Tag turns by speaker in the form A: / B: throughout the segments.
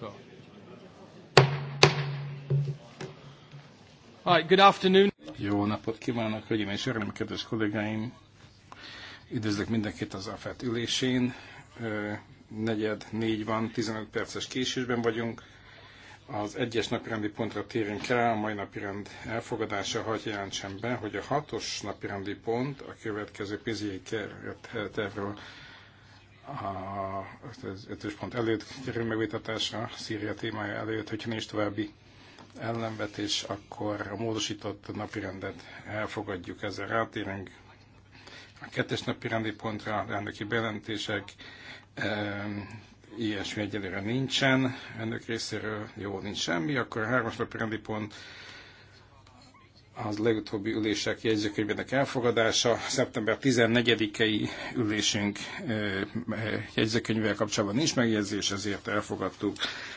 A: So. Right,
B: good afternoon. Jó napot kívánok, hölgyeim és uraim, kedves kollégáim! Üdvözlök mindenkit az AFET ülésén. Negyed, négy van, 15 perces késésben vagyunk. Az egyes napirendi pontra térünk rá, a mai napirend elfogadása hagy jelentsen be, hogy a hatos napirendi pont a következő pénzügyi kerettervről a ötös pont előtt kerül megvitatása, Szíria témája előtt, hogyha nincs további ellenvetés, akkor a módosított napirendet elfogadjuk, ezzel rátérünk. A kettes napirendi pontra elnöki bejelentések, e, ilyesmi egyelőre nincsen, önök részéről jó, nincs semmi, akkor a hármas napirendi pont az legutóbbi ülések jegyzőkönyvének elfogadása, szeptember 14-i ülésünk jegyzőkönyvvel kapcsolatban nincs megjegyzés, ezért elfogadtuk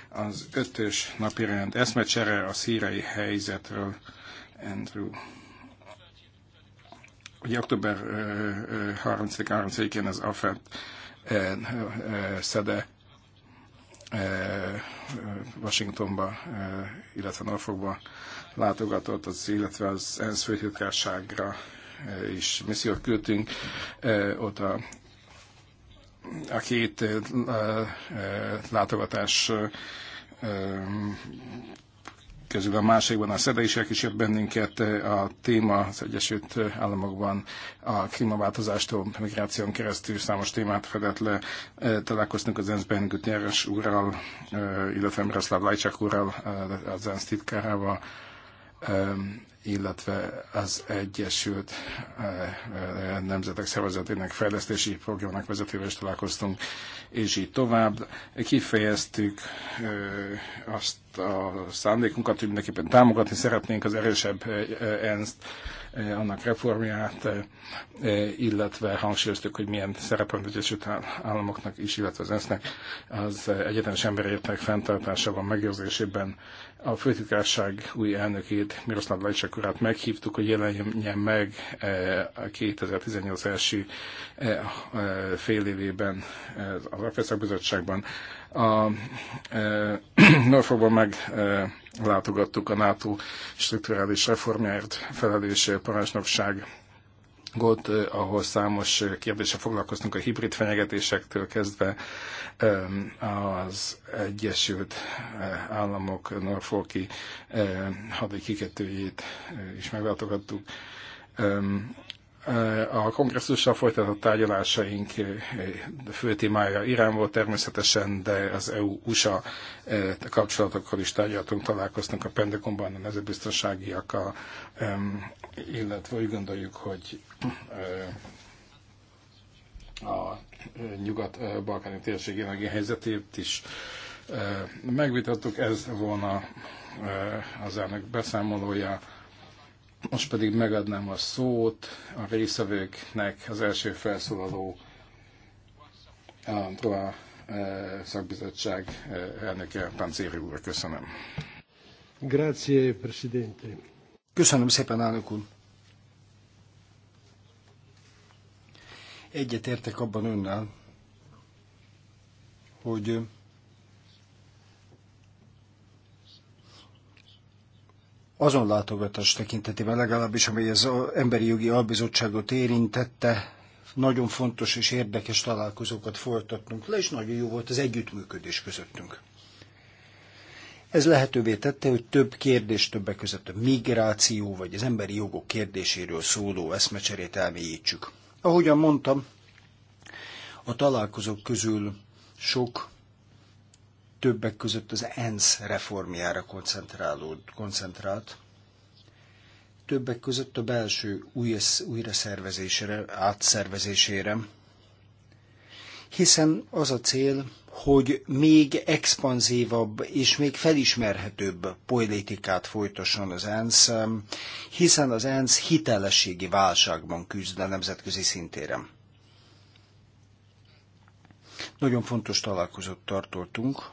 B: az ötös napirend eszmecsere a szírei helyzetről. Andrew. Ugye október 30-31-én az AFET szede Washingtonba, illetve Norfolkba látogatott az, illetve az ENSZ főtitkárságra e, is missziót küldtünk. E, ott a, a két e, látogatás közül a másikban a SZEDE is elkísért bennünket. A téma az Egyesült Államokban a klímaváltozástól migráción keresztül számos témát fedett le. Találkoztunk az ENSZ-ben Gutnyeres úrral, illetve Miroslav Lajcsák úrral, az ENSZ titkárával, illetve az Egyesült eh, eh, Nemzetek Szervezetének fejlesztési programnak vezetővel is találkoztunk, és így tovább. Kifejeztük eh, azt a szándékunkat, hogy mindenképpen támogatni szeretnénk az erősebb ENSZ-t, Eh, annak reformját, eh, eh, illetve hangsúlyoztuk, hogy milyen szerepe az Egyesült Államoknak is, illetve az ENSZ-nek az egyetemes emberértek fenntartásában, megőrzésében. A főtitkárság új elnökét, Miroslav Lajcsak urát meghívtuk, hogy jelenjen meg a 2018 első fél évében az Afreszak Bizottságban a e, Norfolkban meg e, látogattuk a NATO strukturális reformjáért felelős parancsnokság Gott, ahol számos kérdése foglalkoztunk a hibrid fenyegetésektől kezdve az Egyesült Államok Norfolki hadikikötőjét is meglátogattuk. A kongresszussal folytatott tárgyalásaink eh, fő témája Irán volt természetesen, de az EU-USA eh, kapcsolatokkal is tárgyaltunk, találkoztunk a Pentagonban a nemzetbiztonságiakkal, illetve úgy gondoljuk, hogy eh, a nyugat-balkáni térség jelenlegi helyzetét is megvitattuk. Ez volna az elnök beszámolója. Most pedig megadnám a szót a részvevőknek, az első felszólaló a szakbizottság e, elnöke Pancéri úr. Köszönöm.
C: Grazie, Presidente. Köszönöm szépen, elnök úr. Egyetértek abban önnel, hogy azon látogatás tekintetében legalábbis, amely az Emberi Jogi Albizottságot érintette, nagyon fontos és érdekes találkozókat folytattunk le, és nagyon jó volt az együttműködés közöttünk. Ez lehetővé tette, hogy több kérdés többek között a migráció vagy az emberi jogok kérdéséről szóló eszmecserét elmélyítsük. Ahogyan mondtam, a találkozók közül sok többek között az ENSZ reformjára koncentrált, többek között a belső újra szervezésére, átszervezésére, hiszen az a cél, hogy még expanzívabb és még felismerhetőbb politikát folytasson az ENSZ, hiszen az ENSZ hitelességi válságban küzd a nemzetközi szintéren. Nagyon fontos találkozót tartottunk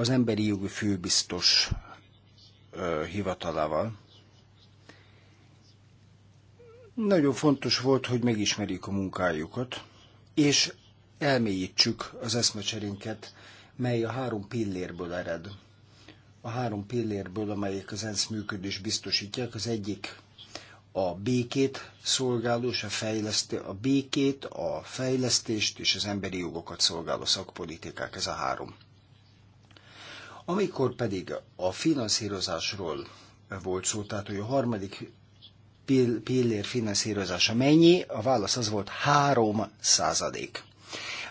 C: az emberi jogi főbiztos hivatalával. Nagyon fontos volt, hogy megismerjük a munkájukat, és elmélyítsük az eszmecserénket, mely a három pillérből ered. A három pillérből, amelyek az ENSZ működés biztosítják, az egyik a békét szolgáló és a, fejleszté, a békét, a fejlesztést és az emberi jogokat szolgáló szakpolitikák, ez a három. Amikor pedig a finanszírozásról volt szó, tehát hogy a harmadik pillér finanszírozása mennyi, a válasz az volt 3 századék.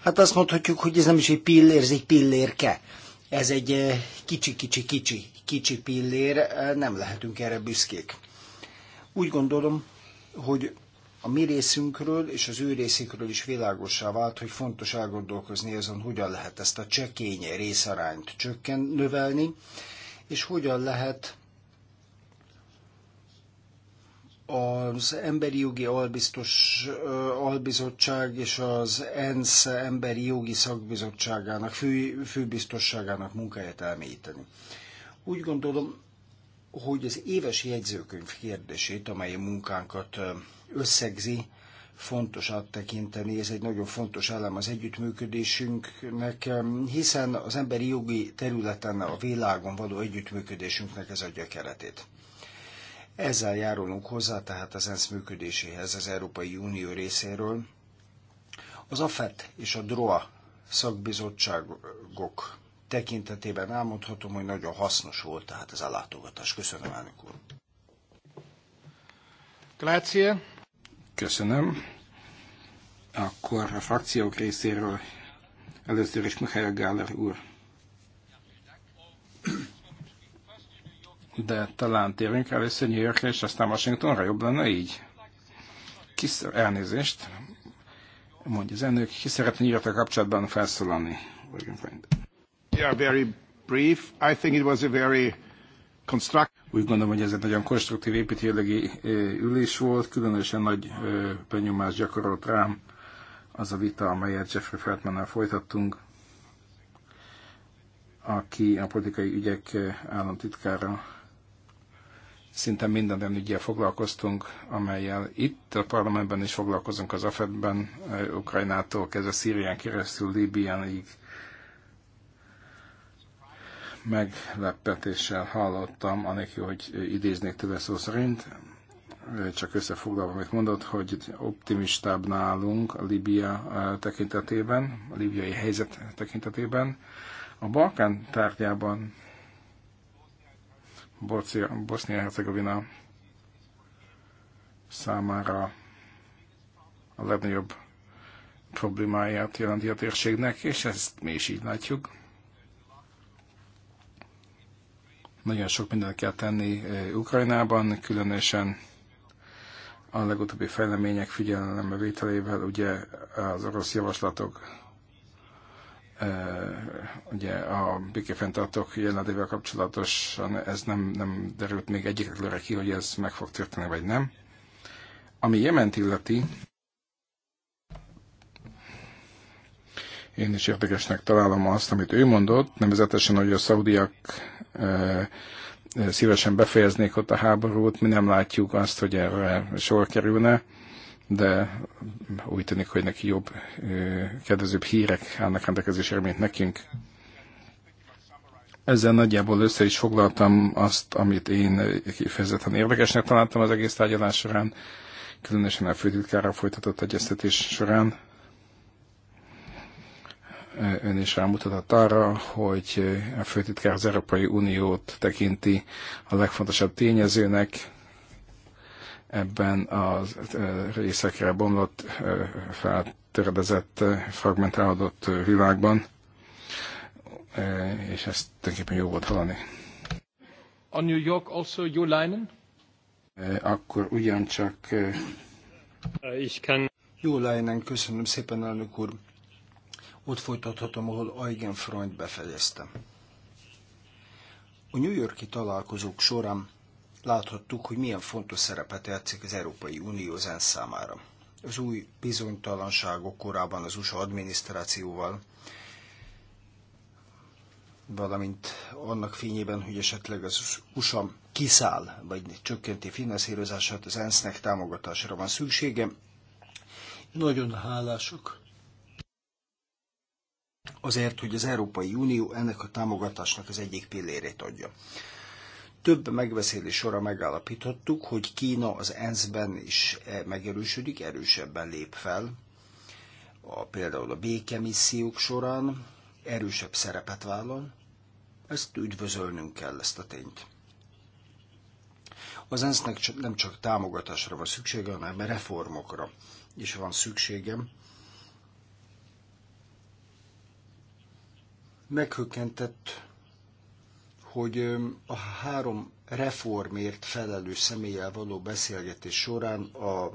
C: Hát azt mondhatjuk, hogy ez nem is egy pillér, ez egy pillérke. Ez egy kicsi-kicsi-kicsi eh, kicsi pillér, eh, nem lehetünk erre büszkék. Úgy gondolom, hogy a mi részünkről és az ő részükről is világosá vált, hogy fontos elgondolkozni azon, hogyan lehet ezt a csekény részarányt csökken növelni, és hogyan lehet az Emberi Jogi Albiztos, Albizottság és az ENSZ Emberi Jogi Szakbizottságának, fő, főbiztosságának munkáját elmélyíteni. Úgy gondolom, hogy az éves jegyzőkönyv kérdését, amely a munkánkat összegzi, fontos tekinteni, ez egy nagyon fontos elem az együttműködésünknek, hiszen az emberi jogi területen a világon való együttműködésünknek ez adja keretét. Ezzel járulunk hozzá tehát az ENSZ működéséhez az Európai Unió részéről. Az AFET és a DROA szakbizottságok tekintetében elmondhatom, hogy nagyon hasznos volt tehát ez a látogatás. Köszönöm, elnök úr!
B: Grazie. Köszönöm. Akkor a frakciók részéről először is Mihály Gáler úr. De talán térünk először New Yorkra, és aztán Washingtonra, jobb lenne így? Kis elnézést, mondja az elnök, ki szeretne New Yorkra kapcsolatban felszólalni? Yeah, very brief. I think it was a very úgy gondolom, hogy ez egy nagyon konstruktív építőjelegi ülés volt, különösen nagy benyomást gyakorolt rám az a vita, amelyet Jeffrey Feltmannel folytattunk, aki a politikai ügyek államtitkára szinte minden olyan ügyel foglalkoztunk, amelyel itt a parlamentben is foglalkozunk az AFED-ben, Ukrajnától kezdve Szírián keresztül Líbiánig, meglepetéssel hallottam, anélkül, hogy idéznék tőle szó szerint, csak összefoglalva, amit mondott, hogy optimistább nálunk a Libia eh, tekintetében, a libiai helyzet tekintetében. A Balkán tárgyában Bosznia-Hercegovina számára a legnagyobb problémáját jelenti a térségnek, és ezt mi is így látjuk. Nagyon sok mindent kell tenni eh, Ukrajnában, különösen a legutóbbi fejlemények figyelembe vételével ugye az orosz javaslatok eh, ugye a békefenntartók jelenlétével kapcsolatosan ez nem, nem derült még egyikre ki, hogy ez meg fog történni, vagy nem. Ami Jement illeti, Én is érdekesnek találom azt, amit ő mondott, nevezetesen, hogy a szaudiak eh, eh, szívesen befejeznék ott a háborút, mi nem látjuk azt, hogy erre sor kerülne, de úgy tűnik, hogy neki jobb, eh, kedvezőbb hírek állnak rendelkezésre, mint nekünk. Ezzel nagyjából össze is foglaltam azt, amit én kifejezetten érdekesnek találtam az egész tárgyalás során, különösen a főtitkára folytatott egyeztetés során ön is rámutatott arra, hogy a főtitkár az Európai Uniót tekinti a legfontosabb tényezőnek ebben a részekre bomlott, feltöredezett, fragmentálódott világban, és ezt tulajdonképpen jó volt hallani.
A: A New
C: York also your line?
B: Akkor ugyancsak...
C: Jó lejnen, köszönöm szépen, elnök úr ott folytathatom, ahol Eugen Freund befejezte. A New Yorki találkozók során láthattuk, hogy milyen fontos szerepet játszik az Európai Unió zen számára. Az új bizonytalanságok korában az USA adminisztrációval, valamint annak fényében, hogy esetleg az USA kiszáll, vagy csökkenti finanszírozását, az ENSZ-nek támogatásra van szüksége. Nagyon hálások azért, hogy az Európai Unió ennek a támogatásnak az egyik pillérét adja. Több megbeszélés sorra megállapítottuk, hogy Kína az ENSZ-ben is eh, megerősödik, erősebben lép fel, a, például a békemissziók során erősebb szerepet vállal, ezt üdvözölnünk kell, ezt a tényt. Az ENSZ-nek nem csak támogatásra van szüksége, hanem reformokra is van szükségem, meghökkentett, hogy a három reformért felelős személlyel való beszélgetés során a,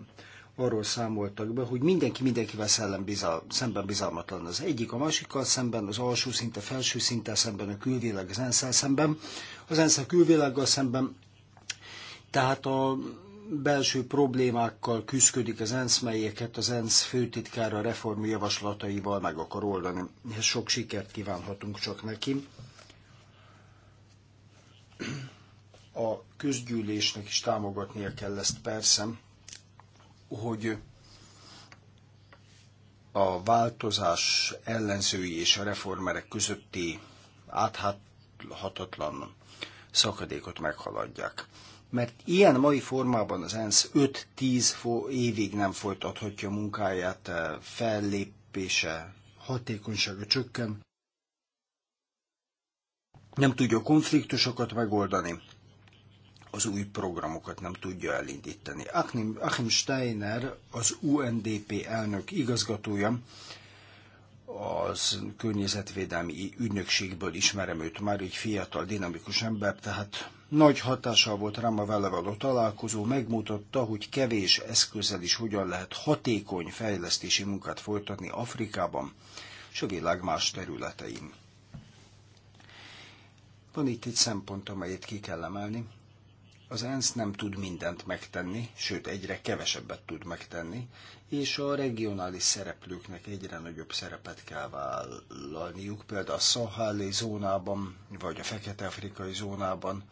C: arról számoltak be, hogy mindenki mindenkivel szellem bizal, szemben bizalmatlan. Az egyik a másikkal szemben, az alsó szinte, felső szinten szemben, a külvilág az enszel szemben, az enszel a külvilággal szemben. Tehát a belső problémákkal küzdik az ENSZ, melyeket az ENSZ főtitkára reform javaslataival meg akar oldani. Sok sikert kívánhatunk csak neki. A közgyűlésnek is támogatnia kell ezt persze, hogy a változás ellenzői és a reformerek közötti áthatatlan szakadékot meghaladják mert ilyen mai formában az ENSZ 5-10 évig nem folytathatja munkáját, eh, fellépése, hatékonysága csökken. Nem tudja konfliktusokat megoldani, az új programokat nem tudja elindítani. Achim, Steiner, az UNDP elnök igazgatója, az környezetvédelmi ügynökségből ismerem őt már, egy fiatal, dinamikus ember, tehát nagy hatással volt rám a vele való találkozó, megmutatta, hogy kevés eszközzel is hogyan lehet hatékony fejlesztési munkát folytatni Afrikában és a világ más területein. Van itt egy szempont, amelyet ki kell emelni. Az ENSZ nem tud mindent megtenni, sőt egyre kevesebbet tud megtenni, és a regionális szereplőknek egyre nagyobb szerepet kell vállalniuk, például a Szaháli zónában, vagy a Fekete-Afrikai zónában,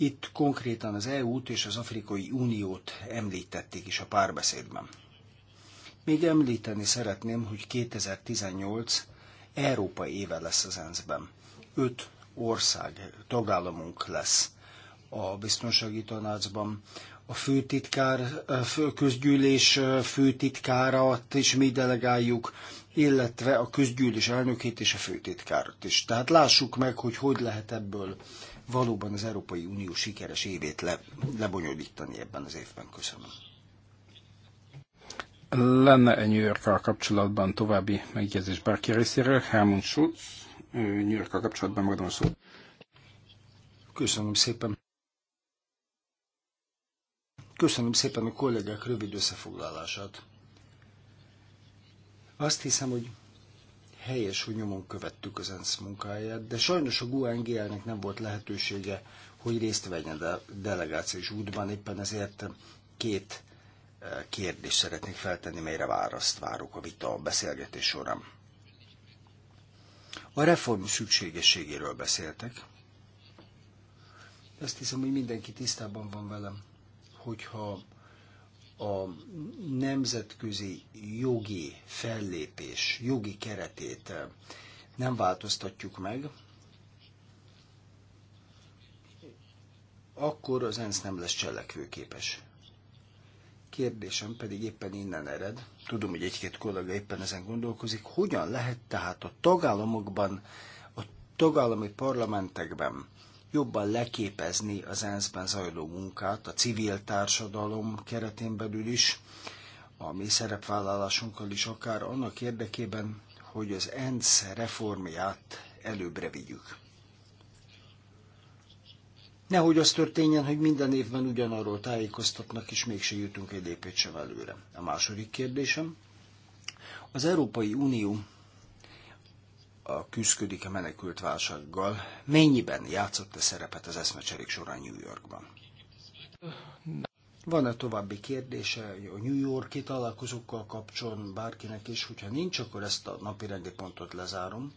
C: itt konkrétan az EU-t és az Afrikai Uniót említették is a párbeszédben. Még említeni szeretném, hogy 2018 Európa éve lesz az ENSZ-ben. Öt ország, tagállamunk lesz a biztonsági tanácsban. A főtitkár, a eh, közgyűlés eh, főtitkárat is mi delegáljuk, illetve a közgyűlés elnökét és a főtitkárat is. Tehát lássuk meg, hogy hogy lehet ebből valóban az Európai Unió sikeres évét le, lebonyolítani ebben az évben. Köszönöm.
B: Lenne egy New York kapcsolatban további megjegyzés bárki részéről. Helmut
C: Schulz, New York kapcsolatban magadom a szót. Köszönöm szépen. Köszönöm szépen a kollégák rövid összefoglalását. Azt hiszem, hogy helyes, hogy nyomon követtük az ENSZ munkáját, de sajnos a GUNGL-nek nem volt lehetősége, hogy részt vegyen a delegációs útban, éppen ezért két eh, kérdést szeretnék feltenni, melyre választ várok a vita, a beszélgetés során. A reform szükségességéről beszéltek. Azt hiszem, hogy mindenki tisztában van velem, hogyha a nemzetközi jogi fellépés, jogi keretét eh, nem változtatjuk meg, akkor az ENSZ nem lesz cselekvőképes. Kérdésem pedig éppen innen ered, tudom, hogy egy-két kollega éppen ezen gondolkozik, hogyan lehet tehát a tagállamokban, a tagállami parlamentekben jobban leképezni az ENSZ-ben zajló munkát, a civil társadalom keretén belül is, a mi szerepvállalásunkkal is akár annak érdekében, hogy az ENSZ reformját előbbre vigyük. Nehogy az történjen, hogy minden évben ugyanarról tájékoztatnak, és mégse jutunk egy lépét sem előre. A második kérdésem. Az Európai Unió a küzdködik a menekült válsággal, mennyiben játszott a szerepet az eszmecserék során New Yorkban? Van-e további kérdése a New Yorki találkozókkal kapcsolatban bárkinek is? Hogyha nincs, akkor ezt a napi rendi pontot lezárom.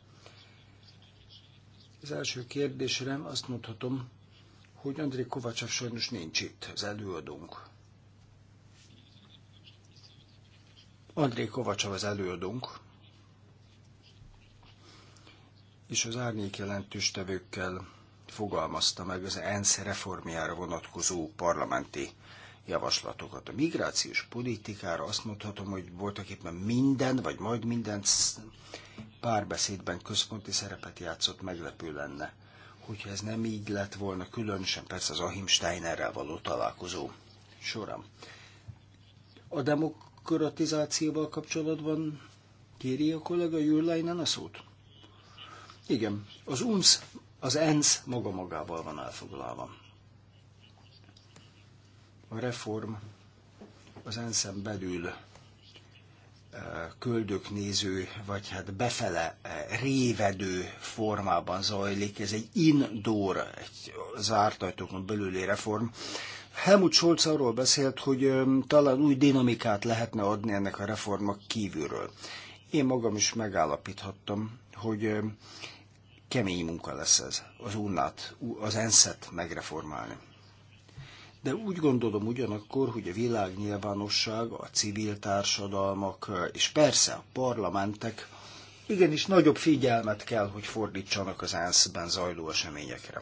C: Az első kérdésre azt mondhatom, hogy André Kovácsov sajnos nincs itt, az előadónk. André Kovácsov az előadónk, és az árnyék jelentős tevőkkel fogalmazta meg az ENSZ reformjára vonatkozó parlamenti javaslatokat. A migrációs politikára azt mondhatom, hogy voltak éppen minden, vagy majd minden párbeszédben központi szerepet játszott, meglepő lenne, hogyha ez nem így lett volna, különösen persze az Ahim Steinerrel való találkozó során. A demokratizációval kapcsolatban kéri a kollega Jürleinen a szót? Igen, az UNSZ, az ENSZ maga magával van elfoglalva. A reform az ensz belül eh, köldöknéző, vagy hát befele eh, révedő formában zajlik. Ez egy indoor, egy zárt ajtókon belüli reform. Helmut Scholz arról beszélt, hogy eh, talán új dinamikát lehetne adni ennek a reformnak kívülről. Én magam is megállapíthattam, hogy kemény munka lesz ez, az unnát, az enszet megreformálni. De úgy gondolom ugyanakkor, hogy a világnyilvánosság, a civil társadalmak és persze a parlamentek igenis nagyobb figyelmet kell, hogy fordítsanak az ENSZ-ben zajló eseményekre.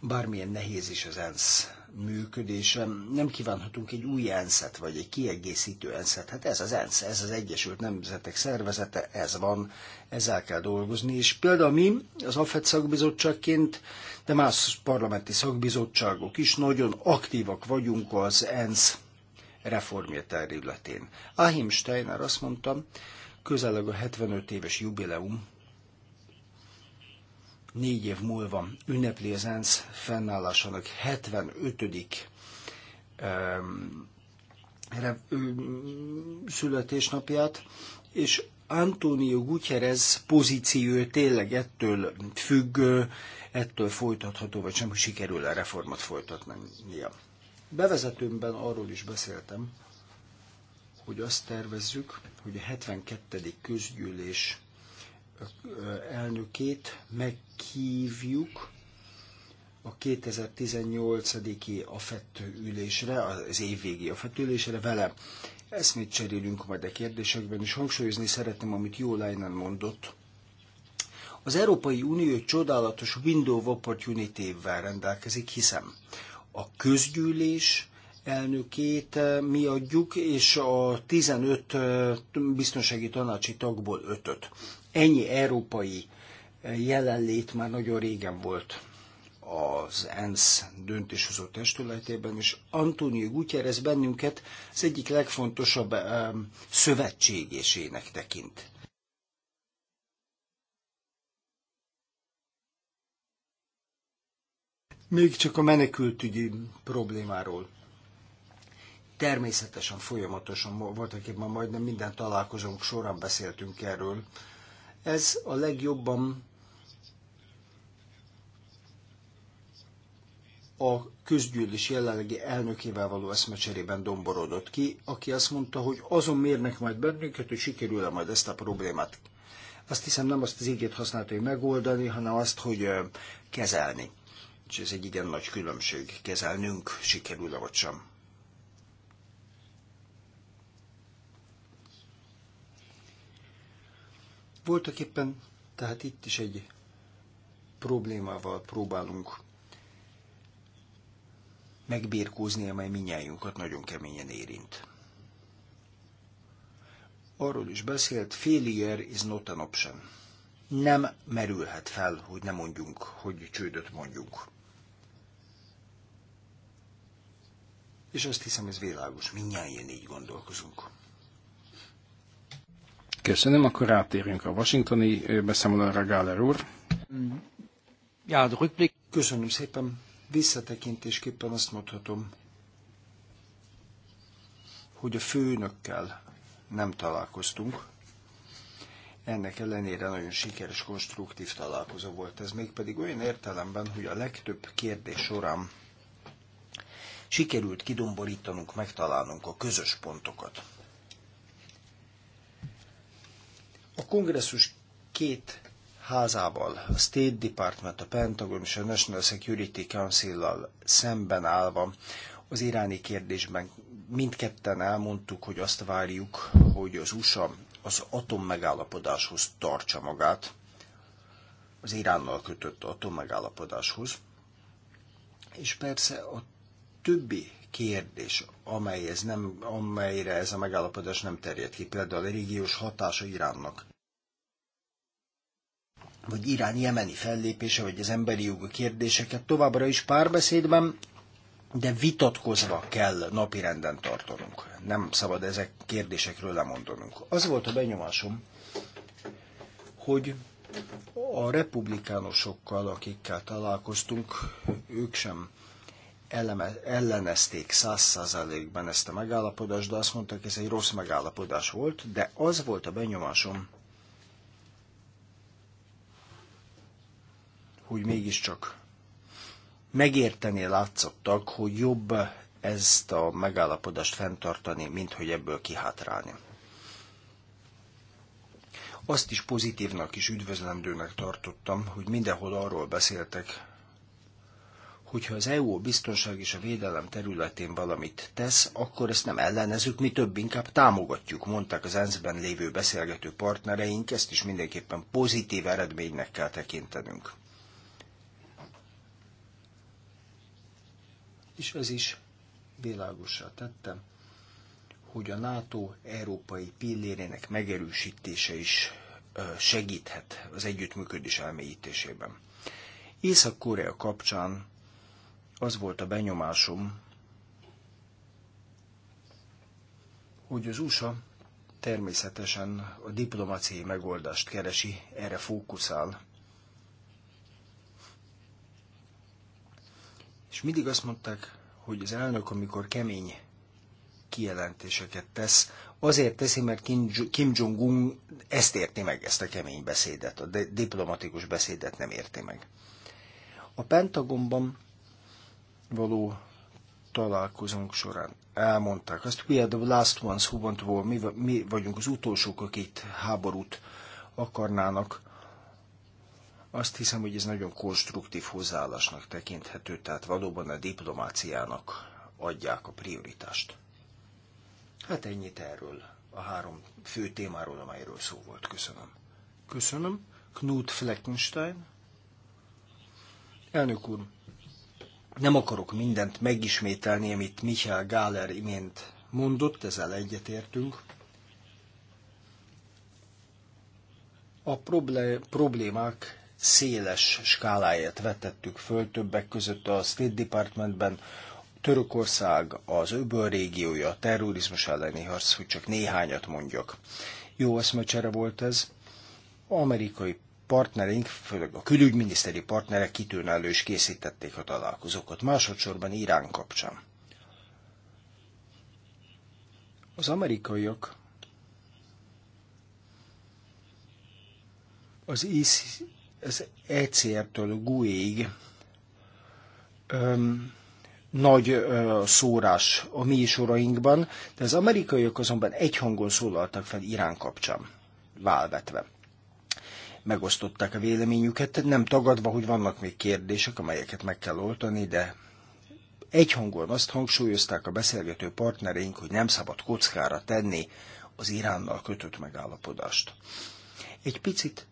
C: Bármilyen nehéz is az ENSZ működése. Nem kívánhatunk egy új ensz vagy egy kiegészítő ensz -et. Hát ez az ENSZ, ez az Egyesült Nemzetek Szervezete, ez van, ezzel kell dolgozni. És például mi az AFET szakbizottságként, de más parlamenti szakbizottságok is nagyon aktívak vagyunk az ENSZ reformja területén. Ahim Steiner azt mondta, közeleg a 75 éves jubileum négy év múlva ünnepli az ENSZ fennállásának 75 születésnapját, és Antonio Gutierrez pozíció tényleg ettől függ, ettől folytatható, vagy sem, hogy sikerül a reformat folytatnia. Bevezetőmben arról is beszéltem, hogy azt tervezzük, hogy a 72. közgyűlés elnökét meghívjuk a 2018-i AFET ülésre, az évvégi AFET ülésre vele. még cserélünk majd a kérdésekben, és hangsúlyozni szeretném, amit Jó Leinen mondott. Az Európai Unió csodálatos window of opportunity-vel rendelkezik, hiszem a közgyűlés elnökét eh, mi adjuk, és a 15 eh, biztonsági tanácsi tagból 5-öt ennyi európai e, jelenlét már nagyon régen volt az ENSZ döntéshozó testületében, és Antonio Gutierrez bennünket az egyik legfontosabb um, szövetségésének tekint. Még csak a menekültügyi problémáról. Természetesen folyamatosan, voltak ma, majdnem minden találkozónk során beszéltünk erről, ez a legjobban a közgyűlés jelenlegi elnökével való eszmecserében domborodott ki, aki azt mondta, hogy azon mérnek majd bennünket, hogy sikerül-e majd ezt a problémát. Azt hiszem nem azt az ígét használta, hogy megoldani, hanem azt, hogy kezelni. És ez egy igen nagy különbség, kezelnünk sikerül-e vagy sem. Voltak éppen, tehát itt is egy problémával próbálunk megbírkózni, amely minnyájunkat nagyon keményen érint. Arról is beszélt, failure is not an option. Nem merülhet fel, hogy ne mondjunk, hogy csődöt mondjunk. És azt hiszem, ez világos, minnyáján így gondolkozunk.
B: Köszönöm, akkor rátérjünk a washingtoni beszámolóra, Gáler úr.
C: Ja, Köszönöm szépen. Visszatekintésképpen azt mondhatom, hogy a főnökkel nem találkoztunk. Ennek ellenére nagyon sikeres, konstruktív találkozó volt ez, mégpedig olyan értelemben, hogy a legtöbb kérdés során sikerült kidomborítanunk, megtalálnunk a közös pontokat. A kongresszus két házával, a State Department, a Pentagon és a National Security Council-lal szemben állva az iráni kérdésben mindketten elmondtuk, hogy azt várjuk, hogy az USA az atommegállapodáshoz tartsa magát, az Iránnal kötött atommegállapodáshoz, és persze a többi kérdés, amely ez nem, amelyre ez a megállapodás nem terjed ki, például a régiós hatása Iránnak vagy Irán jemeni fellépése, vagy az emberi jogok kérdéseket továbbra is párbeszédben, de vitatkozva kell napirenden tartanunk. Nem szabad ezek kérdésekről lemondanunk. Az volt a benyomásom, hogy a republikánusokkal, akikkel találkoztunk, ők sem eleme, ellenezték száz százalékban ezt a megállapodást, de azt mondták, hogy ez egy rossz megállapodás volt, de az volt a benyomásom, hogy mégiscsak megérteni látszottak, hogy jobb ezt a megállapodást fenntartani, mint hogy ebből kihátrálni. Azt is pozitívnak és üdvözlendőnek tartottam, hogy mindenhol arról beszéltek, hogyha az EU a biztonság és a védelem területén valamit tesz, akkor ezt nem ellenezzük, mi több inkább támogatjuk, mondták az ENSZ-ben lévő beszélgető partnereink, ezt is mindenképpen pozitív eredménynek kell tekintenünk. És ez is világosra tettem, hogy a NATO európai pillérének megerősítése is segíthet az együttműködés elmélyítésében. Észak-Korea kapcsán az volt a benyomásom, hogy az USA természetesen a diplomáciai megoldást keresi, erre fókuszál. És mindig azt mondták, hogy az elnök, amikor kemény kijelentéseket tesz, azért teszi, mert Kim Jong-un ezt érti meg, ezt a kemény beszédet, a diplomatikus beszédet nem érti meg. A Pentagonban való találkozónk során elmondták azt, we are the last ones who want war, mi, mi vagyunk az utolsók, akik háborút akarnának. Azt hiszem, hogy ez nagyon konstruktív hozzáállásnak tekinthető, tehát valóban a diplomáciának adják a prioritást. Hát ennyit erről a három fő témáról, amelyről szó volt. Köszönöm. Köszönöm. Knut Fleckenstein. Elnök úr, nem akarok mindent megismételni, amit Michael Gáler imént mondott, ezzel egyetértünk. A problémák széles skáláját vetettük föl, többek között a State Departmentben, Törökország, az öböl régiója, a terrorizmus elleni harc, hogy csak néhányat mondjak. Jó eszmecsere volt ez. Amerikai partnereink, főleg a külügyminiszteri partnerek kitűnő elő is készítették a találkozókat, másodszorban Irán kapcsán. Az amerikaiak az, IC, az ECR-től GUE-ig nagy ö, szórás a mi sorainkban, de az amerikaiak azonban egyhangon szólaltak fel Irán kapcsán, válvetve megosztották a véleményüket, nem tagadva, hogy vannak még kérdések, amelyeket meg kell oltani, de egyhangon azt hangsúlyozták a beszélgető partnereink, hogy nem szabad kockára tenni az Iránnal kötött megállapodást. Egy picit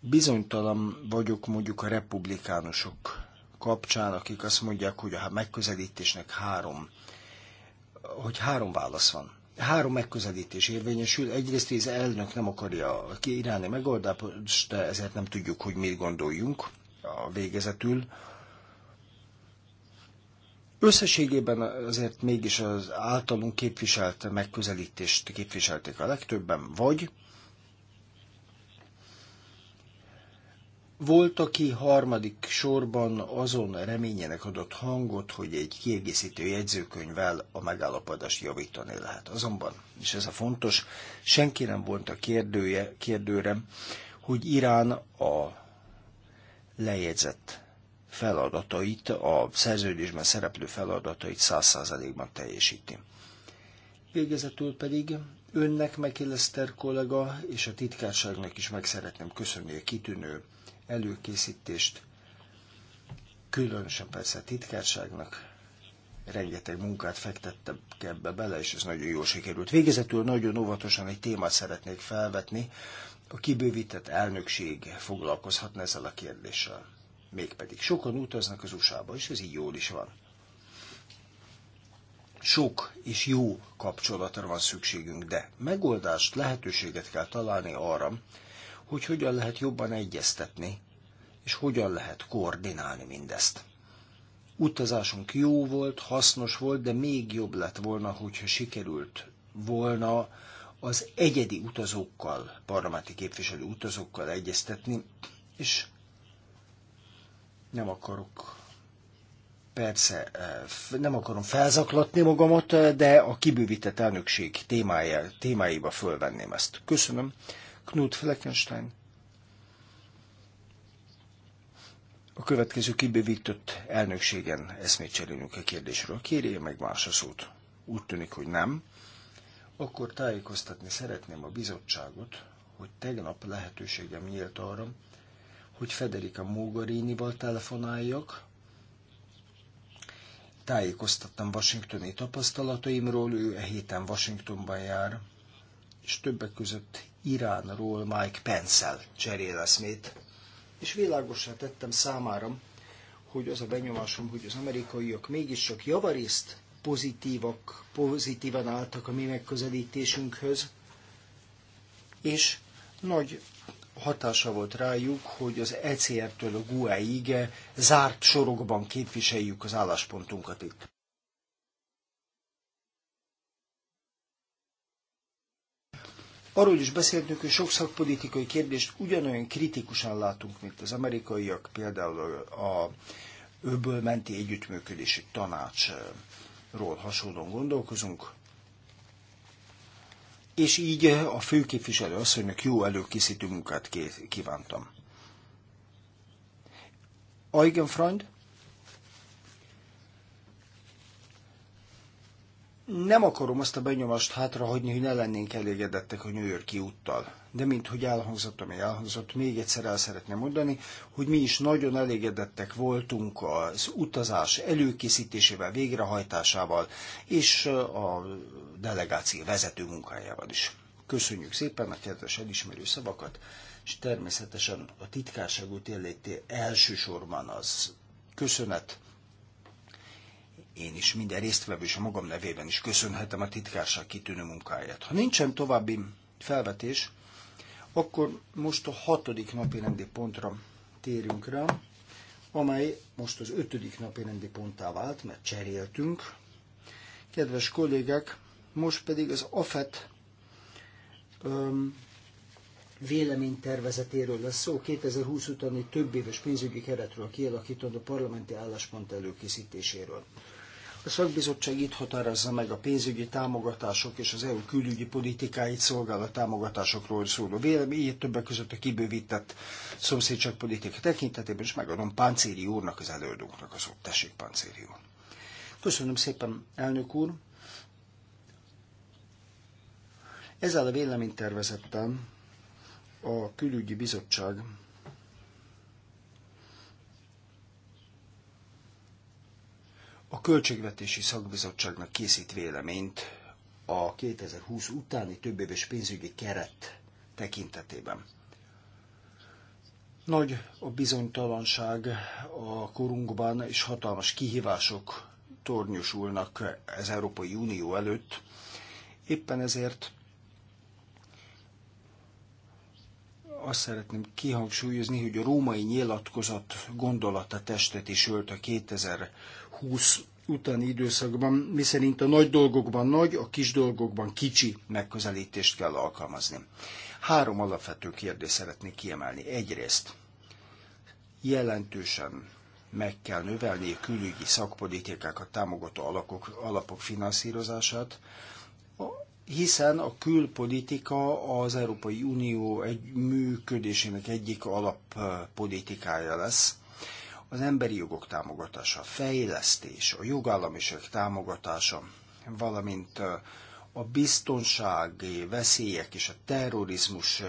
C: bizonytalan vagyok mondjuk a republikánusok kapcsán, akik azt mondják, hogy a megközelítésnek három, hogy három válasz van három megközelítés érvényesül. Egyrészt, hogy az elnök nem akarja kiírálni megoldást, de ezért nem tudjuk, hogy mit gondoljunk a végezetül. Összességében azért mégis az általunk képviselt megközelítést képviselték a legtöbben, vagy Volt, aki harmadik sorban azon reményének adott hangot, hogy egy kiegészítő jegyzőkönyvvel a megállapodást javítani lehet. Azonban, és ez a fontos, senki nem volt a kérdője, kérdőre, hogy Irán a lejegyzett feladatait, a szerződésben szereplő feladatait száz százalékban teljesíti. Végezetül pedig önnek, McAllister kollega és a titkárságnak is meg szeretném köszönni a kitűnő előkészítést, különösen persze a titkárságnak rengeteg munkát fektettem ebbe bele, és ez nagyon jól sikerült. Végezetül nagyon óvatosan egy témát szeretnék felvetni, a kibővített elnökség foglalkozhatna ezzel a kérdéssel. Mégpedig sokan utaznak az USA-ba, és ez így jól is van. Sok és jó kapcsolatra van szükségünk, de megoldást, lehetőséget kell találni arra, hogy hogyan lehet jobban egyeztetni, és hogyan lehet koordinálni mindezt. Utazásunk jó volt, hasznos volt, de még jobb lett volna, hogyha sikerült volna az egyedi utazókkal, parlamenti képviselő utazókkal egyeztetni, és nem akarok persze eh, nem akarom felzaklatni magamat, eh, de a kibővített elnökség témája, témáiba fölvenném ezt. Köszönöm. Knut Fleckenstein a következő kibővített elnökségen eszmét cserélünk a kérdésről. Kérje meg más a szót. Úgy tűnik, hogy nem. Akkor tájékoztatni szeretném a bizottságot, hogy tegnap lehetőségem nyílt arra, hogy Federica Mogherini-val telefonáljak. Tájékoztattam washingtoni tapasztalataimról, ő e héten Washingtonban jár, és többek között Iránról Mike Pence-el cserél eszmét, és világosra tettem számára, hogy az a benyomásom, hogy az amerikaiak mégiscsak javarészt pozitívak, pozitívan álltak a mi megközelítésünkhöz, és nagy hatása volt rájuk, hogy az ECR-től a GUE-ig zárt sorokban képviseljük az álláspontunkat itt. Arról is beszéltünk, hogy sok szakpolitikai kérdést ugyanolyan kritikusan látunk, mint az amerikaiak, például a öböl menti együttműködési tanácsról hasonlóan gondolkozunk, és így a főképviselő asszonynak jó előkészítő munkát kívántam. Eugen Freund nem akarom azt a benyomást hátrahagyni, hogy ne lennénk elégedettek a New Yorki úttal. De mint hogy elhangzott, ami elhangzott, még egyszer el szeretném mondani, hogy mi is nagyon elégedettek voltunk az utazás előkészítésével, végrehajtásával és a delegáció vezető munkájával is. Köszönjük szépen a kedves elismerő szavakat, és természetesen a titkárságú út elsősorban az köszönet, én is minden résztvevő és a magam nevében is köszönhetem a titkárság kitűnő munkáját. Ha nincsen további felvetés, akkor most a hatodik napi rendi pontra térünk rá, amely most az ötödik napi rendi ponttá vált, mert cseréltünk. Kedves kollégák, most pedig az AFET um, véleménytervezetéről lesz szó, 2020 utáni többéves pénzügyi keretről kialakított a parlamenti álláspont előkészítéséről. A szakbizottság itt határozza meg a pénzügyi támogatások és az EU külügyi politikáit szolgáló támogatásokról szóló véleményét, többek között a kibővített szomszédságpolitika tekintetében, és megadom Páncéri úrnak, az előadónknak az ott. Tessék, Páncéri úr. Köszönöm szépen, elnök úr. Ezzel a véleménytervezettel a külügyi bizottság a Költségvetési Szakbizottságnak készít véleményt a 2020 utáni többéves pénzügyi keret tekintetében. Nagy a bizonytalanság a korunkban, és hatalmas kihívások tornyosulnak az Európai Unió előtt. Éppen ezért azt szeretném kihangsúlyozni, hogy a római nyilatkozat gondolata testet is ölt a 2020 utáni időszakban, miszerint a nagy dolgokban nagy, a kis dolgokban kicsi megközelítést kell alkalmazni. Három alapvető kérdést szeretnék kiemelni. Egyrészt jelentősen meg kell növelni a külügyi szakpolitikákat támogató alapok, alapok finanszírozását, hiszen a külpolitika az Európai Unió egy működésének egyik alappolitikája lesz. Az emberi jogok támogatása, a fejlesztés, a jogállamiság támogatása, valamint a biztonsági veszélyek és a terrorizmus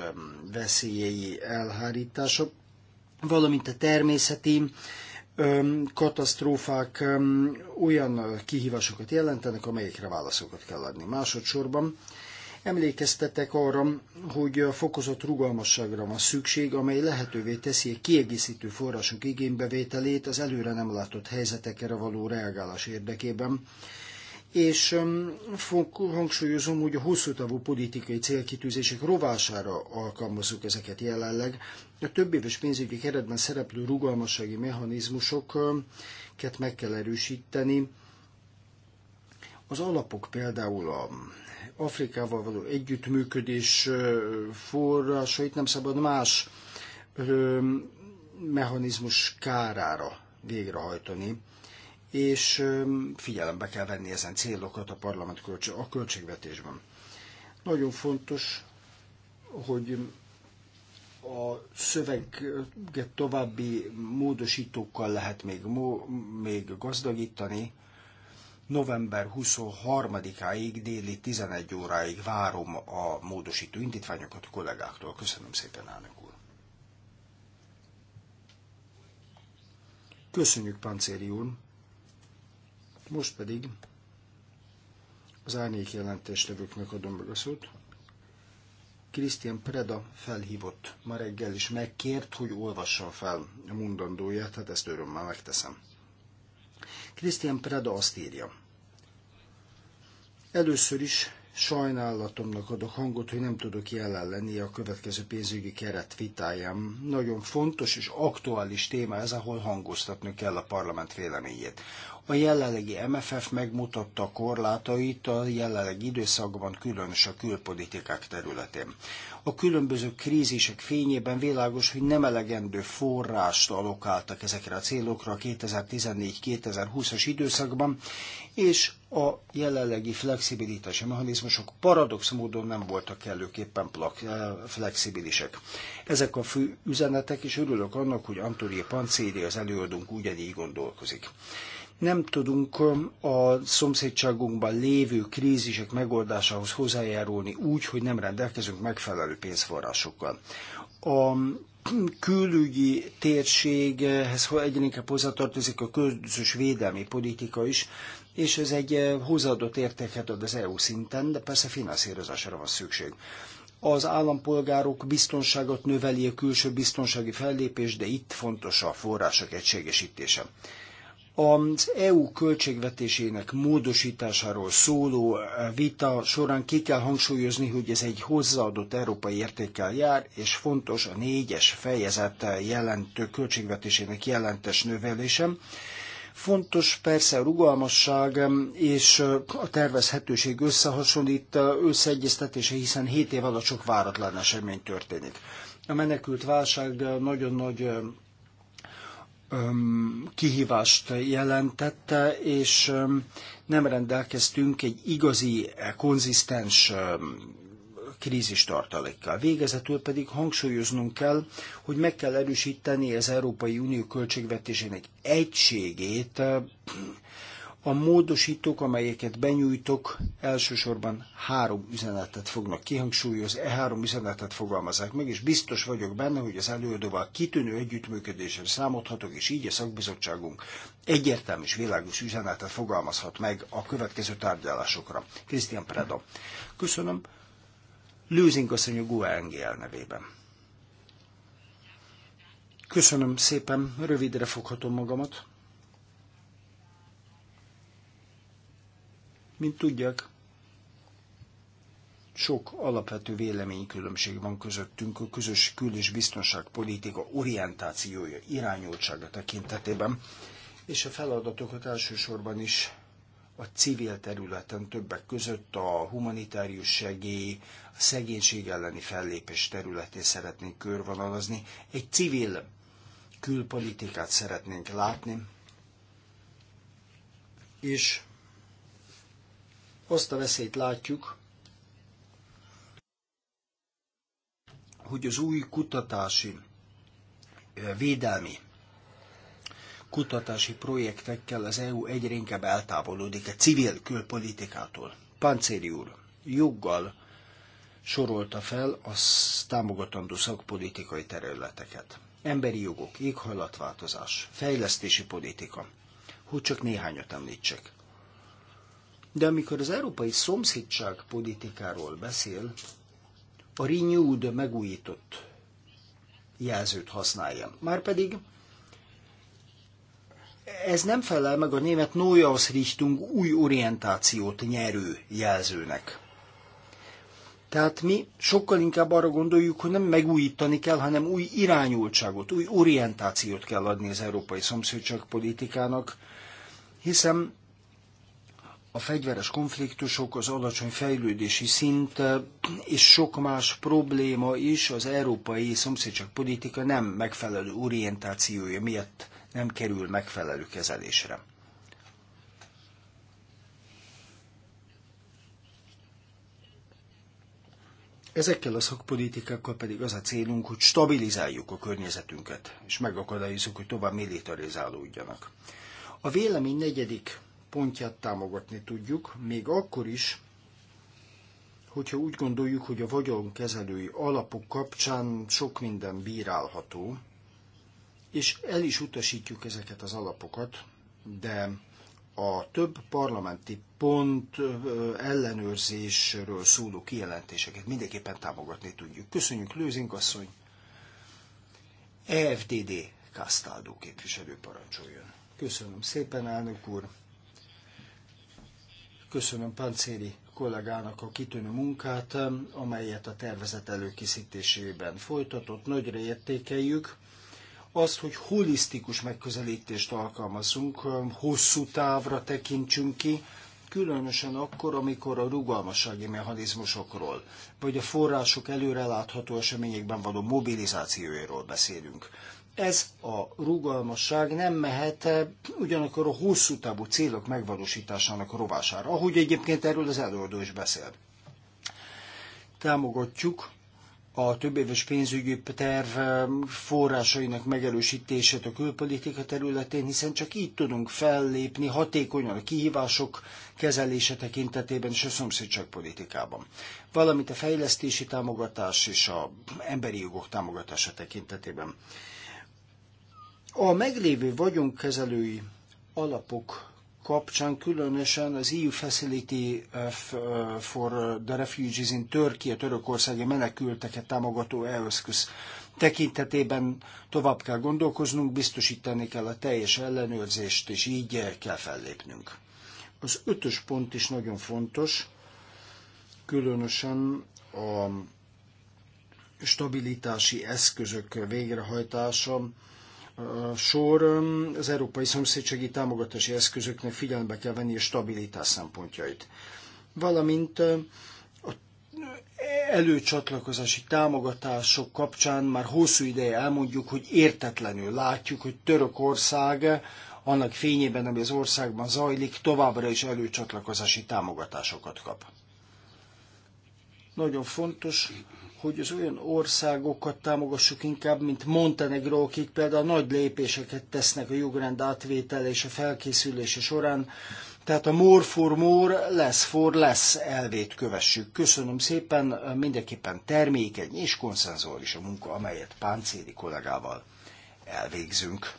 C: veszélyei elhárítása, valamint a természeti katasztrófák olyan kihívásokat jelentenek, amelyekre válaszokat kell adni. Másodszorban emlékeztetek arra, hogy a fokozott rugalmasságra van szükség, amely lehetővé teszi a kiegészítő források igénybevételét az előre nem látott helyzetekre való reagálás érdekében, és hangsúlyozom, hogy a hosszú távú politikai célkitűzések rovására alkalmazzuk ezeket jelenleg. A több éves pénzügyi keretben szereplő rugalmassági mechanizmusokat meg kell erősíteni. Az alapok például a Afrikával való együttműködés forrásait nem szabad más mechanizmus kárára végrehajtani és figyelembe kell venni ezen célokat a parlament költség, a költségvetésben. Nagyon fontos, hogy a szöveget további módosítókkal lehet még, még gazdagítani. November 23-áig déli 11 óráig várom a módosító indítványokat a kollégáktól. Köszönöm szépen, elnök úr. Köszönjük, Pancéri úr. Most pedig az árnyék jelentéstevőknek adom meg a szót. Krisztián Preda felhívott ma reggel, és megkért, hogy olvassam fel a mondandóját, hát ezt örömmel megteszem. Krisztián Preda azt írja. Először is sajnálatomnak adok hangot, hogy nem tudok jelen lenni a következő pénzügyi keret vitáján. Nagyon fontos és aktuális téma ez, ahol hangoztatni kell a parlament véleményét. A jelenlegi MFF megmutatta a korlátait a jelenlegi időszakban, különös a külpolitikák területén. A különböző krízisek fényében világos, hogy nem elegendő forrást alokáltak ezekre a célokra a 2014-2020-as időszakban, és a jelenlegi flexibilitási mechanizmusok paradox módon nem voltak kellőképpen eh, flexibilisek. Ezek a fő üzenetek, és örülök annak, hogy Antória Pancéri az előadónk ugyanígy gondolkozik nem tudunk um, a szomszédságunkban lévő krízisek megoldásához hozzájárulni úgy, hogy nem rendelkezünk megfelelő pénzforrásokkal. A külügyi térséghez egyre inkább hozzátartozik a közös védelmi politika is, és ez egy eh, hozzáadott értéket ad az EU szinten, de persze finanszírozásra van szükség. Az állampolgárok biztonságot növeli a külső biztonsági fellépés, de itt fontos a források egységesítése. Az EU költségvetésének módosításáról szóló vita során ki kell hangsúlyozni, hogy ez egy hozzáadott európai értékkel jár, és fontos a négyes fejezet jelentő költségvetésének jelentes növelése. Fontos persze a rugalmasság és a tervezhetőség összehasonlít összeegyeztetése, hiszen 7 év alatt sok váratlan esemény történik. A menekült válság nagyon nagy kihívást jelentette, és nem rendelkeztünk egy igazi, eh, konzisztens krízis tartalékkal. Végezetül pedig hangsúlyoznunk kell, hogy meg kell erősíteni az Európai Unió költségvetésének egységét a módosítók, amelyeket benyújtok, elsősorban három üzenetet fognak kihangsúlyozni, e három üzenetet fogalmazzák meg, és biztos vagyok benne, hogy az előadóval kitűnő együttműködésre számolhatok, és így a szakbizottságunk egyértelmű és világos üzenetet fogalmazhat meg a következő tárgyalásokra. Krisztián Preda. Köszönöm. Lőzink asszony a GUE NGL nevében. Köszönöm szépen, rövidre foghatom magamat. Mint tudják, sok alapvető véleménykülönbség van közöttünk a közös kül- és biztonságpolitika orientációja, irányultsága tekintetében, és a feladatokat elsősorban is a civil területen többek között a humanitárius segély, a szegénység elleni fellépés területén szeretnénk körvonalazni. Egy civil külpolitikát szeretnénk látni, és azt a veszélyt látjuk, hogy az új kutatási, védelmi kutatási projektekkel az EU egyre inkább eltávolodik a civil külpolitikától. Pancéri úr joggal sorolta fel a támogatandó szakpolitikai területeket. Emberi jogok, éghajlatváltozás, fejlesztési politika, hogy csak néhányat említsek. De amikor az európai szomszédság politikáról beszél, a renewed, megújított jelzőt használja. Márpedig ez nem felel meg a német Richtung új orientációt nyerő jelzőnek. Tehát mi sokkal inkább arra gondoljuk, hogy nem megújítani kell, hanem új irányultságot, új orientációt kell adni az európai szomszédság politikának, hiszen a fegyveres konfliktusok, az alacsony fejlődési szint és sok más probléma is az európai szomszédság politika nem megfelelő orientációja miatt nem kerül megfelelő kezelésre. Ezekkel a szakpolitikákkal pedig az a célunk, hogy stabilizáljuk a környezetünket, és megakadályozzuk, hogy tovább militarizálódjanak. A vélemény negyedik pontját támogatni tudjuk, még akkor is, hogyha úgy gondoljuk, hogy a vagyonkezelői alapok kapcsán sok minden bírálható, és el is utasítjuk ezeket az alapokat, de a több parlamenti pont ellenőrzésről szóló kijelentéseket mindenképpen támogatni tudjuk. Köszönjük, Lőzink asszony! EFDD Castaldo képviselő parancsoljon. Köszönöm szépen, elnök úr! Köszönöm Pancéri kollégának a kitűnő munkát, amelyet a tervezet előkészítésében folytatott. Nagyra értékeljük azt, hogy holisztikus megközelítést alkalmazunk, hosszú távra tekintsünk ki, különösen akkor, amikor a rugalmassági mechanizmusokról, vagy a források előrelátható eseményekben való mobilizációjáról beszélünk. Ez a rugalmasság nem mehet eh, ugyanakkor a hosszú távú célok megvalósításának rovására, ahogy egyébként erről az előadó is beszél. Támogatjuk a többéves pénzügyi terv eh, forrásainak megerősítését a külpolitika területén, hiszen csak így tudunk fellépni hatékonyan a kihívások kezelése tekintetében és a szomszédságpolitikában. Valamint a fejlesztési támogatás és az emberi jogok támogatása tekintetében. A meglévő vagyonkezelői alapok kapcsán különösen az EU Facility eh, eh, for the Refugees in Turkey, a törökországi menekülteket támogató eszköz tekintetében tovább kell gondolkoznunk, biztosítani kell a teljes ellenőrzést, és így kell fellépnünk. Az ötös pont is nagyon fontos, különösen a stabilitási eszközök végrehajtása, sor az európai szomszédsági támogatási eszközöknek figyelembe kell venni a stabilitás szempontjait. Valamint a előcsatlakozási támogatások kapcsán már hosszú ideje elmondjuk, hogy értetlenül látjuk, hogy Törökország annak fényében, ami az országban zajlik, továbbra is előcsatlakozási támogatásokat kap. Nagyon fontos, hogy az olyan országokat támogassuk inkább, mint Montenegro, akik például nagy lépéseket tesznek a jogrend átvétele és a felkészülése során. Tehát a more for more, less for less elvét kövessük. Köszönöm szépen, mindenképpen termékeny és konszenzuális a munka, amelyet Páncéli kollégával
D: elvégzünk.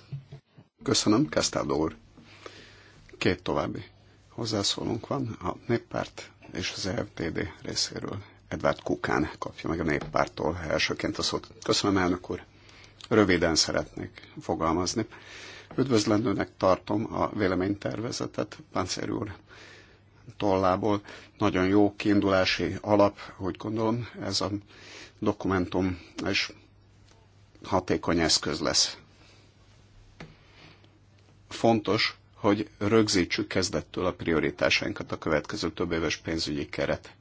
D: Köszönöm, Kesztáldó úr. Két további hozzászólunk van a néppárt és az e FTD részéről. Edward Kukán kapja meg a néppártól elsőként a szót. Köszönöm, elnök úr. Röviden szeretnék fogalmazni. Üdvözlendőnek tartom a véleménytervezetet, Páncer úr tollából. Nagyon jó kiindulási alap, hogy gondolom, ez a dokumentum, és hatékony eszköz lesz. Fontos, hogy rögzítsük kezdettől a prioritásainkat a következő több éves pénzügyi keret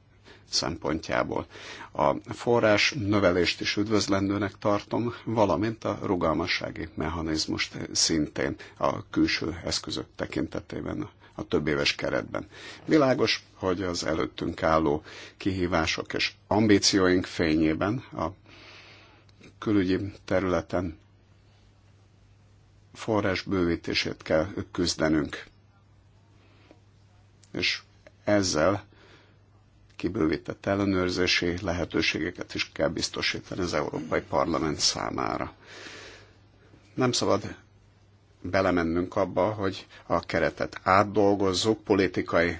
D: szempontjából. A forrás növelést is üdvözlendőnek tartom, valamint a rugalmassági mechanizmust szintén a külső eszközök tekintetében a több éves keretben. Világos, hogy az előttünk álló kihívások és ambícióink fényében a külügyi területen forrás bővítését kell küzdenünk. És ezzel kibővített ellenőrzési lehetőségeket is kell biztosítani az Európai Parlament számára. Nem szabad belemennünk abba, hogy a keretet átdolgozzuk politikai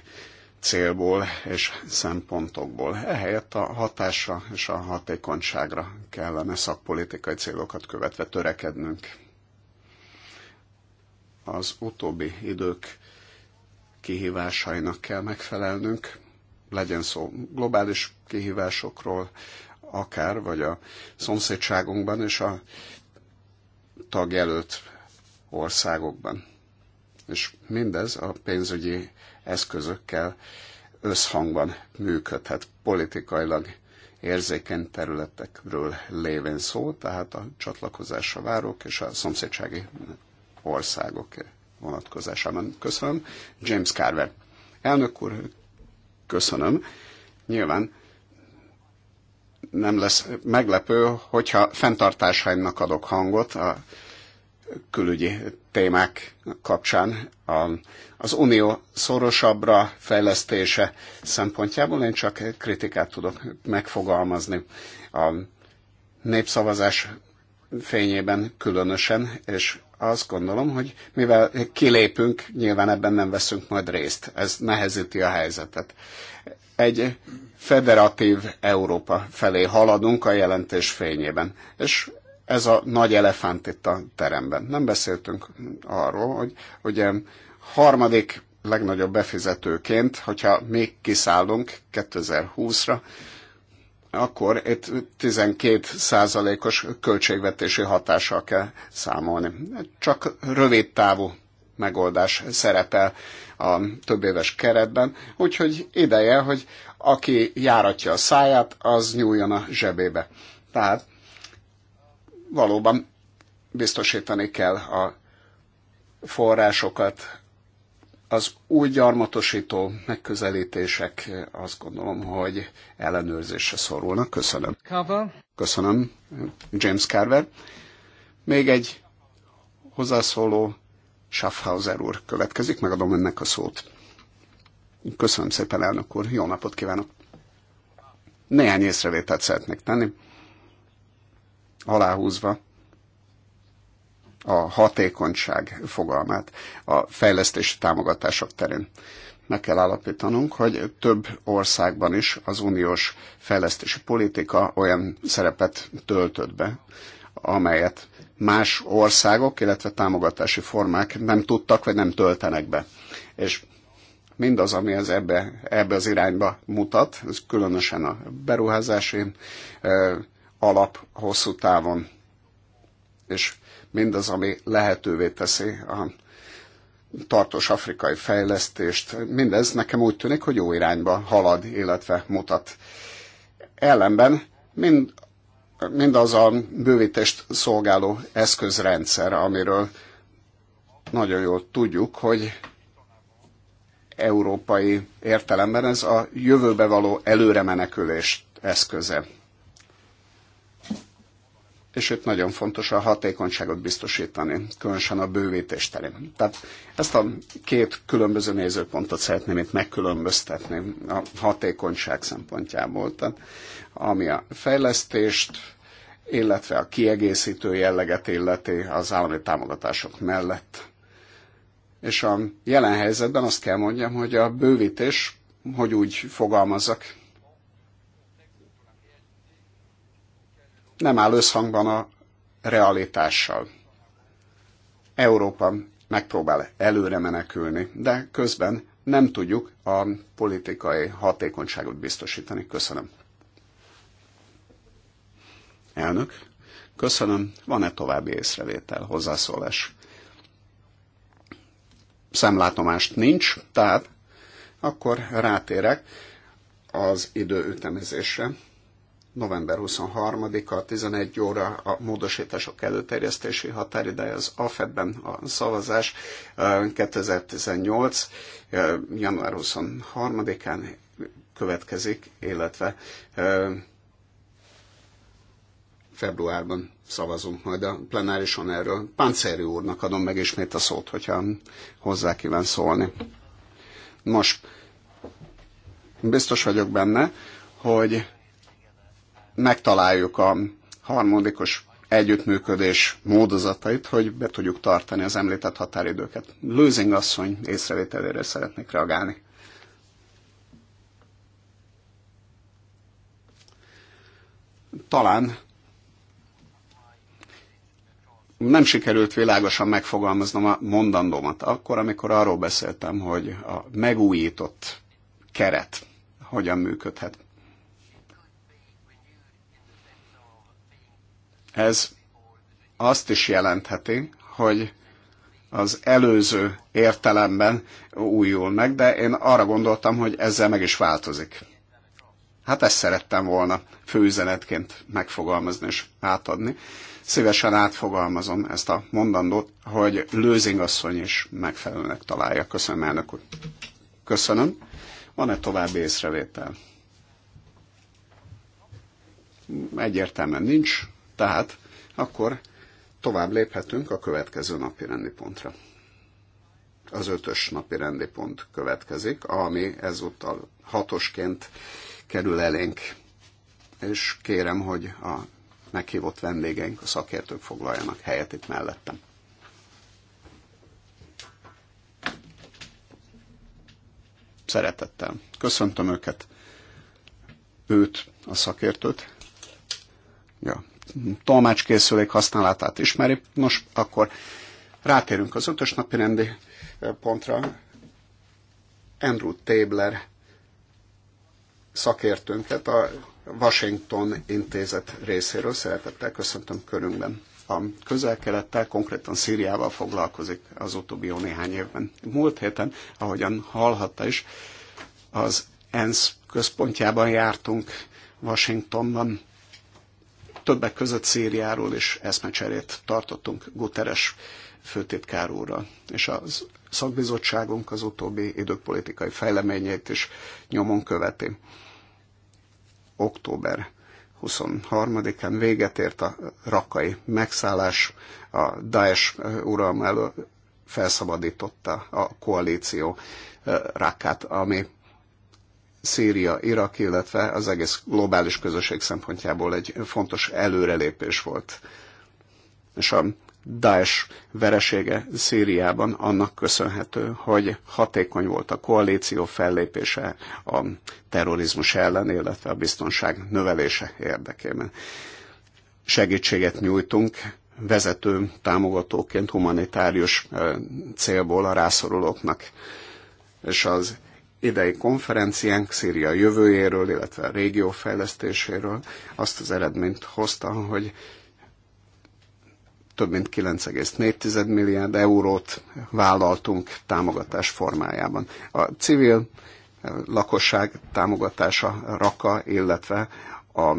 D: célból és szempontokból. Ehelyett a hatásra és a hatékonyságra kellene szakpolitikai célokat követve törekednünk. Az utóbbi idők kihívásainak kell megfelelnünk, legyen szó globális kihívásokról, akár, vagy a szomszédságunkban és a tagjelölt országokban. És mindez a pénzügyi eszközökkel összhangban működhet politikailag érzékeny területekről lévén szó, tehát a csatlakozásra várok és a szomszédsági országok vonatkozásában. Köszönöm. James Carver. Elnök úr, köszönöm. Nyilván nem lesz meglepő, hogyha fenntartásaimnak adok hangot a külügyi témák kapcsán a, az unió szorosabbra fejlesztése szempontjából én csak kritikát tudok megfogalmazni. A népszavazás fényében különösen, és azt gondolom, hogy mivel kilépünk, nyilván ebben nem veszünk majd részt. Ez nehezíti a helyzetet. Egy federatív Európa felé haladunk a jelentés fényében. És ez a nagy elefánt itt a teremben. Nem beszéltünk arról, hogy ugye harmadik legnagyobb befizetőként, hogyha még kiszállunk 2020-ra, akkor itt 12 százalékos költségvetési hatással kell számolni. Csak rövid távú megoldás szerepel a több éves keretben, úgyhogy ideje, hogy aki járatja a száját, az nyúljon a zsebébe. Tehát valóban biztosítani kell a forrásokat az új gyarmatosító megközelítések azt gondolom, hogy ellenőrzésre szorulnak. Köszönöm. Carver. Köszönöm, James Carver. Még egy hozzászóló Schaffhauser úr következik, megadom önnek a szót. Köszönöm szépen, elnök úr, jó napot kívánok. Néhány észrevételt szeretnék tenni, aláhúzva a hatékonyság fogalmát a fejlesztési támogatások terén. Meg kell állapítanunk, hogy több országban is az uniós fejlesztési politika olyan szerepet töltött be, amelyet más országok, illetve támogatási formák nem tudtak, vagy nem töltenek be. És mindaz, ami ez ebbe, ebbe az irányba mutat, ez különösen a beruházási alap hosszú távon, és mindaz, ami lehetővé teszi a tartós afrikai fejlesztést. Mindez nekem úgy tűnik, hogy jó irányba halad, illetve mutat. Ellenben mind, mindaz a bővítést szolgáló eszközrendszer, amiről nagyon jól tudjuk, hogy európai értelemben ez a jövőbe való előremenekülés eszköze és itt nagyon fontos a hatékonyságot biztosítani, különösen a bővítés terén. Tehát ezt a két különböző nézőpontot szeretném itt megkülönböztetni a hatékonyság szempontjából. Tehát ami a fejlesztést, illetve a kiegészítő jelleget illeti az állami támogatások mellett. És a jelen helyzetben azt kell mondjam, hogy a bővítés, hogy úgy fogalmazzak, nem áll összhangban a realitással. Európa megpróbál előre menekülni, de közben nem tudjuk a politikai hatékonyságot biztosítani. Köszönöm. Elnök, köszönöm. Van-e további észrevétel, hozzászólás? Szemlátomást nincs, tehát akkor rátérek az időütemezésre november 23-a 11 óra a módosítások előterjesztési határideje az AFED-ben a szavazás 2018. január 23-án következik, illetve februárban szavazunk majd a plenárison erről. Páncéri úrnak adom meg ismét a szót, hogyha hozzá kíván szólni. Most biztos vagyok benne, hogy megtaláljuk a harmonikus együttműködés módozatait, hogy be tudjuk tartani az említett határidőket. Losing asszony észrevételére szeretnék reagálni. Talán nem sikerült világosan megfogalmaznom a mondandómat. Akkor, amikor arról beszéltem, hogy a megújított keret hogyan működhet. Ez azt is jelentheti, hogy az előző értelemben újul meg, de én arra gondoltam, hogy ezzel meg is változik. Hát ezt szerettem volna főüzenetként megfogalmazni és átadni. Szívesen átfogalmazom ezt a mondandót, hogy Lőzing asszony is megfelelőnek találja. Köszönöm, elnök úr. Köszönöm. Van-e további észrevétel? Egyértelműen nincs. Tehát akkor tovább léphetünk a következő napi rendi pontra. Az ötös napi rendi pont következik, ami ezúttal hatosként kerül elénk. És kérem, hogy a meghívott vendégeink, a szakértők foglaljanak helyet itt mellettem. Szeretettel. Köszöntöm őket, őt, a szakértőt, ja, tolmácskészülék használatát ismeri. Nos, akkor rátérünk az ötös napi rendi eh, pontra. Andrew Tabler szakértőnket a Washington Intézet részéről szeretettel köszöntöm körünkben. A közel-kelettel, konkrétan Szíriával foglalkozik az utóbbi jó néhány évben. Múlt héten, ahogyan hallhatta is, az ENSZ központjában jártunk Washingtonban, Többek között Szíriáról is eszmecserét tartottunk Guterres főtitkár úrral, és a szakbizottságunk az utóbbi idők politikai fejleményét is nyomon követi. Október 23-án véget ért a rakai megszállás, a Daesh uralma elő felszabadította a koalíció rakát, ami Szíria, Irak, illetve az egész globális közösség szempontjából egy fontos előrelépés volt. És a Daesh veresége Szíriában annak köszönhető, hogy hatékony volt a koalíció fellépése a terrorizmus ellen, illetve a biztonság növelése érdekében. Segítséget nyújtunk vezető támogatóként humanitárius célból a rászorulóknak, és az idei konferenciánk Szíria jövőjéről, illetve a régió fejlesztéséről azt az eredményt hozta, hogy több mint 9,4 milliárd eurót vállaltunk támogatás formájában. A civil eh, lakosság támogatása raka, illetve a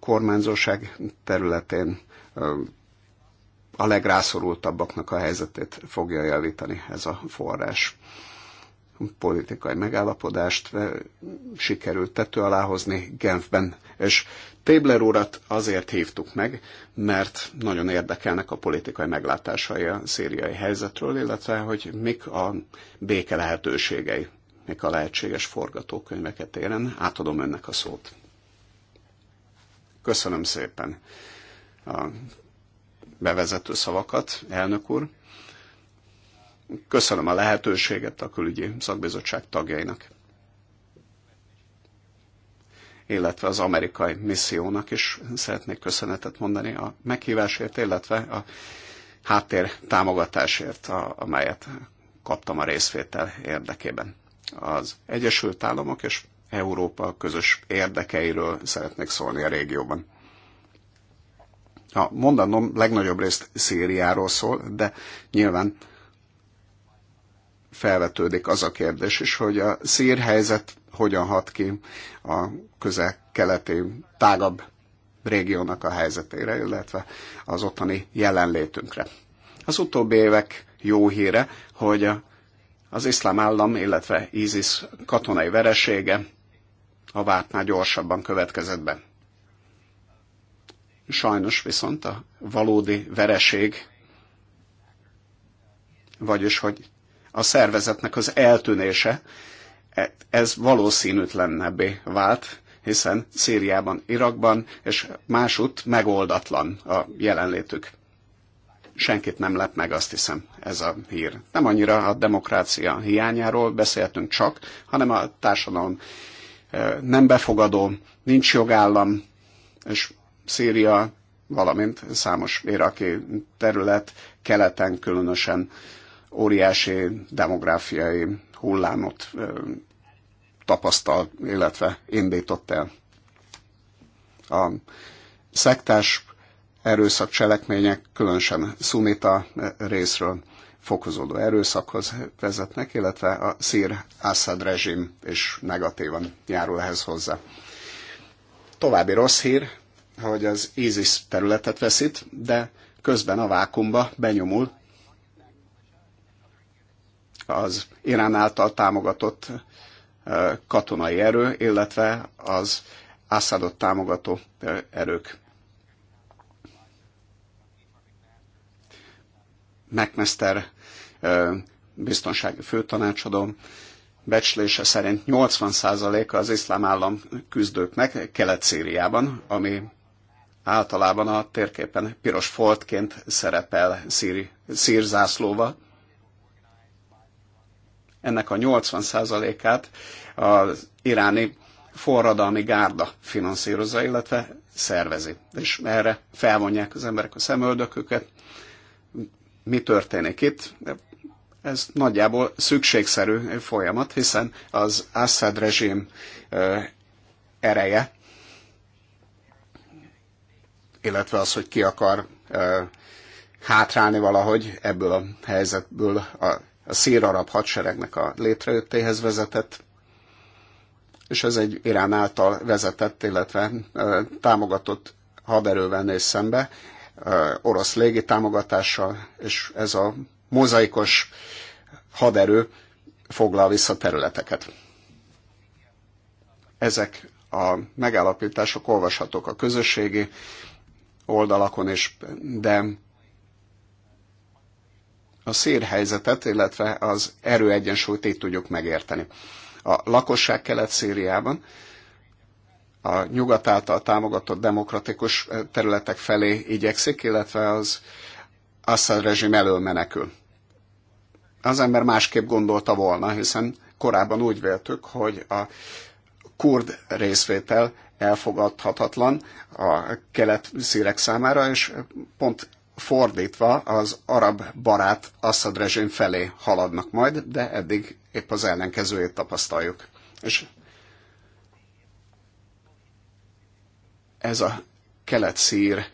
D: kormányzóság területén eh, a legrászorultabbaknak a helyzetét fogja javítani ez a forrás politikai megállapodást sikerült tető alá hozni Genfben, és Tébler urat azért hívtuk meg, mert nagyon érdekelnek a politikai meglátásai a szíriai helyzetről, illetve hogy mik a béke lehetőségei, mik a lehetséges forgatókönyveket éren. Átadom önnek a szót. Köszönöm szépen a bevezető szavakat, elnök úr. Köszönöm a lehetőséget a külügyi szakbizottság tagjainak, illetve az amerikai missziónak is szeretnék köszönetet mondani a meghívásért, illetve a háttér támogatásért, amelyet kaptam a részvétel érdekében. Az Egyesült Államok és Európa közös érdekeiről szeretnék szólni a régióban. A mondanom legnagyobb részt Szíriáról szól, de nyilván felvetődik az a kérdés is, hogy a szír helyzet hogyan hat ki a közel-keleti tágabb régiónak a helyzetére, illetve az ottani jelenlétünkre. Az utóbbi évek jó híre, hogy az iszlám állam, illetve ISIS katonai veresége a vártnál gyorsabban következett be. Sajnos viszont a valódi vereség, vagyis hogy a szervezetnek az eltűnése, e, ez valószínűtlennebbé vált, hiszen Szíriában, Irakban és másutt megoldatlan a jelenlétük. Senkit nem lett meg, azt hiszem, ez a hír. Nem annyira a demokrácia hiányáról beszéltünk csak, hanem a társadalom e, nem befogadó, nincs jogállam, és Szíria, valamint számos iraki terület, keleten különösen óriási demográfiai hullámot tapasztalt, illetve indított el. A szektás erőszak cselekmények, különösen szunita részről fokozódó erőszakhoz vezetnek, illetve a szír Assad rezsim is negatívan járul ehhez hozzá. További rossz hír, hogy az ISIS területet veszít, de közben a vákumba benyomul az Irán által támogatott eh, katonai erő, illetve az Assadot támogató eh, erők. McMaster eh, biztonsági főtanácsadó becslése szerint 80%-a az iszlám állam küzdőknek Kelet-Szíriában, ami általában a térképen piros foltként szerepel szír, szírzászlóval ennek a 80%-át az iráni forradalmi gárda finanszírozza, illetve szervezi. És erre felvonják az emberek a szemöldöküket. Mi történik itt? Ez nagyjából szükségszerű folyamat, hiszen az Assad rezsim ereje, illetve az, hogy ki akar hátrálni valahogy ebből a helyzetből a a szír-arab hadseregnek a létrejöttéhez vezetett, és ez egy Irán által vezetett, illetve támogatott haderővel néz szembe, orosz légi támogatással, és ez a mozaikos haderő foglal vissza területeket. Ezek a megállapítások olvashatók a közösségi oldalakon is, de a szélhelyzetet, illetve az erőegyensúlyt így tudjuk megérteni. A lakosság Kelet-Szíriában a nyugat által támogatott demokratikus eh, területek felé igyekszik, illetve az Assad rezsim elől menekül. Az ember másképp gondolta volna, hiszen korábban úgy véltük, hogy a kurd részvétel elfogadhatatlan a kelet-szírek számára, és pont fordítva az arab barát Assad rezsim felé haladnak majd, de eddig épp az ellenkezőjét tapasztaljuk. És ez a kelet-szír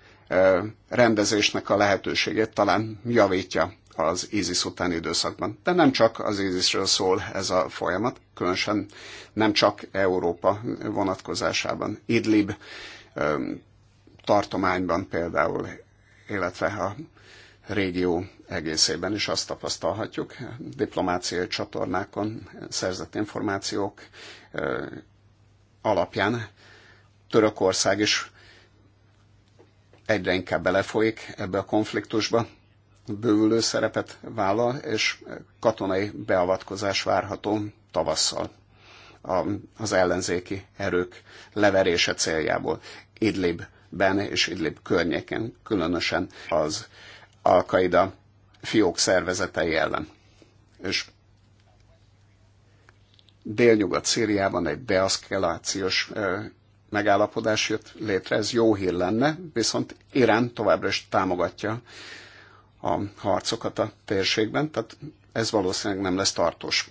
D: rendezésnek a lehetőségét talán javítja az ISIS utáni időszakban. De nem csak az ISISről szól ez a folyamat, különösen nem csak Európa vonatkozásában. Idlib tartományban például illetve a régió egészében is azt tapasztalhatjuk. Diplomáciai csatornákon szerzett információk alapján Törökország is egyre inkább belefolyik ebbe a konfliktusba, bővülő szerepet vállal, és katonai beavatkozás várható tavasszal az ellenzéki erők leverése céljából. Idlib ben és Idlib környéken, különösen az Al-Qaida fiók szervezetei ellen. És délnyugat Szíriában egy deaszkelációs megállapodás jött létre, ez jó hír lenne, viszont Irán továbbra is támogatja a harcokat a térségben, tehát ez valószínűleg nem lesz tartós.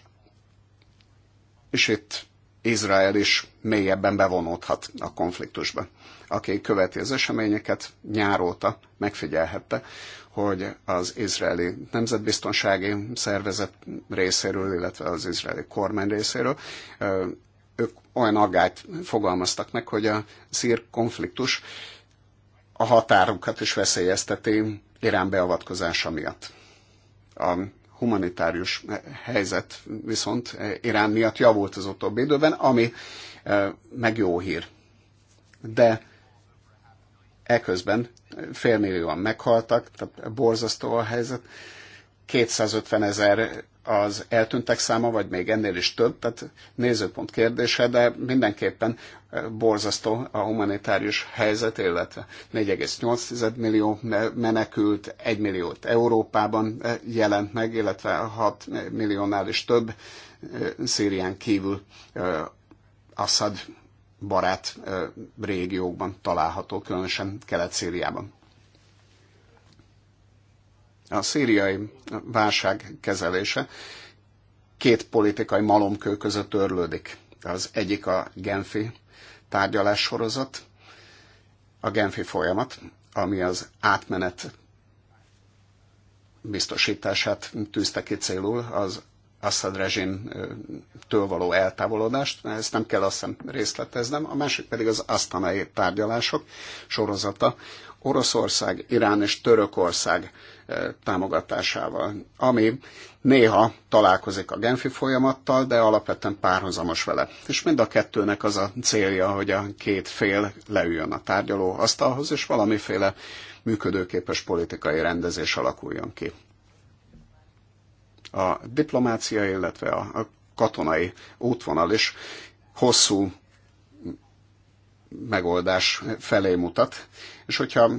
D: És itt Izrael is mélyebben bevonódhat a konfliktusba. Aki követi az eseményeket, nyáróta megfigyelhette, hogy az izraeli nemzetbiztonsági szervezet részéről, illetve az izraeli kormány részéről ők olyan aggályt fogalmaztak meg, hogy a szír konfliktus a határokat is veszélyezteti Irán beavatkozása miatt. A humanitárius helyzet viszont Irán miatt javult az utóbbi időben, ami e, meg jó hír. De eközben félmillióan meghaltak, tehát borzasztó a helyzet. 250 ezer az eltűntek száma, vagy még ennél is több, tehát nézőpont kérdése, de mindenképpen eh, borzasztó a humanitárius helyzet, illetve 4,8 millió menekült, 1 milliót Európában eh, jelent meg, illetve 6 milliónál is több eh, Szírián kívül Assad barát régiókban található, különösen Kelet-Szíriában. A szíriai válság kezelése két politikai malomkő között törlődik. Az egyik a Genfi tárgyalás sorozat, a Genfi folyamat, ami az átmenet biztosítását tűzte ki célul az Assad től való eltávolodást, ezt nem kell azt hiszem részleteznem, a másik pedig az asztanai tárgyalások sorozata. Oroszország, Irán és Törökország Eh, támogatásával, ami néha találkozik a Genfi folyamattal, de alapvetően párhuzamos vele. És mind a kettőnek az a célja, hogy a két fél leüljön a tárgyaló asztalhoz, és valamiféle működőképes politikai rendezés alakuljon ki. A diplomácia, illetve a katonai útvonal is hosszú megoldás felé mutat, és hogyha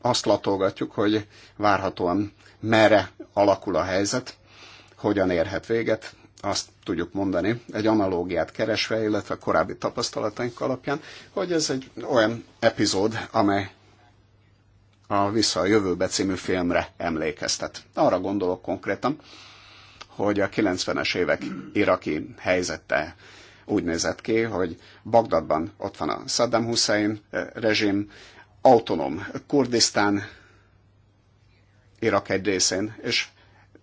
D: azt latolgatjuk, hogy várhatóan merre alakul a helyzet, hogyan érhet véget, azt tudjuk mondani, egy analógiát keresve, illetve a korábbi tapasztalataink alapján, hogy ez egy olyan epizód, amely a Vissza a Jövőbe című filmre emlékeztet. Arra gondolok konkrétan, hogy a 90-es évek iraki helyzete úgy nézett ki, hogy Bagdadban ott van a Saddam Hussein eh, rezsim, autonóm Kurdisztán Irak egy részén, és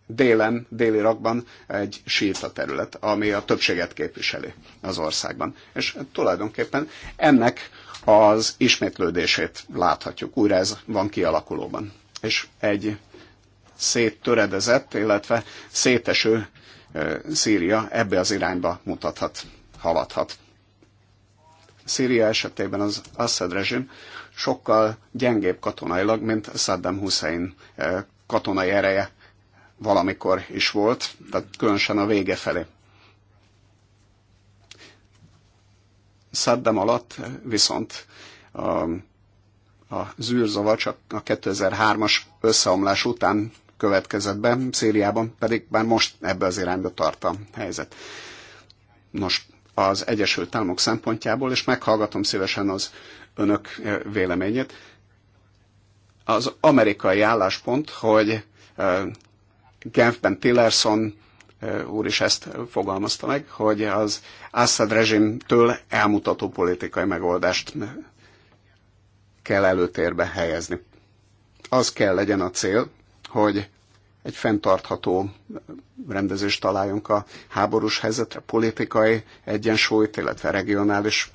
D: délen, déli Irakban egy síta terület, ami a többséget képviseli az országban. És tulajdonképpen ennek az ismétlődését láthatjuk. Újra ez van kialakulóban. És egy széttöredezett, illetve széteső Szíria ebbe az irányba mutathat, haladhat. Szíria esetében az Assad rezsim sokkal gyengébb katonailag, mint Saddam Hussein eh, katonai ereje valamikor is volt, tehát különösen a vége felé. Saddam alatt viszont a, a zűrzavar csak a 2003-as összeomlás után következett be, Szíriában pedig már most ebbe az irányba tart a helyzet. Nos, az Egyesült Államok szempontjából, és meghallgatom szívesen az önök véleményét. Az amerikai álláspont, hogy Genfben Tillerson úr is ezt fogalmazta meg, hogy az Assad rezsimtől elmutató politikai megoldást kell előtérbe helyezni. Az kell legyen a cél, hogy egy fenntartható rendezést találjunk a háborús helyzetre, politikai egyensúlyt, illetve regionális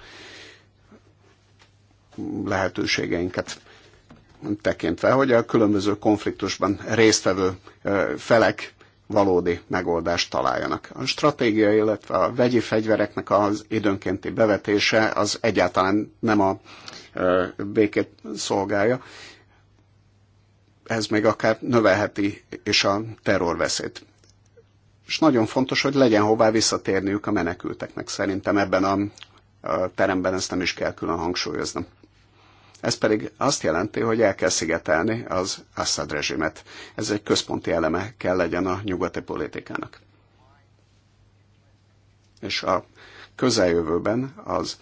D: lehetőségeinket tekintve, hogy a különböző konfliktusban résztvevő felek valódi megoldást találjanak. A stratégia, illetve a vegyi fegyvereknek az időnkénti bevetése az egyáltalán nem a békét szolgálja. Ez még akár növelheti és a terrorveszélyt. És nagyon fontos, hogy legyen hová visszatérniük a menekülteknek. Szerintem ebben a teremben ezt nem is kell külön hangsúlyoznom. Ez pedig azt jelenti, hogy el kell szigetelni az Assad rezsimet. Ez egy központi eleme kell legyen a nyugati politikának. És a közeljövőben az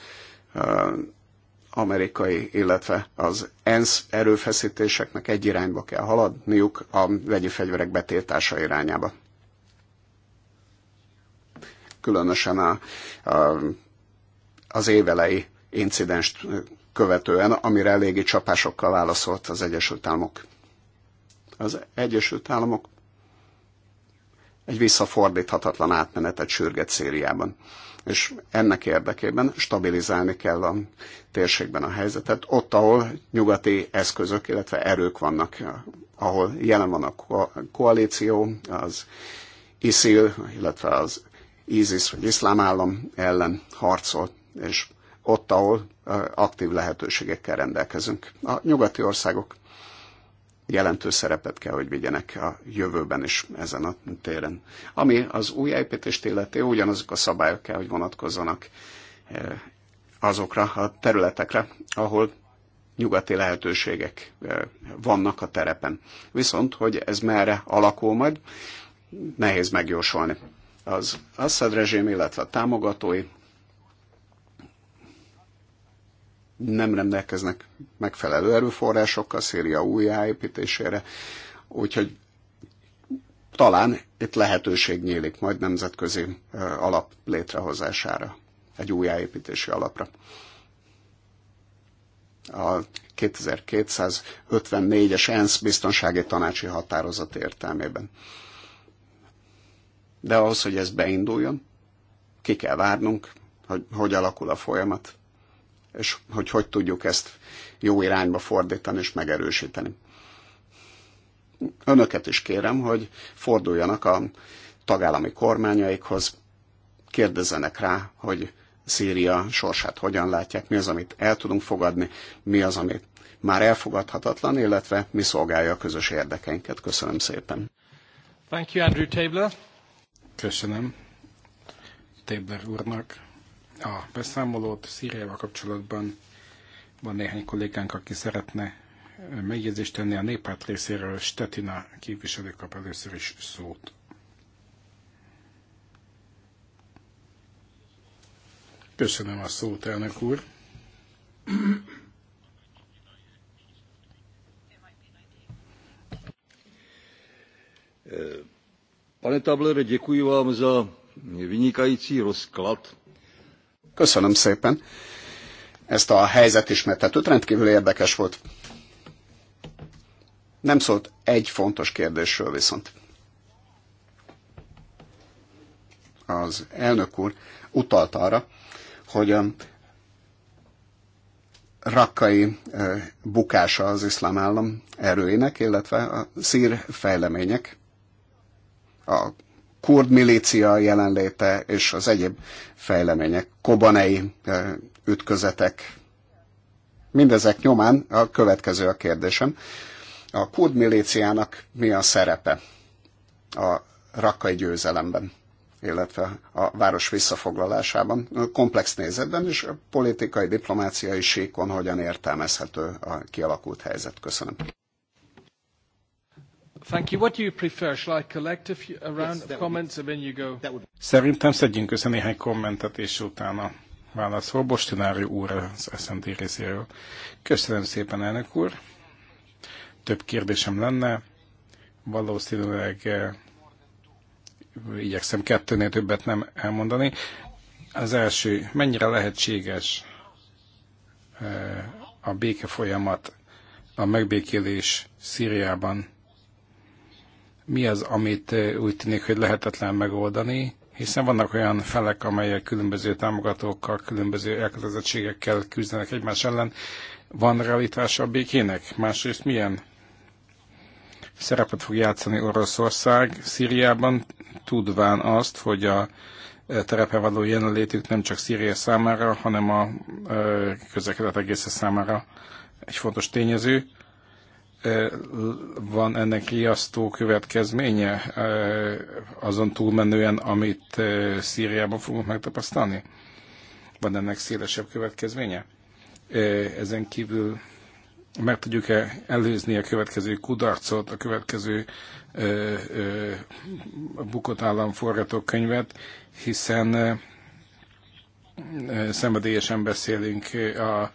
D: amerikai, illetve az ENSZ erőfeszítéseknek egy irányba kell haladniuk a vegyi fegyverek betiltása irányába. Különösen a, a, az évelei incidens követően, amire eléggé csapásokkal válaszolt az Egyesült Államok. Az Egyesült Államok egy visszafordíthatatlan átmenetet sürget Szíriában. És ennek érdekében stabilizálni kell a térségben a helyzetet, ott, ahol nyugati eszközök, illetve erők vannak, ahol jelen van a koalíció, az ISIL, illetve az ISIS vagy iszlám állam ellen harcol, és ott, ahol aktív lehetőségekkel rendelkezünk. A nyugati országok jelentős szerepet kell, hogy vigyenek a jövőben is ezen a téren. Ami az új építést illeti, ugyanazok a szabályok kell, hogy vonatkozzanak azokra a területekre, ahol nyugati lehetőségek vannak a terepen. Viszont, hogy ez merre alakul majd, nehéz megjósolni. Az Assad rezsém, illetve a támogatói nem rendelkeznek megfelelő erőforrásokkal Szíria újjáépítésére, úgyhogy talán itt lehetőség nyílik majd nemzetközi alap létrehozására, egy újjáépítési alapra. A 2254-es ENSZ biztonsági tanácsi határozat értelmében. De ahhoz, hogy ez beinduljon, ki kell várnunk, hogy hogy alakul a folyamat és hogy hogy tudjuk ezt jó irányba fordítani és megerősíteni. Önöket is kérem, hogy forduljanak a tagállami kormányaikhoz, kérdezzenek rá, hogy Szíria sorsát hogyan látják, mi az, amit el tudunk fogadni, mi az, amit már elfogadhatatlan, illetve mi szolgálja a közös érdekeinket. Köszönöm szépen.
B: Thank you, Andrew Tabler. Köszönöm Tabler úrnak a beszámolót Szíriával kapcsolatban. Van néhány kollégánk, aki szeretne megjegyzést tenni a néppárt részéről. Stetina képviselő kap először is szót. Köszönöm a szót, elnök úr.
C: Pane Tabler, děkuji vám za vynikající
D: rozklad Köszönöm szépen ezt a helyzet ismertetőt, rendkívül érdekes volt. Nem szólt egy fontos kérdésről viszont. Az elnök úr utalt arra, hogy a rakkai bukása az iszlám állam erőinek, illetve a szír fejlemények a kurd milícia jelenléte és az egyéb fejlemények, kobanei ütközetek. Mindezek nyomán a következő a kérdésem. A kurd milíciának mi a szerepe a rakkai győzelemben, illetve a város visszafoglalásában, komplex nézetben, és a politikai, diplomáciai síkon hogyan értelmezhető a kialakult helyzet? Köszönöm.
A: Thank you. What do you prefer? Shall I collect a few, a round of comments and then you go? That would...
B: Szerintem szedjünk össze néhány kommentet, és utána válaszol. Bostinári úr az SZNT részéről. Köszönöm szépen, elnök úr. Több kérdésem lenne. Valószínűleg eh, igyekszem kettőnél többet nem elmondani. Az első, mennyire lehetséges eh, a béke folyamat, a megbékélés Szíriában mi az, amit eh, úgy tűnik, hogy lehetetlen megoldani, hiszen vannak olyan felek, amelyek különböző támogatókkal, különböző elkötelezettségekkel küzdenek egymás ellen. Van realitása a békének? Másrészt milyen szerepet fog játszani Oroszország Szíriában, tudván azt, hogy a eh, terepen való jelenlétük nem csak Szíria számára, hanem a eh, közlekedett egész számára egy fontos tényező van ennek riasztó következménye azon túlmenően, amit Szíriában fogunk megtapasztalni? Van ennek szélesebb következménye? Ezen kívül meg tudjuk-e előzni a következő kudarcot, a következő bukott állam forgatókönyvet, hiszen szenvedélyesen beszélünk a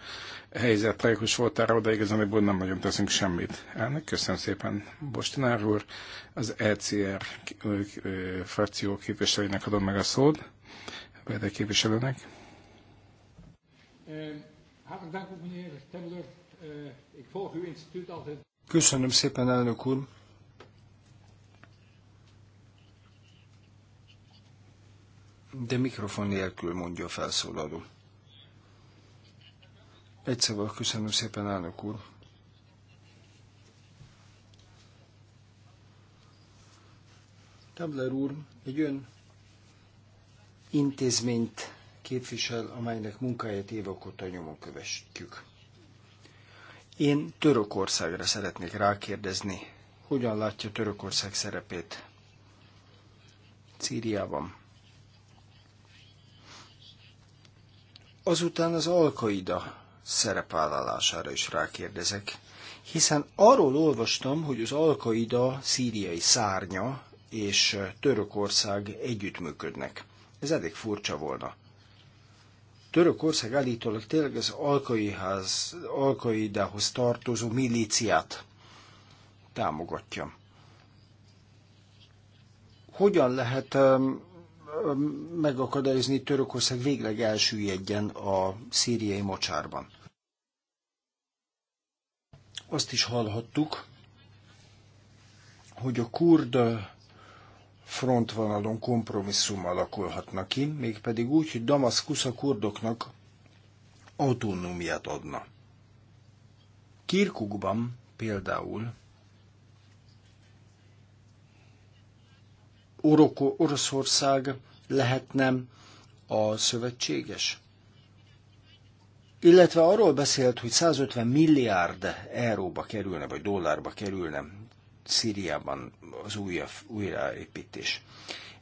B: helyzet tragikus volt arra, de igazából nem nagyon teszünk semmit. Elnök, köszönöm szépen, Bostinár úr. Az ECR frakció képviselőinek adom meg a szót,
C: Vede képviselőnek. Köszönöm szépen, elnök úr. De mikrofon nélkül mondja a felszólaló. Egy szóval köszönöm szépen, elnök úr. Tabler úr egy ön intézményt képvisel, amelynek munkáját évek óta nyomon kövessük. Én Törökországra szeretnék rákérdezni, hogyan látja Törökország szerepét Szíriában. Azután az Alkaida szerepvállalására is rákérdezek, hiszen arról olvastam, hogy az Alkaida szíriai szárnya és Törökország együttműködnek. Ez elég furcsa volna. Törökország állítólag tényleg az Alkaidához Alkai tartozó milíciát támogatja. Hogyan lehet megakadályozni, hogy Törökország végleg elsüllyedjen a szíriai mocsárban? Azt is hallhattuk, hogy a kurd frontvonalon kompromisszum alakulhatna ki, mégpedig úgy, hogy Damaszkusz a kurdoknak autonómiát adna. Kirkukban például Oroko, Oroszország lehetne a szövetséges? illetve arról beszélt, hogy 150 milliárd euróba kerülne, vagy dollárba kerülne Szíriában az újabb újraépítés.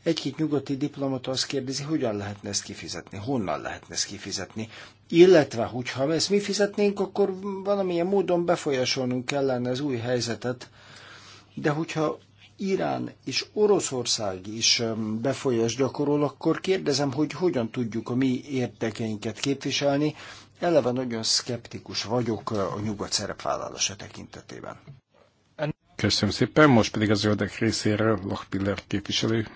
C: Egy-két nyugati diplomata azt kérdezi, hogyan lehetne ezt kifizetni, honnan lehetne ezt kifizetni. Illetve, hogyha ezt mi fizetnénk, akkor valamilyen módon befolyásolnunk kellene az új helyzetet, de hogyha Irán és Oroszország is befolyás gyakorol, akkor kérdezem, hogy hogyan tudjuk a mi érdekeinket képviselni, Eleve nagyon szkeptikus vagyok a nyugat szerepvállalása tekintetében.
B: Köszönöm szépen, most pedig az zöldek részéről Piller képviselő.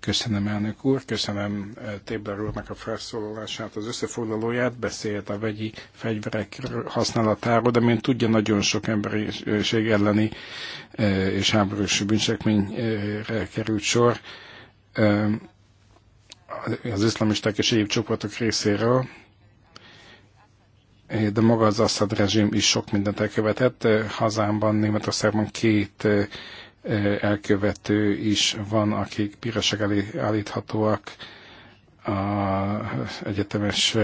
B: Köszönöm, elnök úr, köszönöm Tébler úrnak a felszólalását, az összefoglalóját, beszélt a vegyi fegyverek használatáról, de mint tudja, nagyon sok emberiség elleni és háborús bűncselekményre került sor az iszlamisták és egyéb csoportok részéről de maga az Assad rezsim is sok mindent elkövetett. Hazámban, Németországban két elkövető is van, akik bíróság elé állíthatóak a egyetemes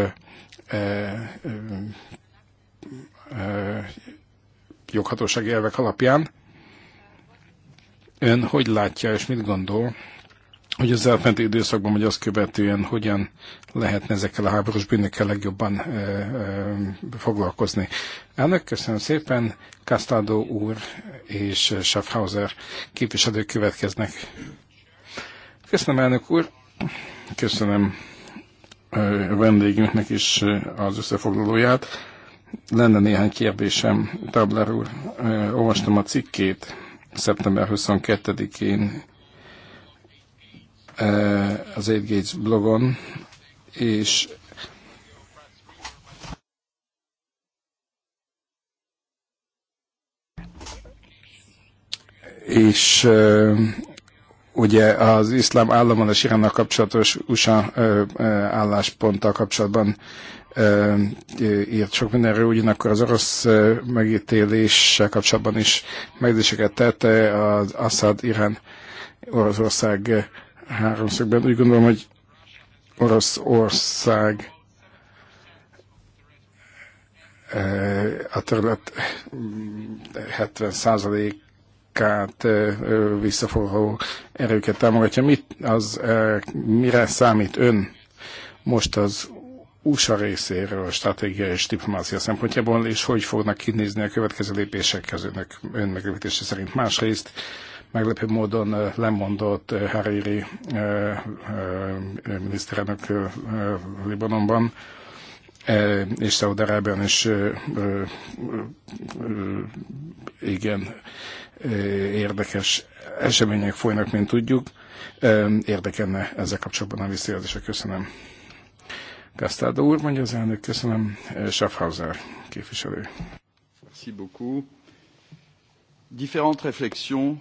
B: joghatósági elvek alapján. Ön hogy látja és mit gondol, hogy az elmenti időszakban, vagy azt követően hogyan lehetne ezekkel a háborús bűnökkel legjobban ö, ö, foglalkozni. Elnök, köszönöm szépen, Castaldo úr és Schaffhauser képviselők következnek. Köszönöm, elnök úr, köszönöm a vendégünknek is az összefoglalóját. Lenne néhány kérdésem, Tabler úr. Olvastam a cikkét szeptember 22-én az Eight Gates blogon és és uh, ugye az iszlám állammal és Iránnal kapcsolatos USA uh, uh, állásponttal kapcsolatban írt sok mindenről, ugyanakkor az orosz megítéléssel kapcsolatban is megzéseket tette az Assad-Irán Oroszország háromszögben. Úgy gondolom, hogy Oroszország e, a terület 70%-át e, visszafogó erőket támogatja. Mit az, e, mire számít ön most az USA részéről stratégia és diplomácia szempontjából, és hogy fognak kinézni a következő lépések az önök önmegrövítése szerint. Másrészt meglepő módon lemondott Hariri miniszterelnök Libanonban, és Szaudarában is igen érdekes események folynak, mint tudjuk. Érdekelne ezzel kapcsolatban a visszajelzése. Köszönöm. Gasztáda úr, mondja az elnök, köszönöm. Schaffhauser képviselő.
D: Merci beaucoup. Différentes
B: réflexions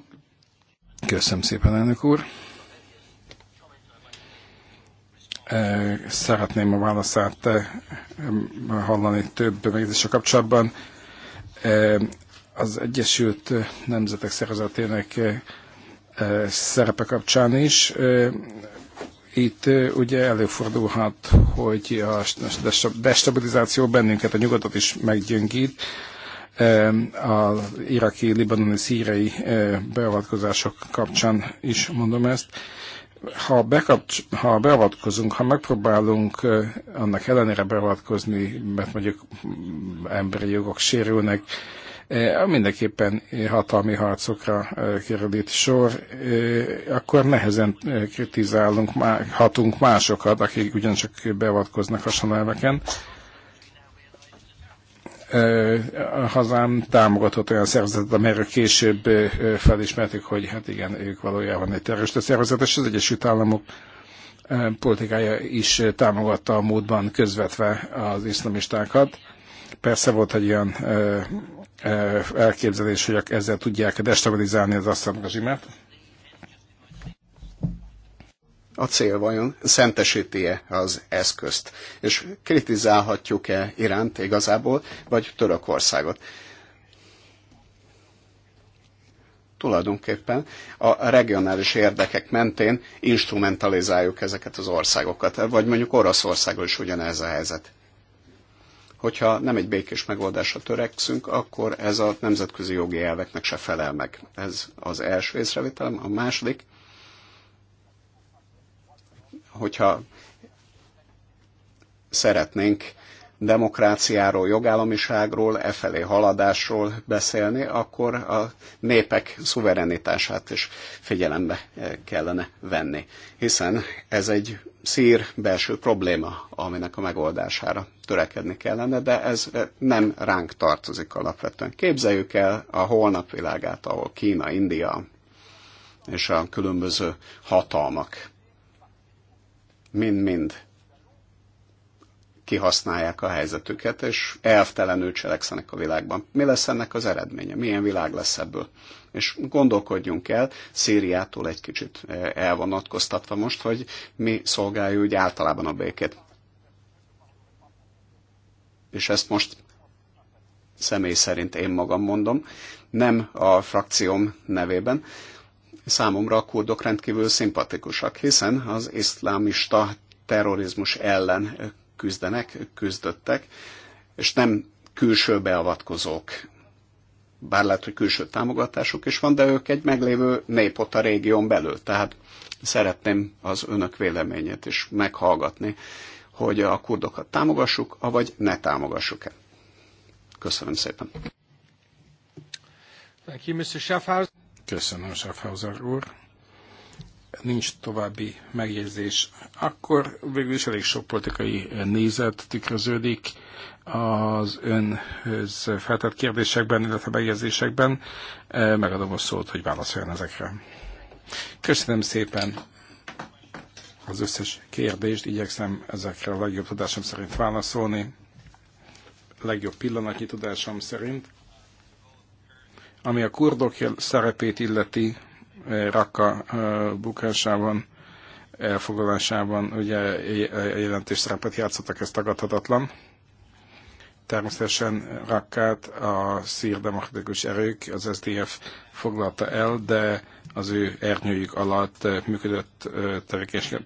B: Köszönöm szépen, elnök úr. Szeretném a válaszát hallani több megjegyzéssel kapcsolatban. Az Egyesült Nemzetek Szervezetének szerepe kapcsán is. Itt ugye előfordulhat, hogy a destabilizáció bennünket, a nyugatot is meggyöngít, az iraki, libanoni, szírei beavatkozások kapcsán is mondom ezt. Ha, bekapcs, ha beavatkozunk, ha megpróbálunk annak ellenére beavatkozni, mert mondjuk mm, emberi jogok sérülnek, mindenképpen hatalmi harcokra kerül itt sor, akkor nehezen kritizálunk, hatunk másokat, akik ugyancsak beavatkoznak a elveken a hazám támogatott olyan szervezetet, amelyről később felismerték, hogy hát igen, ők valójában egy terrorista szervezet, és az Egyesült Államok politikája is támogatta a módban közvetve az iszlamistákat. Persze volt egy olyan elképzelés, hogy ezzel tudják destabilizálni az Assad a cél vajon
D: szentesíti-e az eszközt, és kritizálhatjuk-e Iránt igazából, vagy Törökországot. Tulajdonképpen a regionális érdekek mentén instrumentalizáljuk ezeket az országokat, vagy mondjuk Oroszországon is ugyanez a helyzet. Hogyha nem egy békés megoldásra törekszünk, akkor ez a nemzetközi jogi elveknek se felel meg. Ez az első észrevételem. A második, hogyha szeretnénk demokráciáról, jogállamiságról, e felé haladásról beszélni, akkor a népek szuverenitását is figyelembe eh, kellene venni. Hiszen ez egy szír belső probléma, aminek a megoldására törekedni kellene, de ez eh, nem ránk tartozik alapvetően. Képzeljük el a holnap világát, ahol Kína, India és a különböző hatalmak mind-mind kihasználják a helyzetüket, és elvtelenül cselekszenek a világban. Mi lesz ennek az eredménye? Milyen világ lesz ebből? És gondolkodjunk el, Szíriától egy kicsit eh, elvonatkoztatva most, hogy mi szolgáljuk úgy általában a békét. És ezt most személy szerint én magam mondom, nem a frakcióm nevében, számomra a kurdok rendkívül szimpatikusak, hiszen az iszlámista terrorizmus ellen küzdenek, küzdöttek, és nem külső beavatkozók. Bár lehet, hogy külső támogatásuk is van, de ők egy meglévő nép ott a régión belül. Tehát szeretném az önök véleményét is meghallgatni, hogy a kurdokat támogassuk, avagy ne támogassuk-e.
B: Köszönöm szépen. Thank you, Mr. Köszönöm, Schaffhauser úr. Nincs további megjegyzés. Akkor végül is elég sok politikai nézet tükröződik az önhöz feltett kérdésekben, illetve megjegyzésekben. E, megadom a szót, hogy válaszoljon ezekre. Köszönöm szépen az összes kérdést, igyekszem ezekre a legjobb tudásom szerint válaszolni, legjobb pillanatnyi tudásom szerint. Ami a kurdok szerepét illeti eh, Raka eh, bukásában, elfoglalásában, ugye eh, jelentős szerepet játszottak, ez tagadhatatlan. Természetesen Rakkát a szír demokratikus erők, az SDF foglalta el, de az ő ernyőjük alatt működött tevékenységet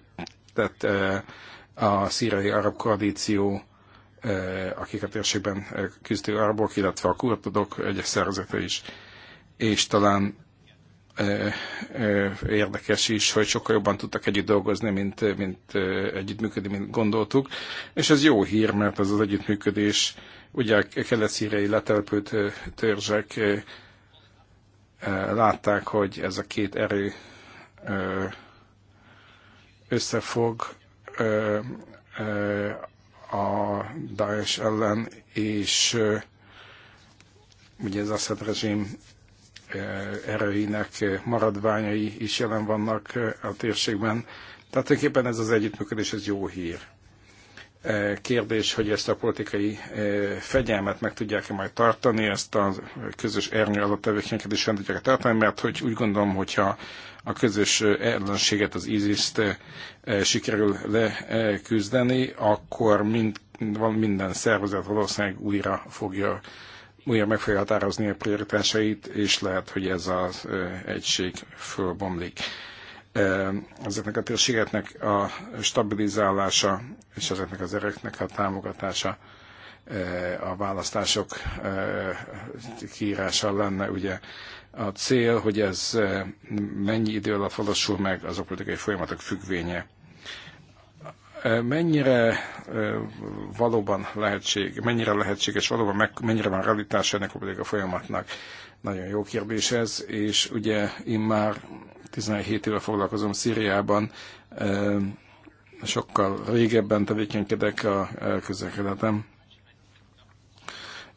B: a szírai arab koalíció, akik a térségben küzdő arabok, illetve a kurdok egyes szervezete is és talán érdekes is, hogy sokkal jobban tudtak együtt dolgozni, mint, mint együttműködni, mint gondoltuk. És ez jó hír, mert ez az együttműködés, ugye a kelet-szírei letelepült törzsek látták, hogy ez a két erő összefog a Daesh ellen, és ugye az a rezsim erőinek maradványai is jelen vannak a térségben. Tehát tulajdonképpen ez az együttműködés, ez jó hír. Kérdés, hogy ezt a politikai fegyelmet meg tudják-e majd tartani, ezt a közös ernyő alatt tevékenykedést sem tudják tartani, mert hogy úgy gondolom, hogyha a közös ellenséget, az ISIS-t sikerül leküzdeni, akkor mind, minden szervezet valószínűleg újra fogja újra meg fogja határozni a prioritásait, és lehet, hogy ez az egység fölbomlik. Ezeknek a térségeknek a stabilizálása és ezeknek az ereknek a támogatása a választások kiírása lenne ugye a cél, hogy ez mennyi idő alatt valósul meg, az a politikai folyamatok függvénye. Mennyire valóban lehetség, mennyire lehetséges valóban, meg, mennyire van realitás ennek a folyamatnak? Nagyon jó kérdés ez, és ugye én már 17 éve foglalkozom Szíriában, sokkal régebben tevékenykedek a közlekedetem.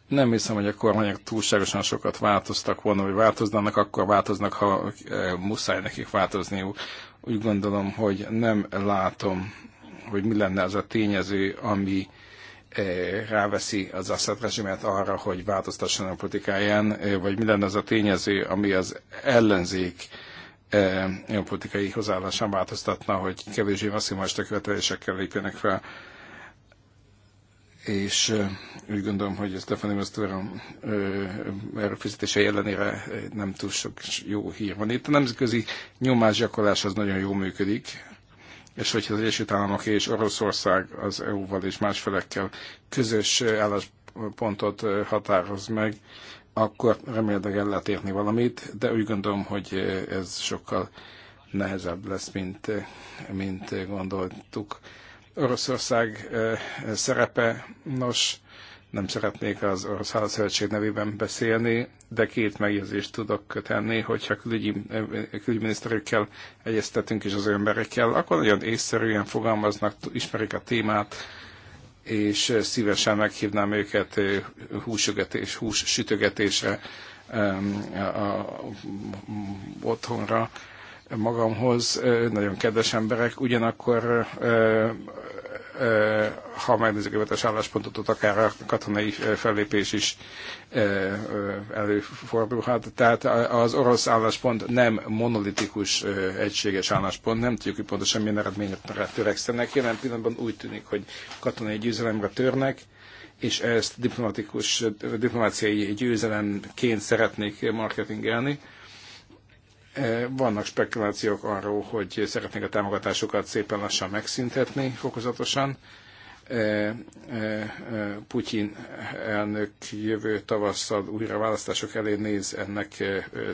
B: Nem hiszem, hogy a kormányok túlságosan sokat változtak volna, vagy változnának, akkor változnak, ha muszáj nekik változniuk. Úgy gondolom, hogy nem látom hogy mi lenne az a tényező, ami eh, ráveszi az Assad rezsimet arra, hogy változtasson a politikáján, eh, vagy mi lenne az a tényező, ami az ellenzék eh, politikai hozzáállásán változtatna, hogy kevésbé masszimista követelésekkel lépjenek fel. És úgy gondolom, hogy Stefani Masztura erőfizetése ellenére nem túl sok jó hír van itt. A nemzetközi nyomásgyakorlás az nagyon jól működik és hogyha az Egyesült Államok és Oroszország az EU-val és más felekkel közös álláspontot határoz meg, akkor remélhetőleg el lehet érni valamit, de úgy gondolom, hogy ez sokkal nehezebb lesz, mint, mint gondoltuk. Oroszország szerepe, nos, nem szeretnék az Orosz Szövetség nevében beszélni, de két megjegyzést tudok tenni, hogyha külügyi, eh, külügyminiszterekkel egyeztetünk és az emberekkel, akkor nagyon észszerűen fogalmaznak, ismerik a témát, és eh, szívesen meghívnám őket eh, húsügetés, hús sütögetésre a, otthonra magamhoz, nagyon kedves emberek, ugyanakkor ha megnézzük a álláspontot, akár a katonai fellépés is előfordulhat. Tehát az orosz álláspont nem monolitikus, egységes álláspont, nem tudjuk, hogy pontosan milyen eredményre törekszenek. Jelen pillanatban úgy tűnik, hogy katonai győzelemre törnek, és ezt diplomatikus, diplomáciai győzelemként szeretnék marketingelni Eh, vannak spekulációk arról, hogy szeretnék a támogatásokat szépen lassan megszüntetni fokozatosan. Eh, eh, Putyin elnök jövő tavasszal újra választások elé néz, ennek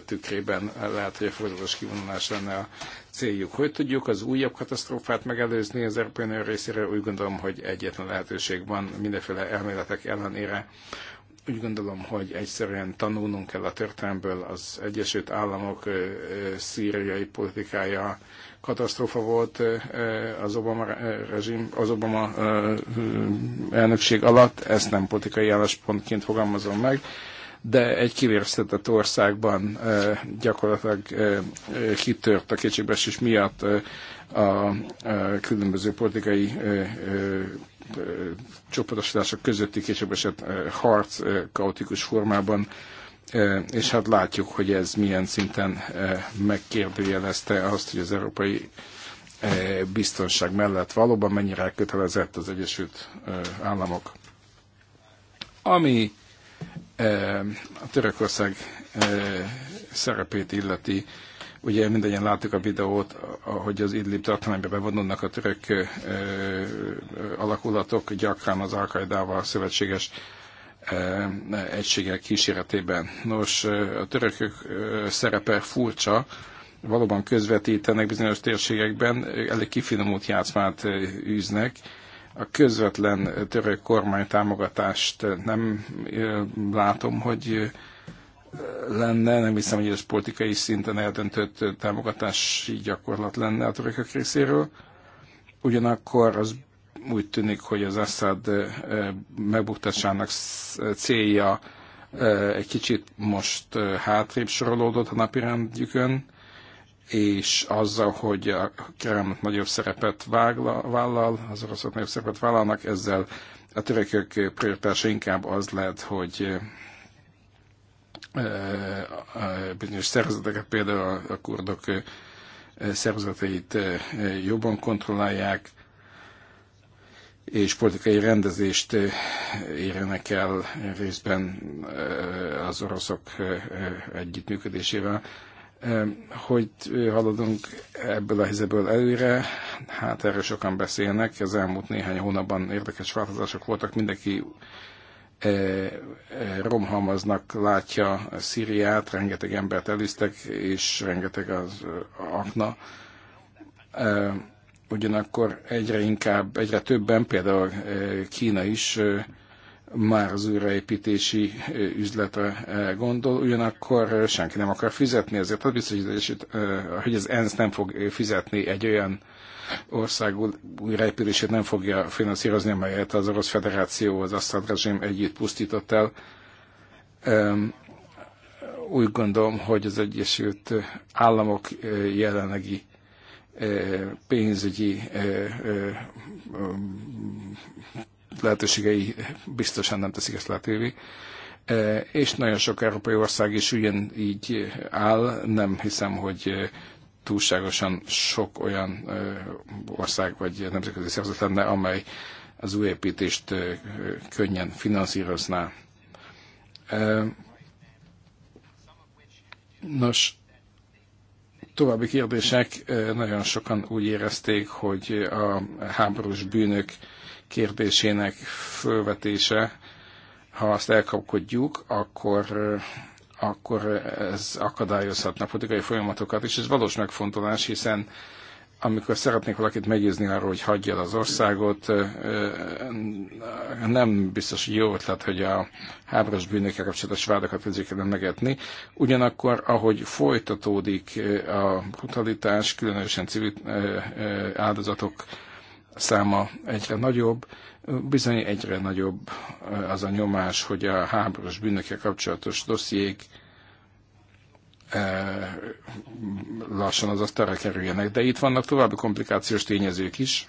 B: tükrében lehet, hogy a folyamatos kivonulás lenne a céljuk. Hogy tudjuk az újabb katasztrófát megelőzni az Európai Unió részére? Úgy gondolom, hogy egyetlen lehetőség van mindenféle elméletek ellenére, úgy gondolom, hogy egyszerűen tanulnunk kell a történelmből. Az Egyesült Államok szíriai politikája katasztrófa volt az Obama, rezsim, az Obama elnökség alatt. Ezt nem politikai álláspontként fogalmazom meg de egy kivérszetett országban gyakorlatilag kitört a kétségbeesés miatt a különböző politikai csoportosítások közötti kétségbeesett harc kaotikus formában, és hát látjuk, hogy ez milyen szinten megkérdőjelezte azt, hogy az európai biztonság mellett valóban mennyire elkötelezett az Egyesült Államok. Ami a Törökország szerepét illeti, ugye mindannyian láttuk a videót, ahogy az Idlib tartományba bevonulnak a török alakulatok, gyakran az Alkaidával szövetséges egységek kíséretében. Nos, a törökök szerepe furcsa, valóban közvetítenek bizonyos térségekben, elég kifinomult játszmát űznek, a közvetlen török kormány támogatást nem látom, hogy lenne, nem hiszem, hogy ez politikai szinten eldöntött támogatási gyakorlat lenne a törökök részéről. Ugyanakkor az úgy tűnik, hogy az Assad megbuktatásának célja egy kicsit most hátrébb sorolódott a napirendjükön és azzal, hogy a Kreml nagyobb szerepet vállal, az oroszok nagyobb szerepet vállalnak, ezzel a törökök prioritása inkább az lehet, hogy bizonyos szervezeteket, például a kurdok szervezeteit jobban kontrollálják, és politikai rendezést érjenek el részben az oroszok együttműködésével. Hogy haladunk ebből a helyzetből előre, hát erről sokan beszélnek, az elmúlt néhány hónapban érdekes változások voltak, mindenki romhamaznak látja Szíriát, rengeteg embert elűztek, és rengeteg az akna. Ugyanakkor egyre inkább, egyre többen, például Kína is már az újraépítési üzletre gondol, ugyanakkor senki nem akar fizetni ezért. Az biztos, hogy az ENSZ nem fog fizetni egy olyan ország újraépítését nem fogja finanszírozni, amelyet az Orosz Federáció, az Assad rezsim együtt pusztított el. Úgy gondolom, hogy az Egyesült Államok jelenlegi pénzügyi lehetőségei biztosan nem teszik ezt lehetővé. E, és nagyon sok európai ország is így áll, nem hiszem, hogy túlságosan sok olyan e, ország vagy nemzetközi szervezet lenne, amely az új építést e, könnyen finanszírozná. Nos, további kérdések. Nagyon sokan úgy érezték, hogy a háborús bűnök kérdésének fölvetése, ha azt elkapkodjuk, akkor, akkor ez akadályozhatna politikai folyamatokat, és ez valós megfontolás, hiszen amikor szeretnék valakit meggyőzni arról, hogy hagyja el az országot, nem biztos, hogy jó ötlet, hogy a háborús bűnökkel kapcsolatos vádakat kezdjük el megetni. Ugyanakkor, ahogy folytatódik a brutalitás, különösen civil áldozatok száma egyre nagyobb, bizony egyre nagyobb eh, az a nyomás, hogy a háborús bűnökkel kapcsolatos dossziék eh, lassan az asztalra kerüljenek. De itt vannak további komplikációs tényezők is.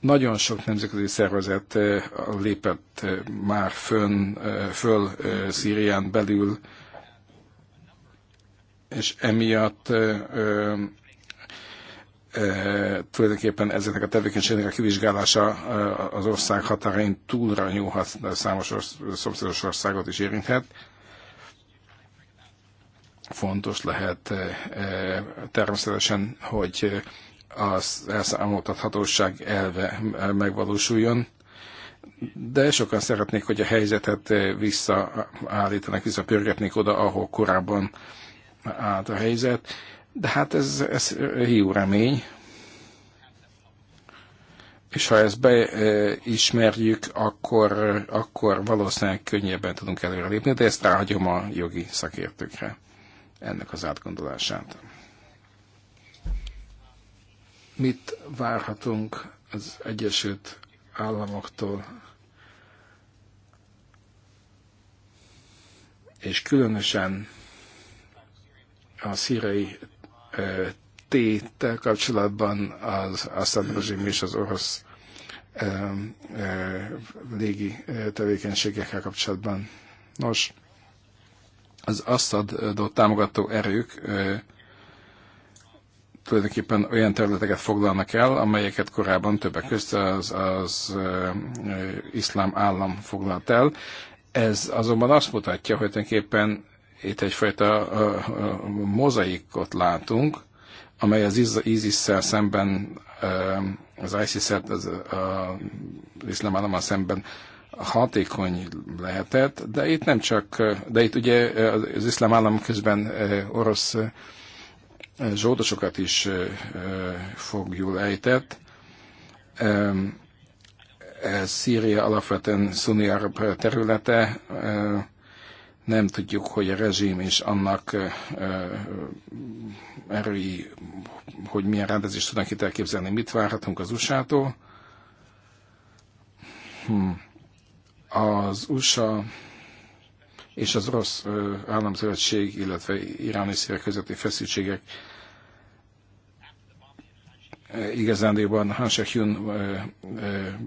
B: Nagyon sok nemzetközi szervezet eh, lépett már fön, föl Szírián belül, és emiatt tulajdonképpen ezeknek a tevékenységnek a kivizsgálása az ország határain túlra nyúlhat, de számos orsz, szomszédos országot is érinthet. Fontos lehet természetesen, hogy az elszámoltathatóság elve megvalósuljon, de sokan szeretnék, hogy a helyzetet visszaállítanak, visszapörgetnék oda, ahol korábban állt a helyzet de hát ez, ez hiú remény. És ha ezt beismerjük, akkor, akkor valószínűleg könnyebben tudunk előrelépni, de ezt ráhagyom a jogi szakértőkre ennek az átgondolását. Mit várhatunk az Egyesült Államoktól, és különösen a szírai téttel kapcsolatban az Assad rezsim és az orosz légi tevékenységekkel kapcsolatban. Nos, az Assadot támogató erők tulajdonképpen olyan területeket foglalnak el, amelyeket korábban többek között az, az iszlám állam foglalt el. Ez azonban azt mutatja, hogy tulajdonképpen itt egyfajta mozaikot látunk, amely az ISIS-szel szemben, az ISIS-szel, az, az iszlám állammal szemben hatékony lehetett, de itt nem csak, de itt ugye az iszlám állam közben orosz zsoldosokat is fogjul ejtett. Szíria alapvetően szuni arab területe, nem tudjuk, hogy a rezsim és annak erői, hogy milyen rendezést tudnak itt elképzelni, mit várhatunk az USA-tól. Hmm. Az USA és az orosz államszövetség, illetve iráni szívek közötti feszültségek igazándiban Hansek Jun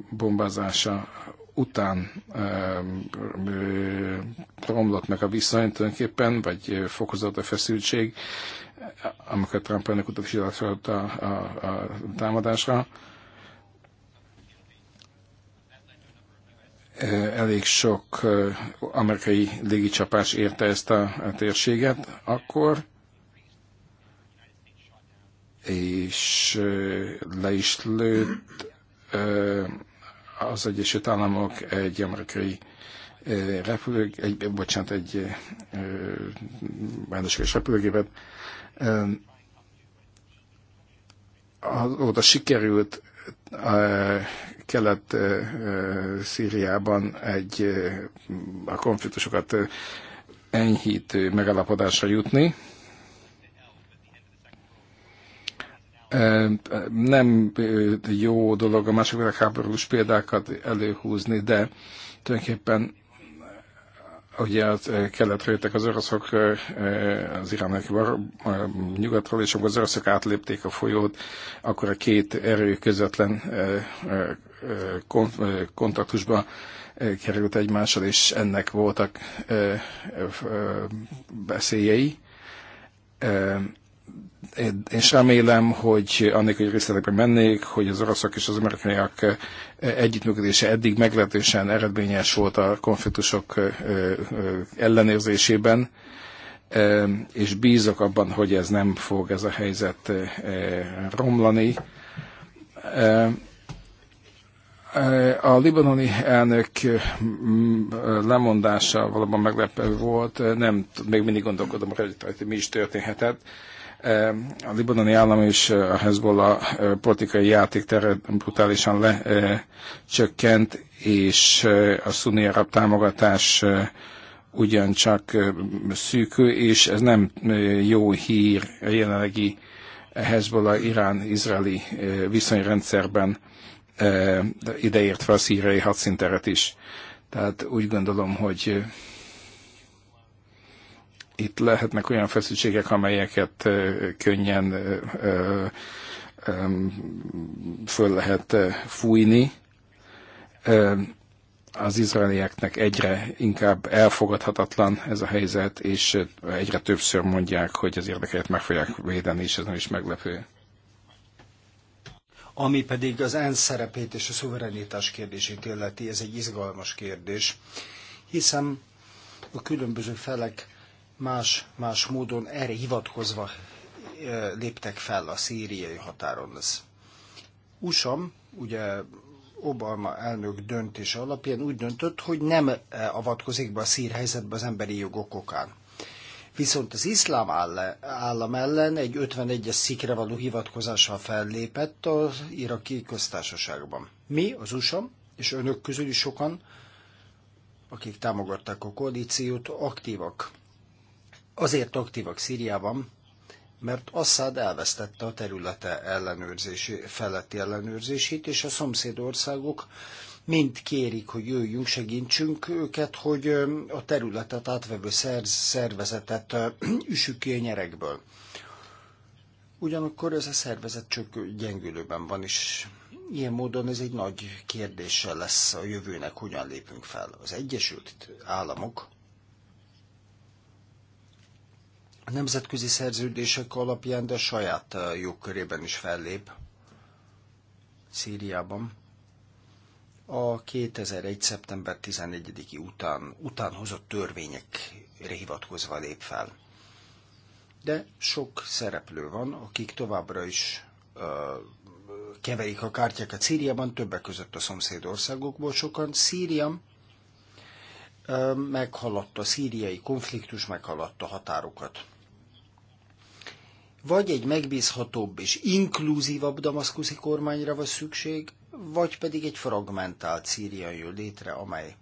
B: bombázása után romlott meg a viszony tulajdonképpen, vagy fokozott a feszültség, amikor Trump elnök utat is a, a, a támadásra. elég sok amerikai légicsapás érte ezt a térséget akkor, és le is lőtt az Egyesült Államok egy amerikai eh, repülő, egy, bocsánat, egy rendőrséges eh, repülőgépet. Eh, Azóta sikerült Kelet-Szíriában egy a konfliktusokat enyhítő megalapodásra jutni, Nem jó dolog a második világháborús példákat előhúzni, de tulajdonképpen ugye keletre jöttek az oroszok az irániak nyugatról, és amikor az oroszok átlépték a folyót, akkor a két erő közvetlen kontaktusba került egymással, és ennek voltak veszélyei és remélem, hogy annak, hogy részletekbe mennék, hogy az oroszok és az amerikaiak együttműködése eddig meglehetősen eredményes volt a konfliktusok ellenőrzésében, és bízok abban, hogy ez nem fog ez a helyzet romlani. A libanoni elnök lemondása valóban meglepő volt, nem, még mindig gondolkodom, hogy mi is történhetett Eh, a libanoni állam és eh, a Hezbollah eh, politikai játéktere brutálisan lecsökkent, és a szunni arab támogatás ugyancsak szűkül, és ez nem jó hír a jelenlegi Hezbollah-Irán-izraeli viszonyrendszerben, ideértve a szíriai hadszínteret is. Tehát úgy gondolom, hogy itt lehetnek olyan feszültségek, amelyeket könnyen föl lehet fújni. Az izraelieknek egyre inkább elfogadhatatlan ez a helyzet, és egyre többször mondják, hogy az érdekeket meg fogják védeni, és ez nem is meglepő.
C: Ami pedig az ENSZ szerepét és a szuverenitás kérdését illeti, ez egy izgalmas kérdés, hiszen a különböző felek más-más módon erre hivatkozva léptek fel a szíriai határon. Az ugye Obama elnök döntése alapján úgy döntött, hogy nem avatkozik be a szír helyzetbe az emberi jogok okán. Viszont az iszlám állam ellen egy 51-es szikre való hivatkozással fellépett az iraki köztársaságban. Mi, az USA, és önök közül is sokan, akik támogatták a koalíciót, aktívak azért aktívak Szíriában, mert Assad elvesztette a területe ellenőrzési, feletti ellenőrzését, és a szomszédországok mind kérik, hogy jöjjünk, segítsünk őket, hogy a területet átvevő szervezetet üssük ki a nyerekből. Ugyanakkor ez a szervezet csak gyengülőben van, és ilyen módon ez egy nagy kérdéssel lesz a jövőnek, hogyan lépünk fel. Az Egyesült Államok a nemzetközi szerződések alapján, de saját uh, jogkörében is fellép Szíriában. A 2001. szeptember 11-i után, után hozott törvényekre hivatkozva lép fel. De sok szereplő van, akik továbbra is ö, uh, keverik a kártyákat Szíriában, többek között a szomszédországokból sokan. Szíria uh, meghaladta, a szíriai konfliktus meghaladta határokat. Vagy egy megbízhatóbb és inkluzívabb damaszkuszi kormányra van szükség, vagy pedig egy fragmentált Szíria jön létre, amely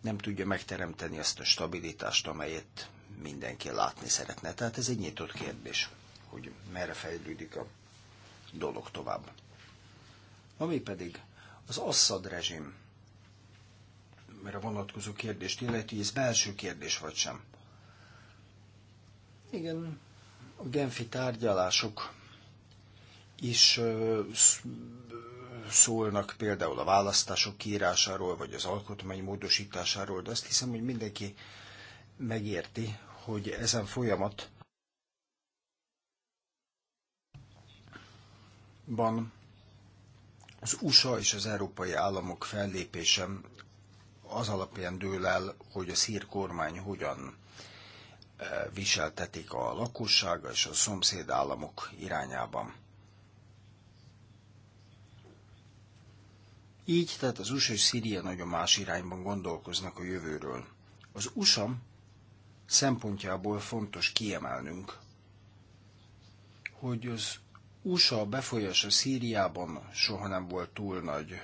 C: nem tudja megteremteni azt a stabilitást, amelyet mindenki látni szeretne. Tehát ez egy nyitott kérdés, hogy merre fejlődik a dolog tovább. Ami pedig az Assad rezsim, mert a vonatkozó kérdést illeti, ez belső kérdés vagy sem. Igen, a genfi tárgyalások is szólnak például a választások kiírásáról, vagy az alkotmány módosításáról, de azt hiszem, hogy mindenki megérti, hogy ezen folyamat van az USA és az európai államok fellépése az alapján dől el, hogy a szír kormány hogyan viseltetik a lakossága és a szomszéd államok irányában. Így tehát az USA és Szíria nagyon más irányban gondolkoznak a jövőről. Az USA szempontjából fontos kiemelnünk, hogy az USA befolyása Szíriában soha nem volt túl nagy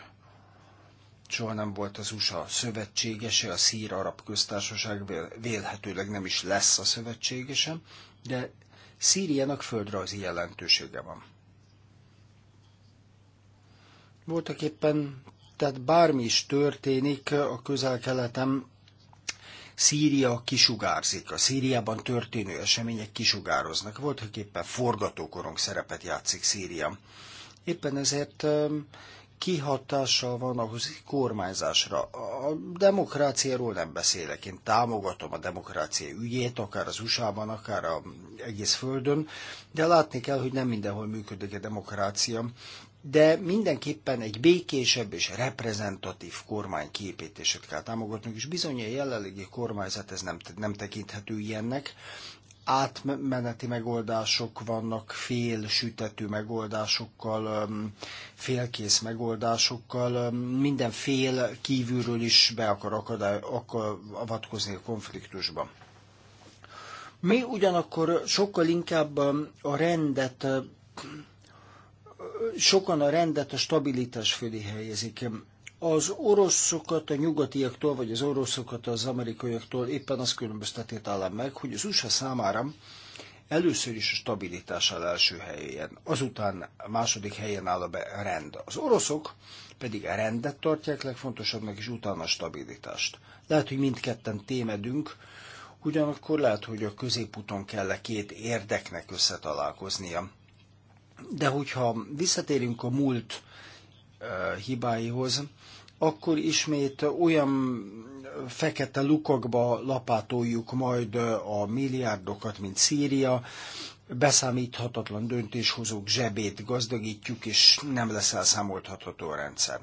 C: soha nem volt az USA szövetségese, a Szír Arab Köztársaság vélhetőleg nem is lesz a szövetségese, de Szíriának földrajzi jelentősége van. Voltak éppen, tehát bármi is történik a közel-keleten, Szíria kisugárzik, a Szíriában történő események kisugároznak. Voltak éppen forgatókorong szerepet játszik Szíria. Éppen ezért kihatással van a kormányzásra. A demokráciáról nem beszélek, én támogatom a demokrácia ügyét, akár az USA-ban, akár a egész földön, de látni kell, hogy nem mindenhol működik a demokrácia, de mindenképpen egy békésebb és reprezentatív kormány kell támogatnunk, és bizony a jelenlegi kormányzat ez nem, nem tekinthető ilyennek, átmeneti megoldások vannak, fél sütető megoldásokkal, félkész megoldásokkal, minden fél kívülről is be akar, akadály, akar avatkozni a konfliktusba. Mi ugyanakkor sokkal inkább a rendet, sokan a rendet a stabilitás fölé helyezik az oroszokat a nyugatiaktól, vagy az oroszokat az amerikaiaktól éppen az különbözteti talán meg, hogy az USA számára először is a stabilitás áll első helyen, azután a második helyen áll a rend. Az oroszok pedig a rendet tartják legfontosabbnak, és utána a stabilitást. Lehet, hogy mindketten témedünk, ugyanakkor lehet, hogy a középuton kell -e két érdeknek összetalálkoznia. De hogyha visszatérünk a múlt hibáihoz, akkor ismét olyan fekete lukokba lapátoljuk majd a milliárdokat, mint Szíria, beszámíthatatlan döntéshozók zsebét gazdagítjuk, és nem lesz elszámoltható a rendszer.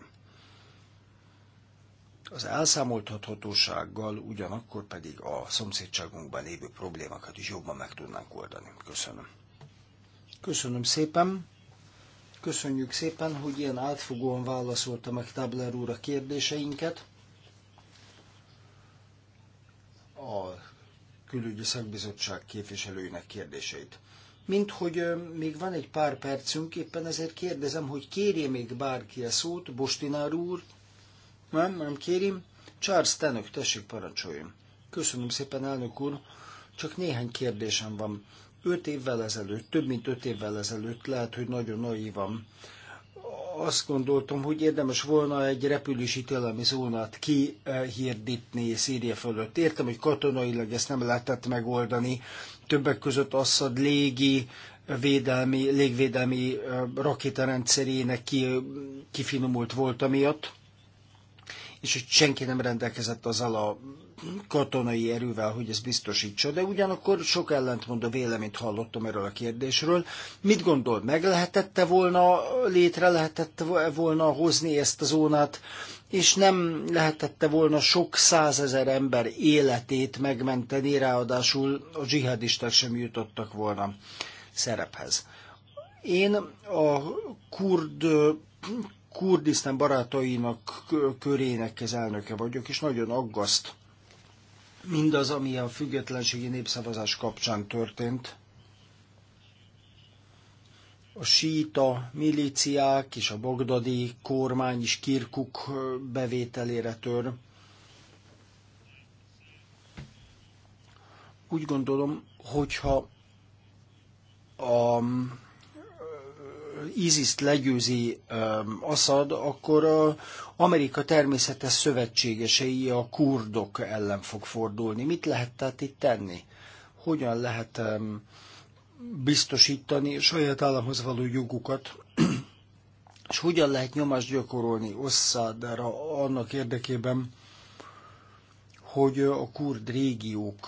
C: Az elszámoltathatósággal ugyanakkor pedig a szomszédságunkban lévő problémákat is jobban meg tudnánk oldani. Köszönöm. Köszönöm szépen. Köszönjük szépen, hogy ilyen átfogóan válaszolta meg Tabler úr a kérdéseinket. A külügyi szakbizottság képviselőinek kérdéseit. Mint hogy még van egy pár percünk, éppen ezért kérdezem, hogy kérje még bárki a szót, Bostinár úr? Nem, nem kérim. Charles Tenök, tessék parancsoljon. Köszönöm szépen, elnök úr. Csak néhány kérdésem van. Öt évvel ezelőtt, több mint öt évvel ezelőtt, lehet, hogy nagyon naívan, azt gondoltam, hogy érdemes volna egy repülési telemi zónát kihirdítni Szíria fölött. Értem, hogy katonailag ezt nem lehetett megoldani. Többek között Assad légi védelmi, légvédelmi rakétarendszerének ki, kifinomult volt amiatt, és hogy senki nem rendelkezett azzal a katonai erővel, hogy ez biztosítsa, de ugyanakkor sok ellentmondó véleményt hallottam erről a kérdésről. Mit gondol, meg lehetette volna, létre lehetett volna hozni ezt a zónát, és nem lehetette volna sok százezer ember életét megmenteni, ráadásul a dzsihadisták sem jutottak volna szerephez. Én a kurd Kurdisztán barátainak körének az elnöke vagyok, és nagyon aggaszt mindaz, ami a függetlenségi népszavazás kapcsán történt. A síta milíciák és a bagdadi kormány is Kirkuk bevételére tör. Úgy gondolom, hogyha a ISIS-t legyőzi Assad, akkor a Amerika természetes szövetségesei a kurdok ellen fog fordulni. Mit lehet tehát itt tenni? Hogyan lehet biztosítani a saját államhoz való jogukat, és hogyan lehet nyomást gyakorolni Assadra annak érdekében, hogy a kurd régiók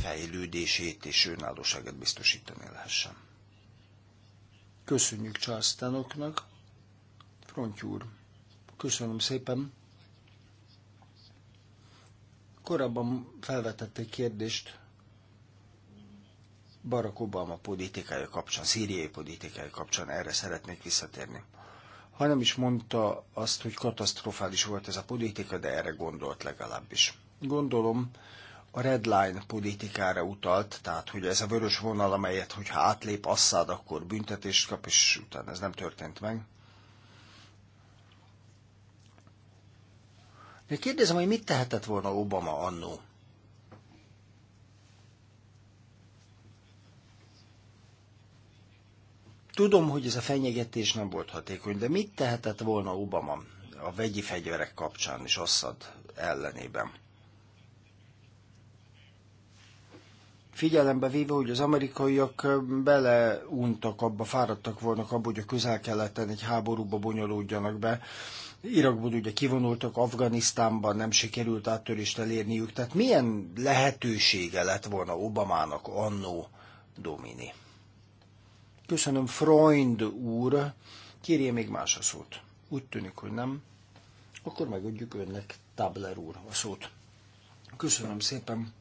C: fejlődését és önállóságát biztosítani lehessen. Köszönjük Charles Fronty Frontyúr, köszönöm szépen. Korábban felvetett egy kérdést Barack Obama politikája kapcsán, szíriai politikája kapcsán, erre szeretnék visszatérni. Ha nem is mondta azt, hogy katasztrofális volt ez a politika, de erre gondolt legalábbis. Gondolom, a red line politikára utalt, tehát hogy ez a vörös vonal, amelyet, hogyha átlép Assad, akkor büntetést kap, és utána ez nem történt meg. De kérdezem, hogy mit tehetett volna Obama annó? Tudom, hogy ez a fenyegetés nem volt hatékony, de mit tehetett volna Obama a vegyi fegyverek kapcsán és Assad ellenében? figyelembe véve, hogy az amerikaiak beleuntak abba, fáradtak volna abba, hogy a közel-keleten egy háborúba bonyolódjanak be. Irakból ugye kivonultak, Afganisztánban nem sikerült áttörést elérniük, tehát milyen lehetősége lett volna Obamának annó Domini? Köszönöm, Freund úr, kérje még más a szót. Úgy tűnik, hogy nem. Akkor megadjuk önnek, Tabler úr, a szót. Köszönöm szépen.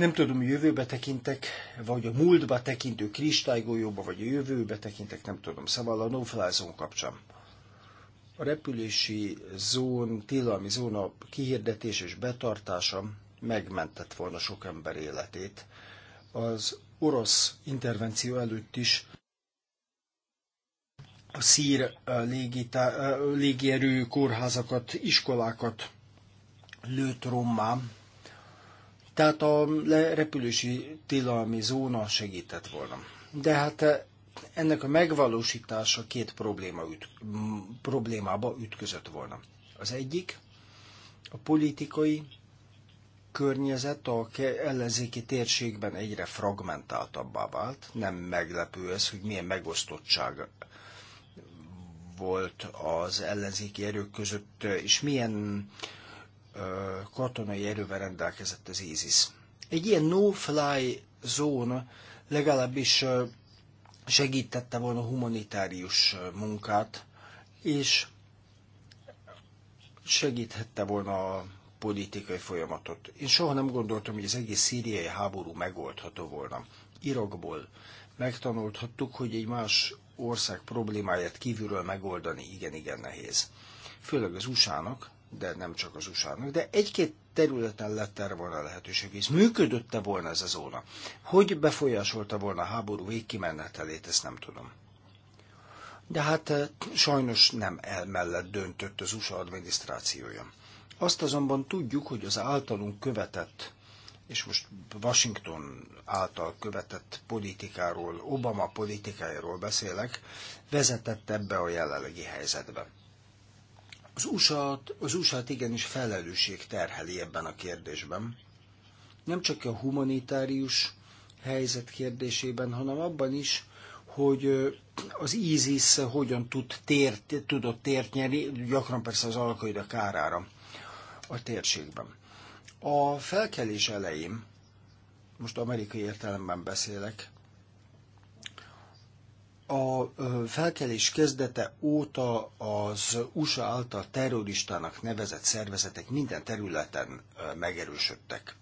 C: Nem tudom, jövőbe tekintek, vagy a múltba tekintő kristálygolyóba, vagy a jövőbe tekintek, nem tudom. Szóval a no kapcsán. A repülési zón, tilalmi zóna kihirdetés és betartása megmentett volna sok ember életét. Az orosz intervenció előtt is a szír légierő kórházakat, iskolákat lőtt rommá, tehát a repülési tilalmi zóna segített volna. De hát eh, ennek a megvalósítása két probléma üt, problémába ütközött volna. Az egyik a politikai környezet a ellenzéki térségben egyre fragmentáltabbá vált. Nem meglepő ez, hogy milyen megosztottság volt az ellenzéki erők között, eh, és milyen katonai erővel rendelkezett az ISIS. Egy ilyen no-fly zóna legalábbis segítette volna humanitárius munkát, és segíthette volna a politikai folyamatot. Én soha nem gondoltam, hogy az egész szíriai háború megoldható volna. Irakból megtanulhattuk, hogy egy más ország problémáját kívülről megoldani igen-igen nehéz. Főleg az usa de nem csak az USA-nak, de egy-két területen lett erre volna lehetőség, és működötte volna ez a zóna. Hogy befolyásolta volna a háború végkimenetelét, ezt nem tudom. De hát eh, sajnos nem el mellett döntött az USA adminisztrációja. Azt azonban tudjuk, hogy az általunk követett, és most Washington által követett politikáról, Obama politikájáról beszélek, vezetett ebbe a jelenlegi helyzetbe. Az usa az usa igenis felelősség terheli ebben a kérdésben. Nem csak a humanitárius helyzet kérdésében, hanem abban is, hogy az ISIS hogyan tud tért, tudott tért nyerni, gyakran persze az alkaida kárára a térségben. A felkelés elején, most amerikai értelemben beszélek, a felkelés kezdete óta az USA által terroristának nevezett szervezetek minden területen megerősödtek.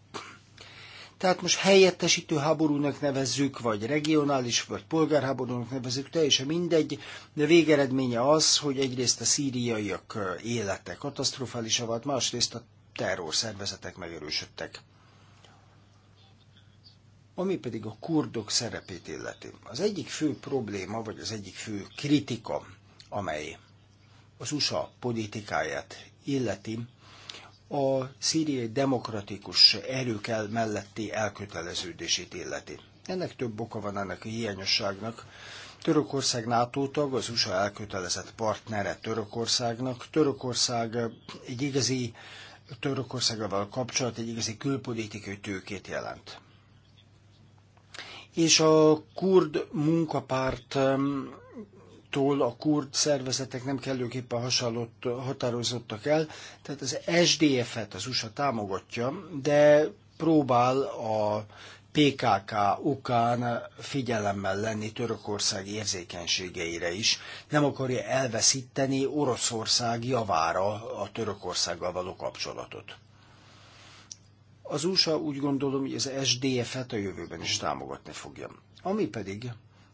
C: Tehát most helyettesítő háborúnak nevezzük, vagy regionális, vagy polgárháborúnak nevezzük, teljesen mindegy, de végeredménye az, hogy egyrészt a szíriaiak élete katasztrofálisabb, másrészt a terrorszervezetek megerősödtek. Ami pedig a kurdok szerepét illeti. Az egyik fő probléma, vagy az egyik fő kritika, amely az USA politikáját illeti, a szíriai demokratikus erők el melletti elköteleződését illeti. Ennek több oka van ennek a hiányosságnak. Törökország NATO tag, az USA elkötelezett partnere Törökországnak. Törökország egy igazi Törökországgal kapcsolat egy igazi külpolitikai tőkét jelent és a kurd munkapárt tól a kurd szervezetek nem kellőképpen hasonlott, határozottak el, tehát az SDF-et az USA támogatja, de próbál a PKK okán figyelemmel lenni Törökország érzékenységeire is. Nem akarja elveszíteni Oroszország javára a Törökországgal való kapcsolatot. Az USA úgy gondolom, hogy az SDF-et a jövőben is támogatni fogja. Ami pedig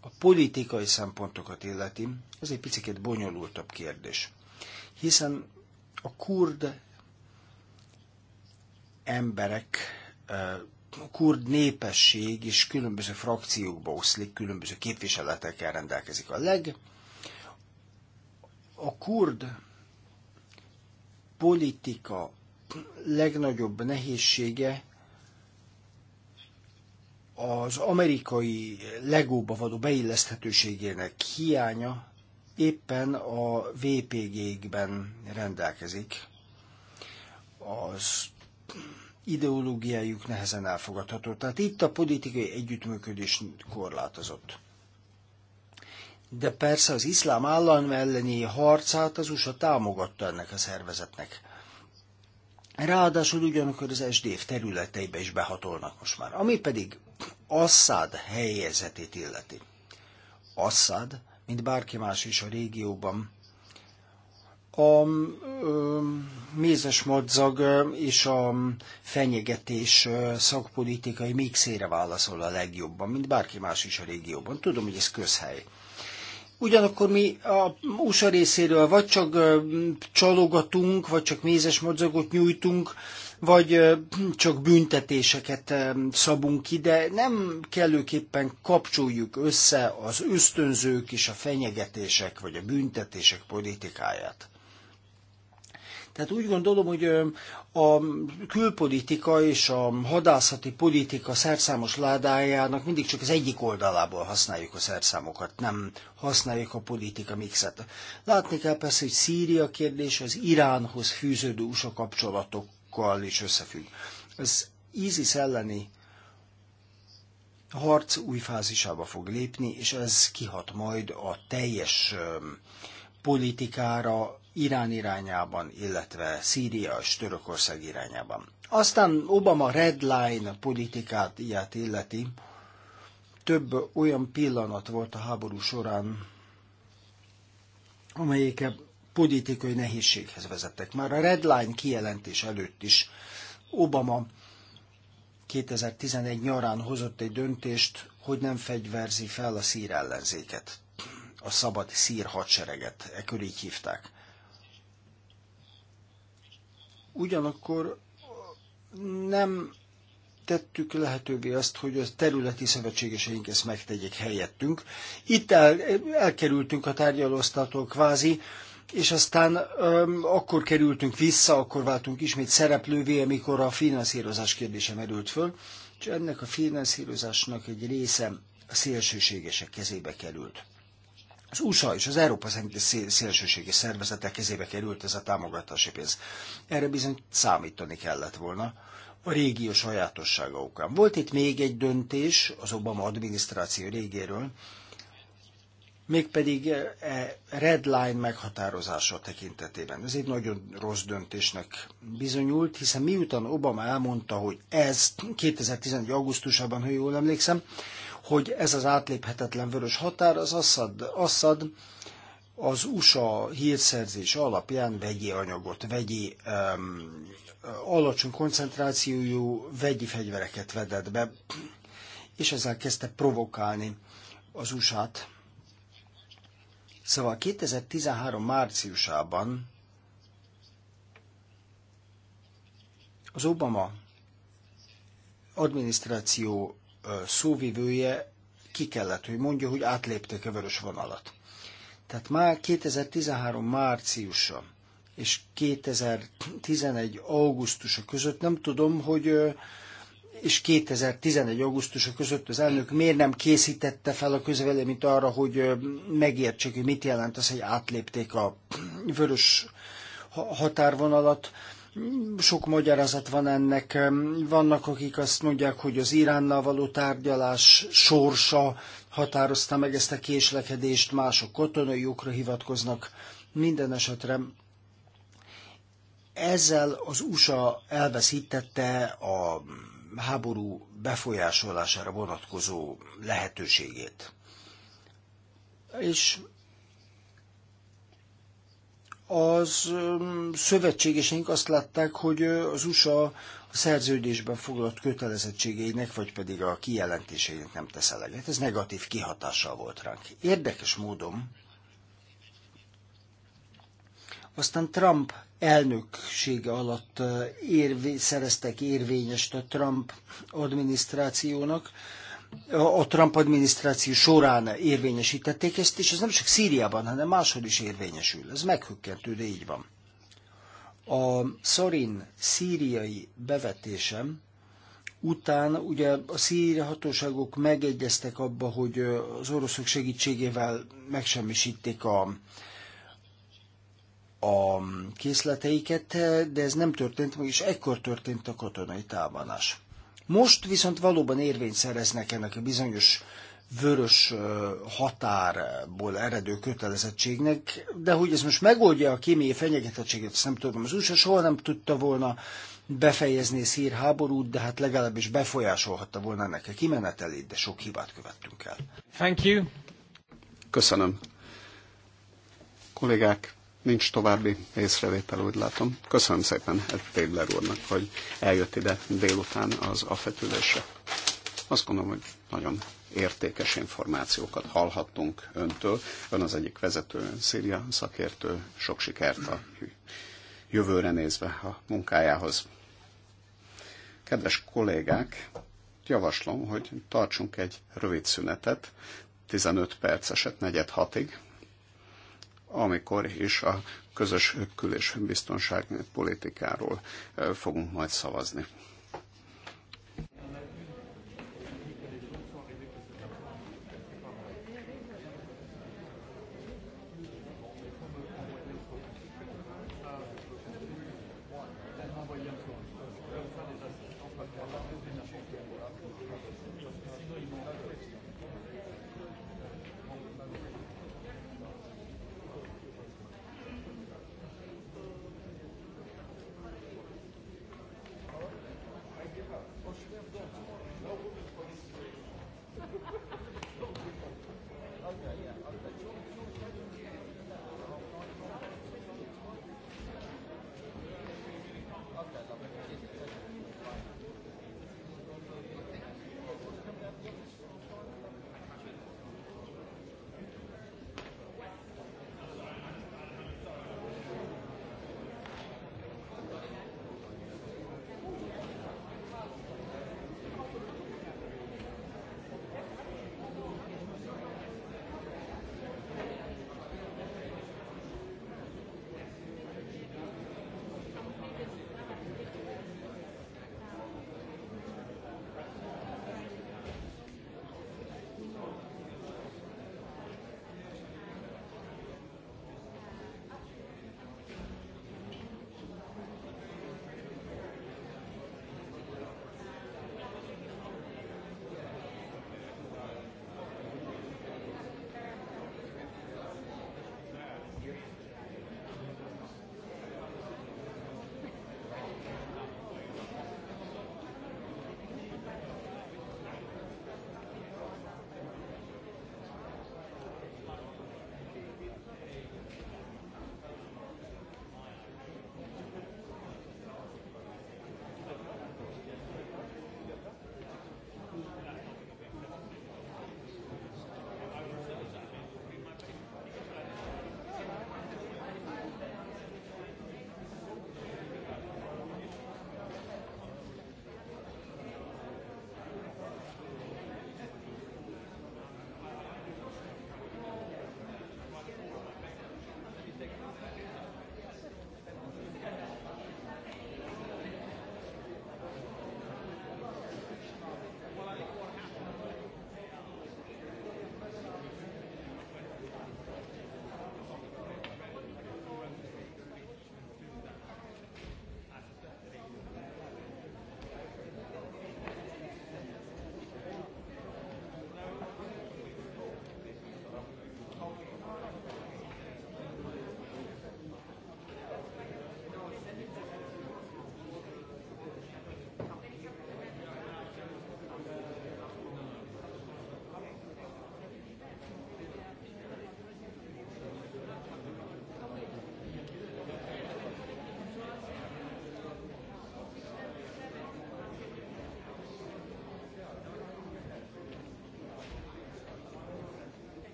C: a politikai szempontokat illeti, ez egy picit bonyolultabb kérdés. Hiszen a kurd emberek, a eh, kurd népesség is különböző frakciókba oszlik, különböző képviseletekkel rendelkezik. A leg a kurd politika legnagyobb nehézsége az amerikai legóba való beilleszthetőségének hiánya éppen a VPG-kben rendelkezik. Az ideológiájuk nehezen elfogadható. Tehát itt a politikai együttműködés korlátozott. De persze az iszlám állam elleni harcát az USA támogatta ennek a szervezetnek. Ráadásul ugyanakkor az SDF területeibe is behatolnak most már, ami pedig Assad helyzetét illeti. Assad, mint bárki más is a régióban, a ö, um, mézes madzag um, és a um, fenyegetés uh, szakpolitikai mixére válaszol a legjobban, mint bárki más is a régióban. Tudom, hogy ez közhely. Ugyanakkor mi a USA részéről vagy csak csalogatunk, vagy csak mézes madzagot nyújtunk, vagy csak büntetéseket szabunk ki, de nem kellőképpen kapcsoljuk össze az ösztönzők és a fenyegetések, vagy a büntetések politikáját. Tehát úgy gondolom, hogy a külpolitika és a hadászati politika szerszámos ládájának mindig csak az egyik oldalából használjuk a szerszámokat, nem használjuk a politika mixet. Látni kell persze, hogy Szíria kérdés az Iránhoz fűződő USA kapcsolatokkal is összefügg. Az ISIS elleni harc új fázisába fog lépni, és ez kihat majd a teljes politikára Irán irányában, illetve Szíria és Törökország irányában. Aztán Obama redline politikát ilyet illeti. Több olyan pillanat volt a háború során, amelyek politikai nehézséghez vezettek. Már a redline kijelentés előtt is Obama 2011 nyarán hozott egy döntést, hogy nem fegyverzi fel a szír ellenzéket a szabad szír hadsereget, ekkor így hívták. Ugyanakkor nem tettük lehetővé azt, hogy a területi szövetségeseink ezt megtegyék helyettünk. Itt el, elkerültünk a tárgyalóasztaltól kvázi, és aztán öm, akkor kerültünk vissza, akkor váltunk ismét szereplővé, amikor a finanszírozás kérdése merült föl, és ennek a finanszírozásnak egy része a szélsőségesek kezébe került. Az USA és az Európa szerinti szélsőségi szervezetek kezébe került ez a támogatási pénz. Erre bizony számítani kellett volna a régió sajátossága okán. Volt itt még egy döntés az Obama adminisztráció régéről, mégpedig e, e, red line meghatározása tekintetében. Ez egy nagyon rossz döntésnek bizonyult, hiszen miután Obama elmondta, hogy ez 2011. augusztusában, ha jól emlékszem, hogy ez az átléphetetlen vörös határ az Assad, Assad az USA hírszerzés alapján vegyi anyagot, vegyi um, alacsony koncentrációjú vegyi fegyvereket vedett be, és ezzel kezdte provokálni az USA-t. Szóval 2013 márciusában az Obama adminisztráció szóvivője ki kellett, hogy mondja, hogy átlépték a vörös vonalat. Tehát már 2013 márciusa és 2011 augusztusa között nem tudom, hogy és 2011 augusztusa között az elnök miért nem készítette fel a közvéleményt arra, hogy megértsék, hogy mit jelent az, hogy átlépték a vörös határvonalat. Sok magyarázat van ennek. Vannak, akik azt mondják, hogy az Iránnal való tárgyalás sorsa határozta meg ezt a késlekedést, mások katonai okra hivatkoznak. Minden esetre ezzel az USA elveszítette a háború befolyásolására vonatkozó lehetőségét. És az szövetségeseink azt látták, hogy az USA a szerződésben foglalt kötelezettségeinek, vagy pedig a kijelentéseinek nem tesz eleget. Ez negatív kihatással volt ránk. Érdekes módon aztán Trump elnöksége alatt érvé, szereztek érvényest a Trump adminisztrációnak, a Trump adminisztráció során érvényesítették ezt, és ez nem csak Szíriában, hanem máshol is érvényesül. Ez meghökkentő, de így van. A Szorin szíriai bevetésem után ugye a szíri hatóságok megegyeztek abba, hogy az oroszok segítségével megsemmisítik a, a készleteiket, de ez nem történt meg, és ekkor történt a katonai támadás. Most viszont valóban érvényt szereznek ennek a bizonyos vörös határból eredő kötelezettségnek, de hogy ez most megoldja a kémiai fenyegetettséget, azt nem tudom. Az USA soha nem tudta volna befejezni szír szírháborút, de hát legalábbis befolyásolhatta volna ennek a kimenetelét, de sok hibát követtünk el.
A: Thank you.
D: Köszönöm. Kollégák, Nincs további észrevétel, úgy látom. Köszönöm szépen Tédler úrnak, hogy eljött ide délután az afetülésre. Azt gondolom, hogy nagyon értékes információkat hallhattunk öntől. Ön az egyik vezető, ön Szíria szakértő. Sok sikert a jövőre nézve a munkájához. Kedves kollégák, javaslom, hogy tartsunk egy rövid szünetet, 15 perceset, negyed hatig, amikor is a közös kül- és biztonságpolitikáról eh, fogunk majd szavazni.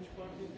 A: which part is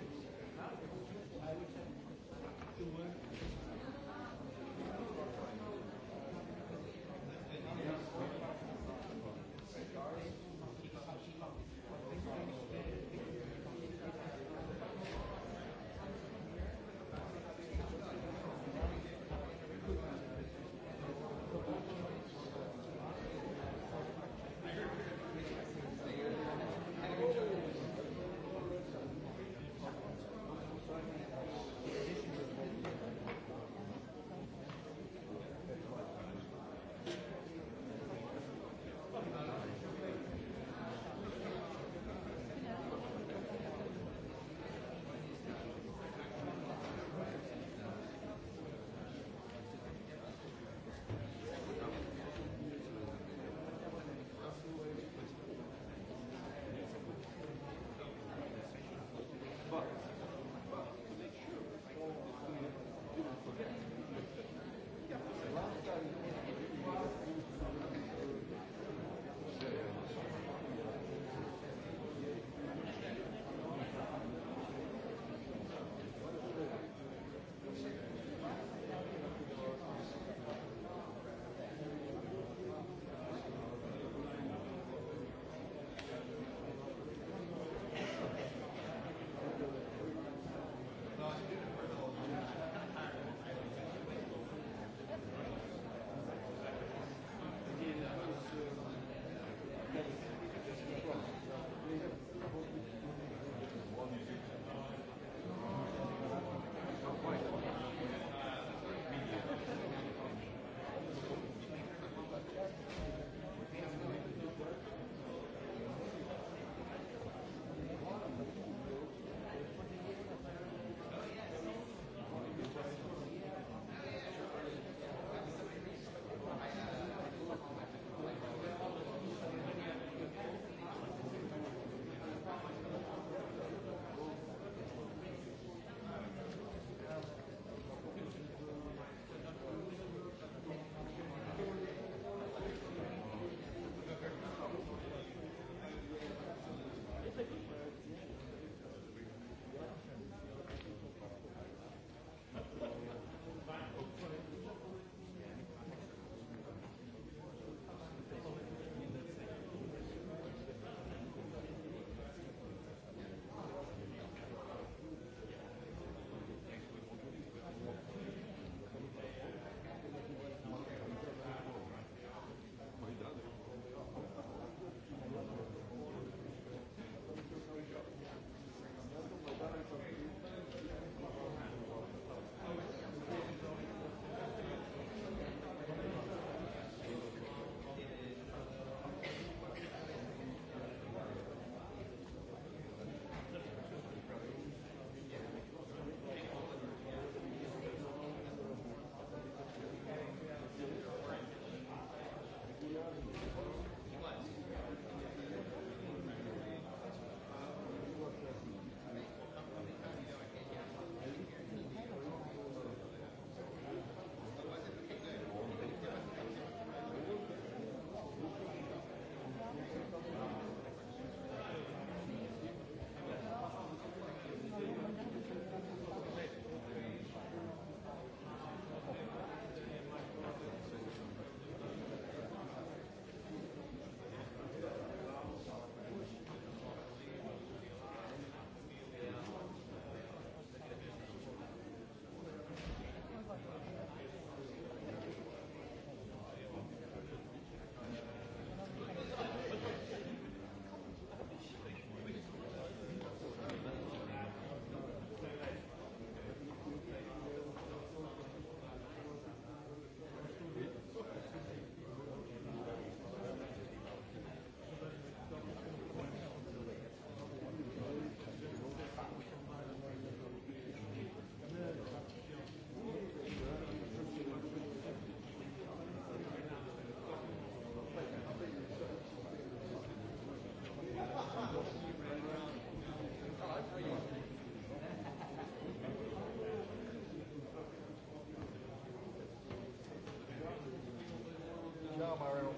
A: well, you?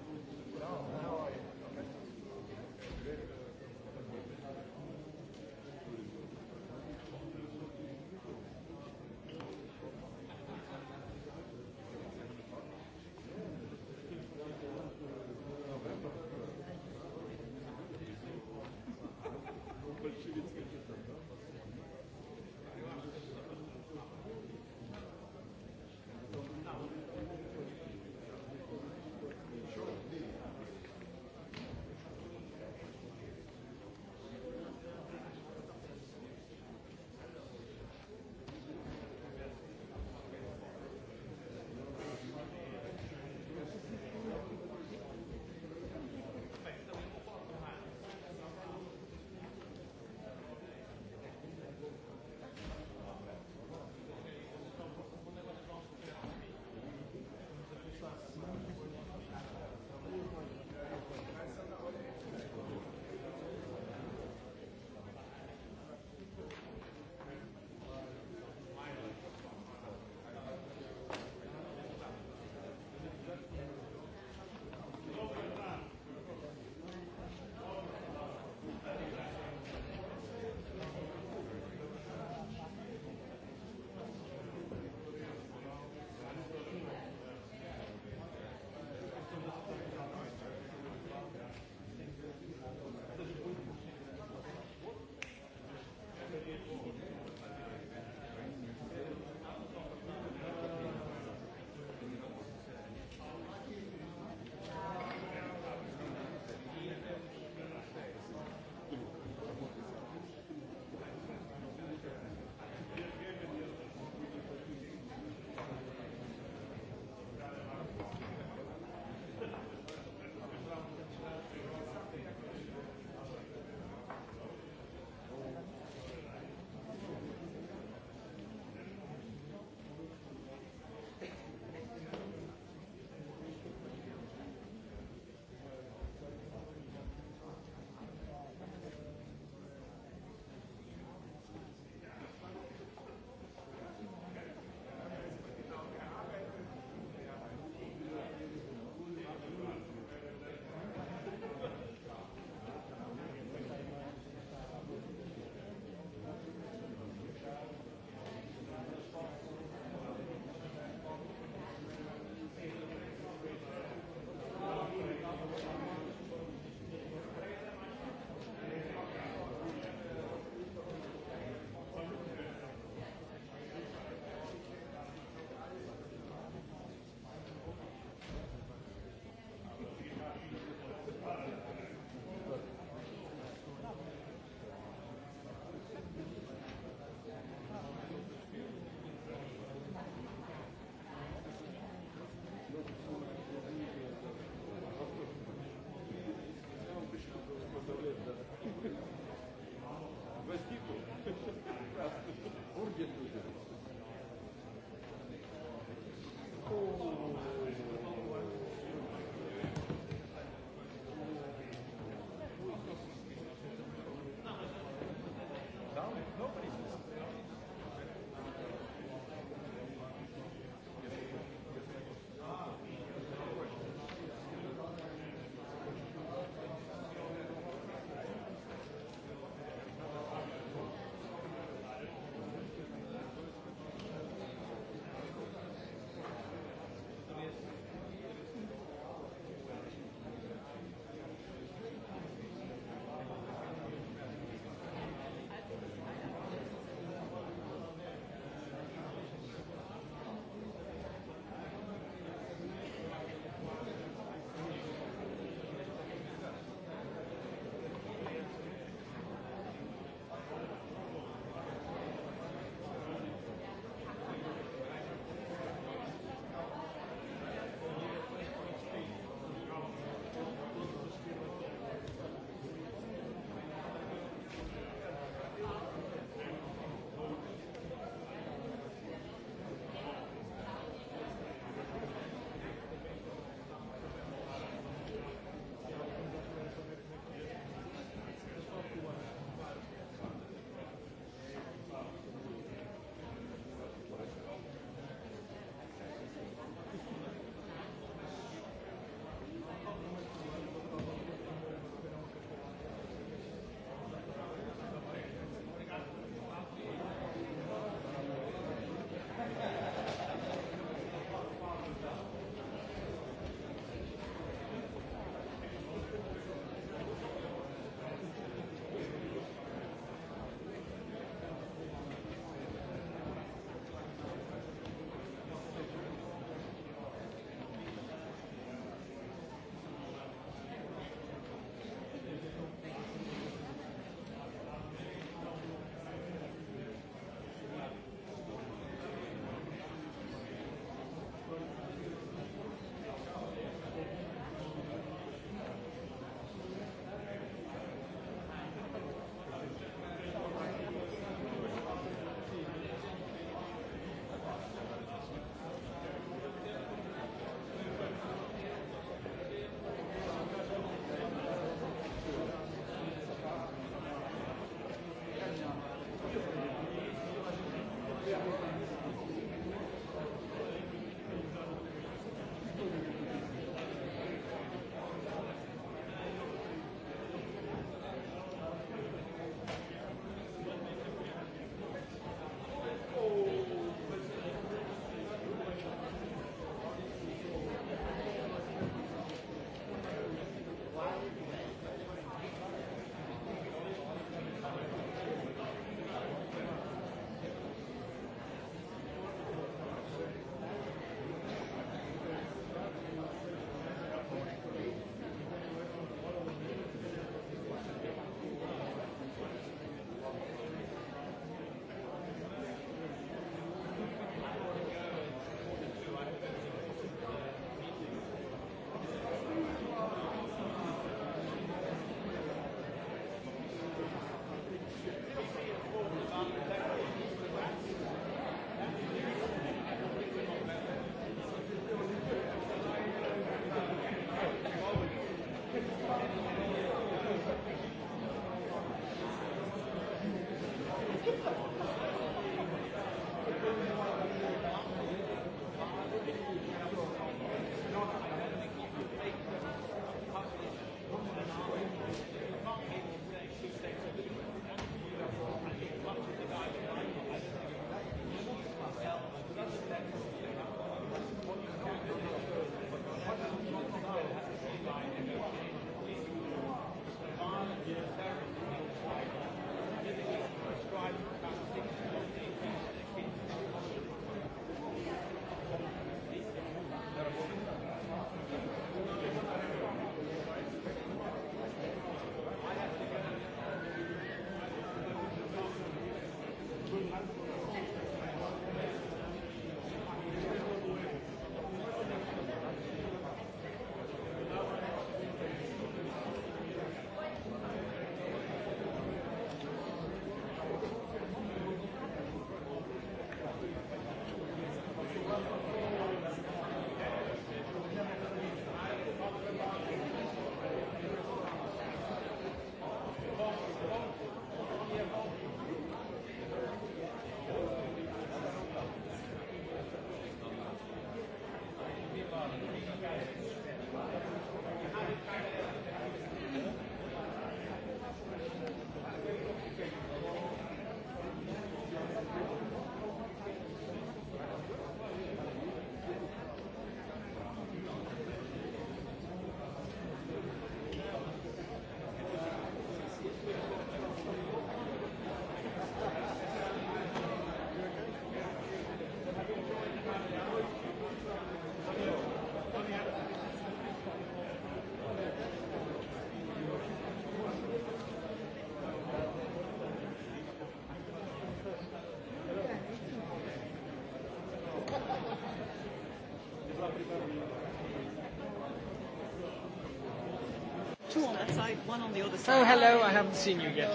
A: side, one on the other side. Oh, hello, I haven't seen you yet.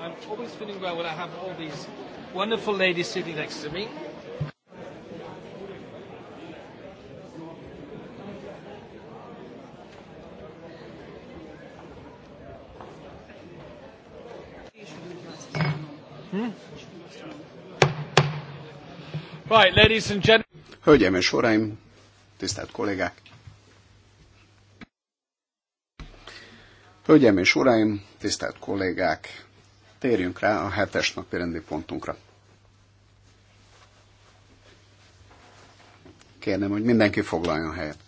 A: I'm always feeling well when I have all these wonderful ladies sitting next to me. Hmm?
D: Hölgyeim és uraim, tisztelt kollégák! Hölgyeim és uraim, tisztelt kollégák, térjünk rá a hetes napi rendi pontunkra. Kérném, hogy mindenki foglaljon helyet.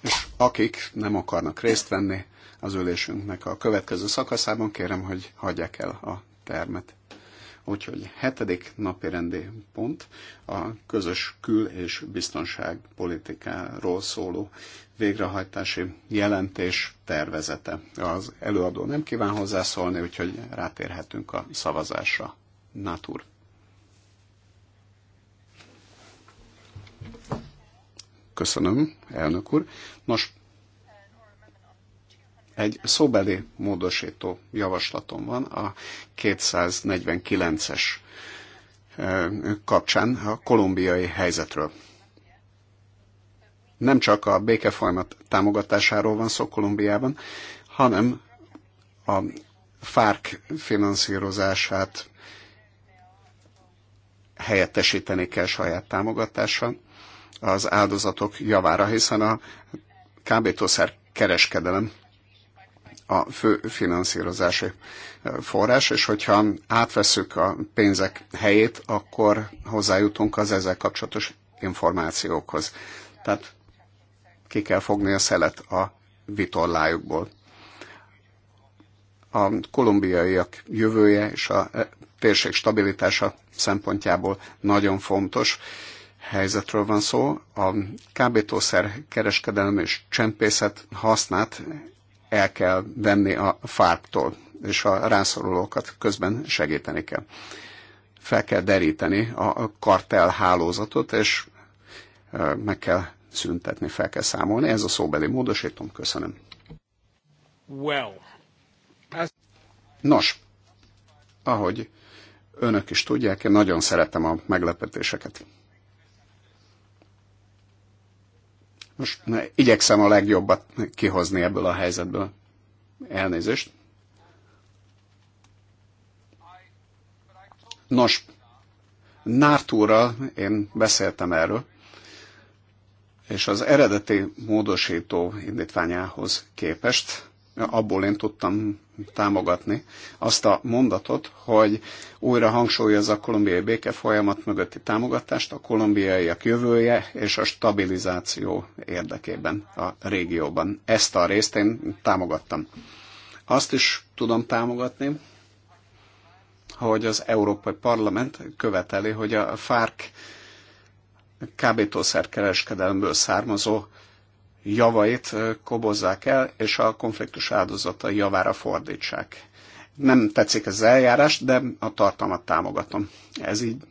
D: És akik nem akarnak részt venni az ülésünknek a következő szakaszában, kérem, hogy hagyják el a termet. Úgyhogy hetedik napi rendi pont a közös kül- és biztonságpolitikáról szóló végrehajtási jelentés tervezete. Az előadó nem kíván hozzászólni, úgyhogy rátérhetünk a szavazásra. Natur. Köszönöm, elnök úr. Nos, egy szóbeli módosító javaslatom van a 249-es eh, kapcsán a kolumbiai helyzetről. Nem csak a békefolyamat támogatásáról van szó Kolumbiában, hanem a fárk finanszírozását helyettesíteni kell saját támogatással az áldozatok javára, hiszen a kábítószer kereskedelem a fő finanszírozási e, forrás, és hogyha átveszük a pénzek helyét, akkor hozzájutunk az ezzel kapcsolatos információkhoz. Tehát ki kell fogni a szelet a vitorlájukból. A kolumbiaiak jövője és a e, térség stabilitása szempontjából nagyon fontos helyzetről van szó. A kábítószer kereskedelem és csempészet hasznát el kell venni a fáktól, és a rászorulókat közben segíteni kell. Fel kell deríteni a kartel hálózatot, és meg kell szüntetni, fel kell számolni. Ez a szóbeli módosítom. Köszönöm.
B: Well. As...
D: Nos, ahogy önök is tudják, én nagyon szeretem a meglepetéseket. Most igyekszem a legjobbat kihozni ebből a helyzetből. Elnézést. Nos, Nártúrral én beszéltem erről, és az eredeti módosító indítványához képest abból én tudtam támogatni azt a mondatot, hogy újra hangsúlyozza a kolumbiai béke folyamat mögötti támogatást a kolumbiaiak jövője és a stabilizáció érdekében a régióban. Ezt a részt én támogattam. Azt is tudom támogatni, hogy az Európai Parlament követeli, hogy a FARC kábítószerkereskedelemből származó javait kobozzák el, és a konfliktus áldozata javára fordítsák. Nem tetszik ez az eljárás, de a tartalmat támogatom. Ez így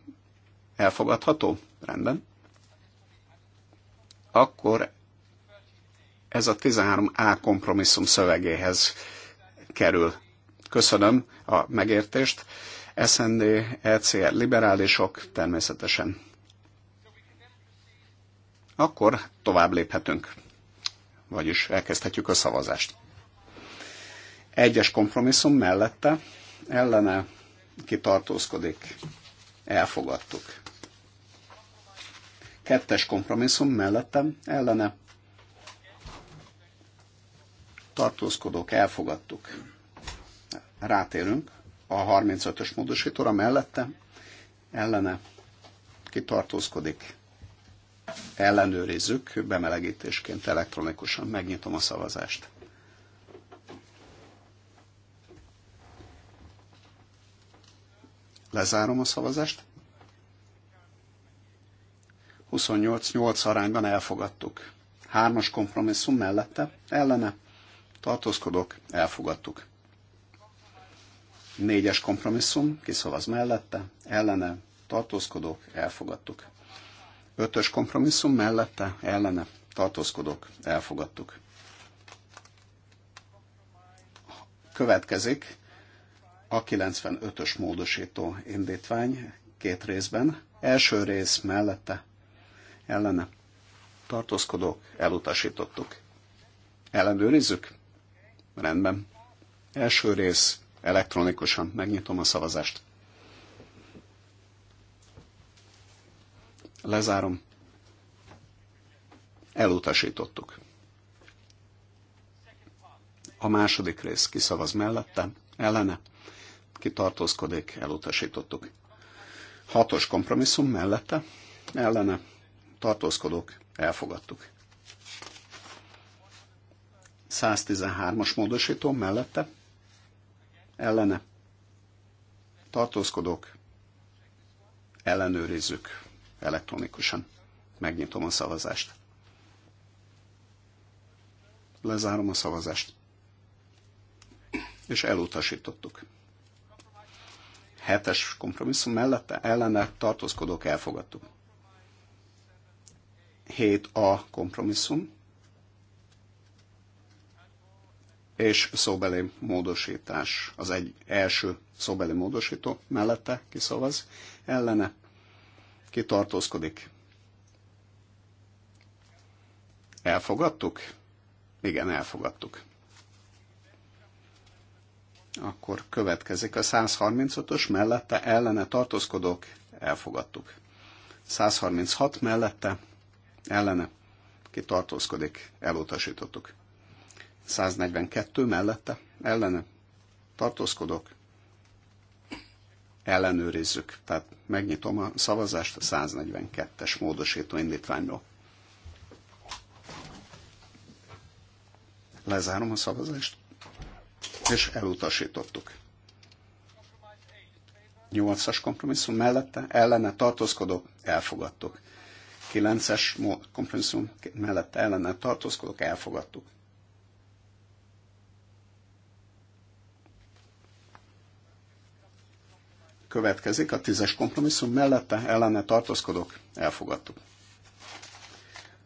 D: elfogadható? Rendben. Akkor ez a 13A kompromisszum szövegéhez kerül. Köszönöm a megértést. SND, ECR, liberálisok, természetesen. Akkor tovább léphetünk vagyis elkezdhetjük a szavazást. Egyes kompromisszum mellette ellene kitartózkodik, elfogadtuk. Kettes kompromisszum mellettem ellene tartózkodók, elfogadtuk. Rátérünk a 35-ös módosítóra mellette ellene kitartózkodik, ellenőrizzük bemelegítésként elektronikusan. Megnyitom a szavazást. Lezárom a szavazást. 28-8 arányban elfogadtuk. Hármas kompromisszum mellette, ellene, tartózkodok, elfogadtuk. Négyes kompromisszum, kiszavaz mellette, ellene, tartózkodok, elfogadtuk. Ötös kompromisszum mellette ellene tartózkodok, elfogadtuk. Következik a 95-ös módosító indítvány két részben. Első rész mellette ellene tartózkodók elutasítottuk. Ellenőrizzük? Rendben. Első rész elektronikusan megnyitom a szavazást. Lezárom. Elutasítottuk. A második rész kiszavaz mellette, ellene, kitartózkodik, elutasítottuk. Hatos kompromisszum mellette, ellene, tartózkodók, elfogadtuk. 113-as módosító mellette, ellene, tartózkodók, ellenőrizzük elektronikusan. Megnyitom a szavazást. Lezárom a szavazást. És elutasítottuk. Hetes kompromisszum mellette ellene tartózkodók elfogadtuk. 7A kompromisszum, és szóbeli módosítás, az egy első szóbeli módosító mellette kiszavaz, ellene ki tartózkodik? Elfogadtuk? Igen, elfogadtuk. Akkor következik a 135-ös mellette ellene tartózkodók, elfogadtuk. 136 mellette ellene ki tartózkodik, elutasítottuk. 142 mellette ellene tartózkodók, ellenőrizzük. Tehát megnyitom a szavazást a 142-es módosító indítványról. Lezárom a szavazást, és elutasítottuk. 8-as kompromisszum mellette ellene tartózkodok, elfogadtuk. 9-es kompromisszum mellette ellene tartózkodok, elfogadtuk. következik, a tízes kompromisszum mellette ellene tartózkodok, elfogadtuk.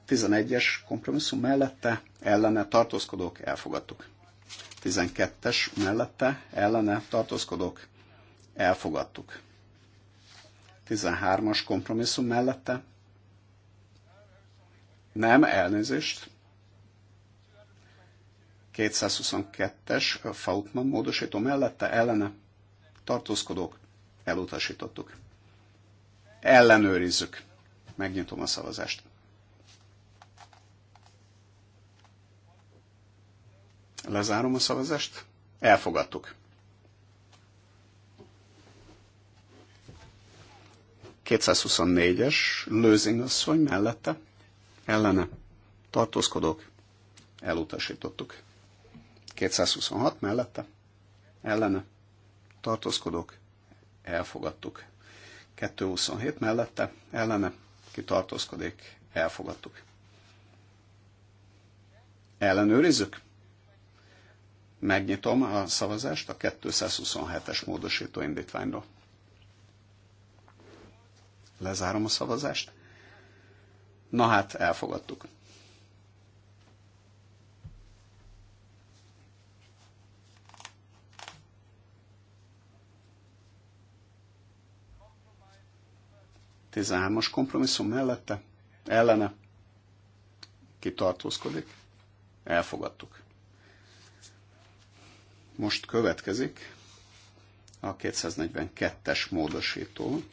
D: 11-es kompromisszum mellette ellene tartózkodok, elfogadtuk. 12-es mellette ellene tartózkodok, elfogadtuk. 13-as kompromisszum mellette nem, elnézést. 222-es Fautman módosító mellette ellene tartózkodok, Elutasítottuk. Ellenőrizzük. Megnyitom a szavazást. Lezárom a szavazást. Elfogadtuk. es Lőzing asszony mellette, ellene, tartózkodók, elutasítottuk. 226 mellette, ellene, tartózkodók, elfogadtuk. 227 mellette, ellene, kitartózkodik, elfogadtuk. Ellenőrizzük? Megnyitom a szavazást a 227-es módosító indítványról. Lezárom a szavazást. Na hát, elfogadtuk. 13-as kompromisszum mellette, ellene, kitartózkodik, elfogadtuk. Most következik a 242-es módosító,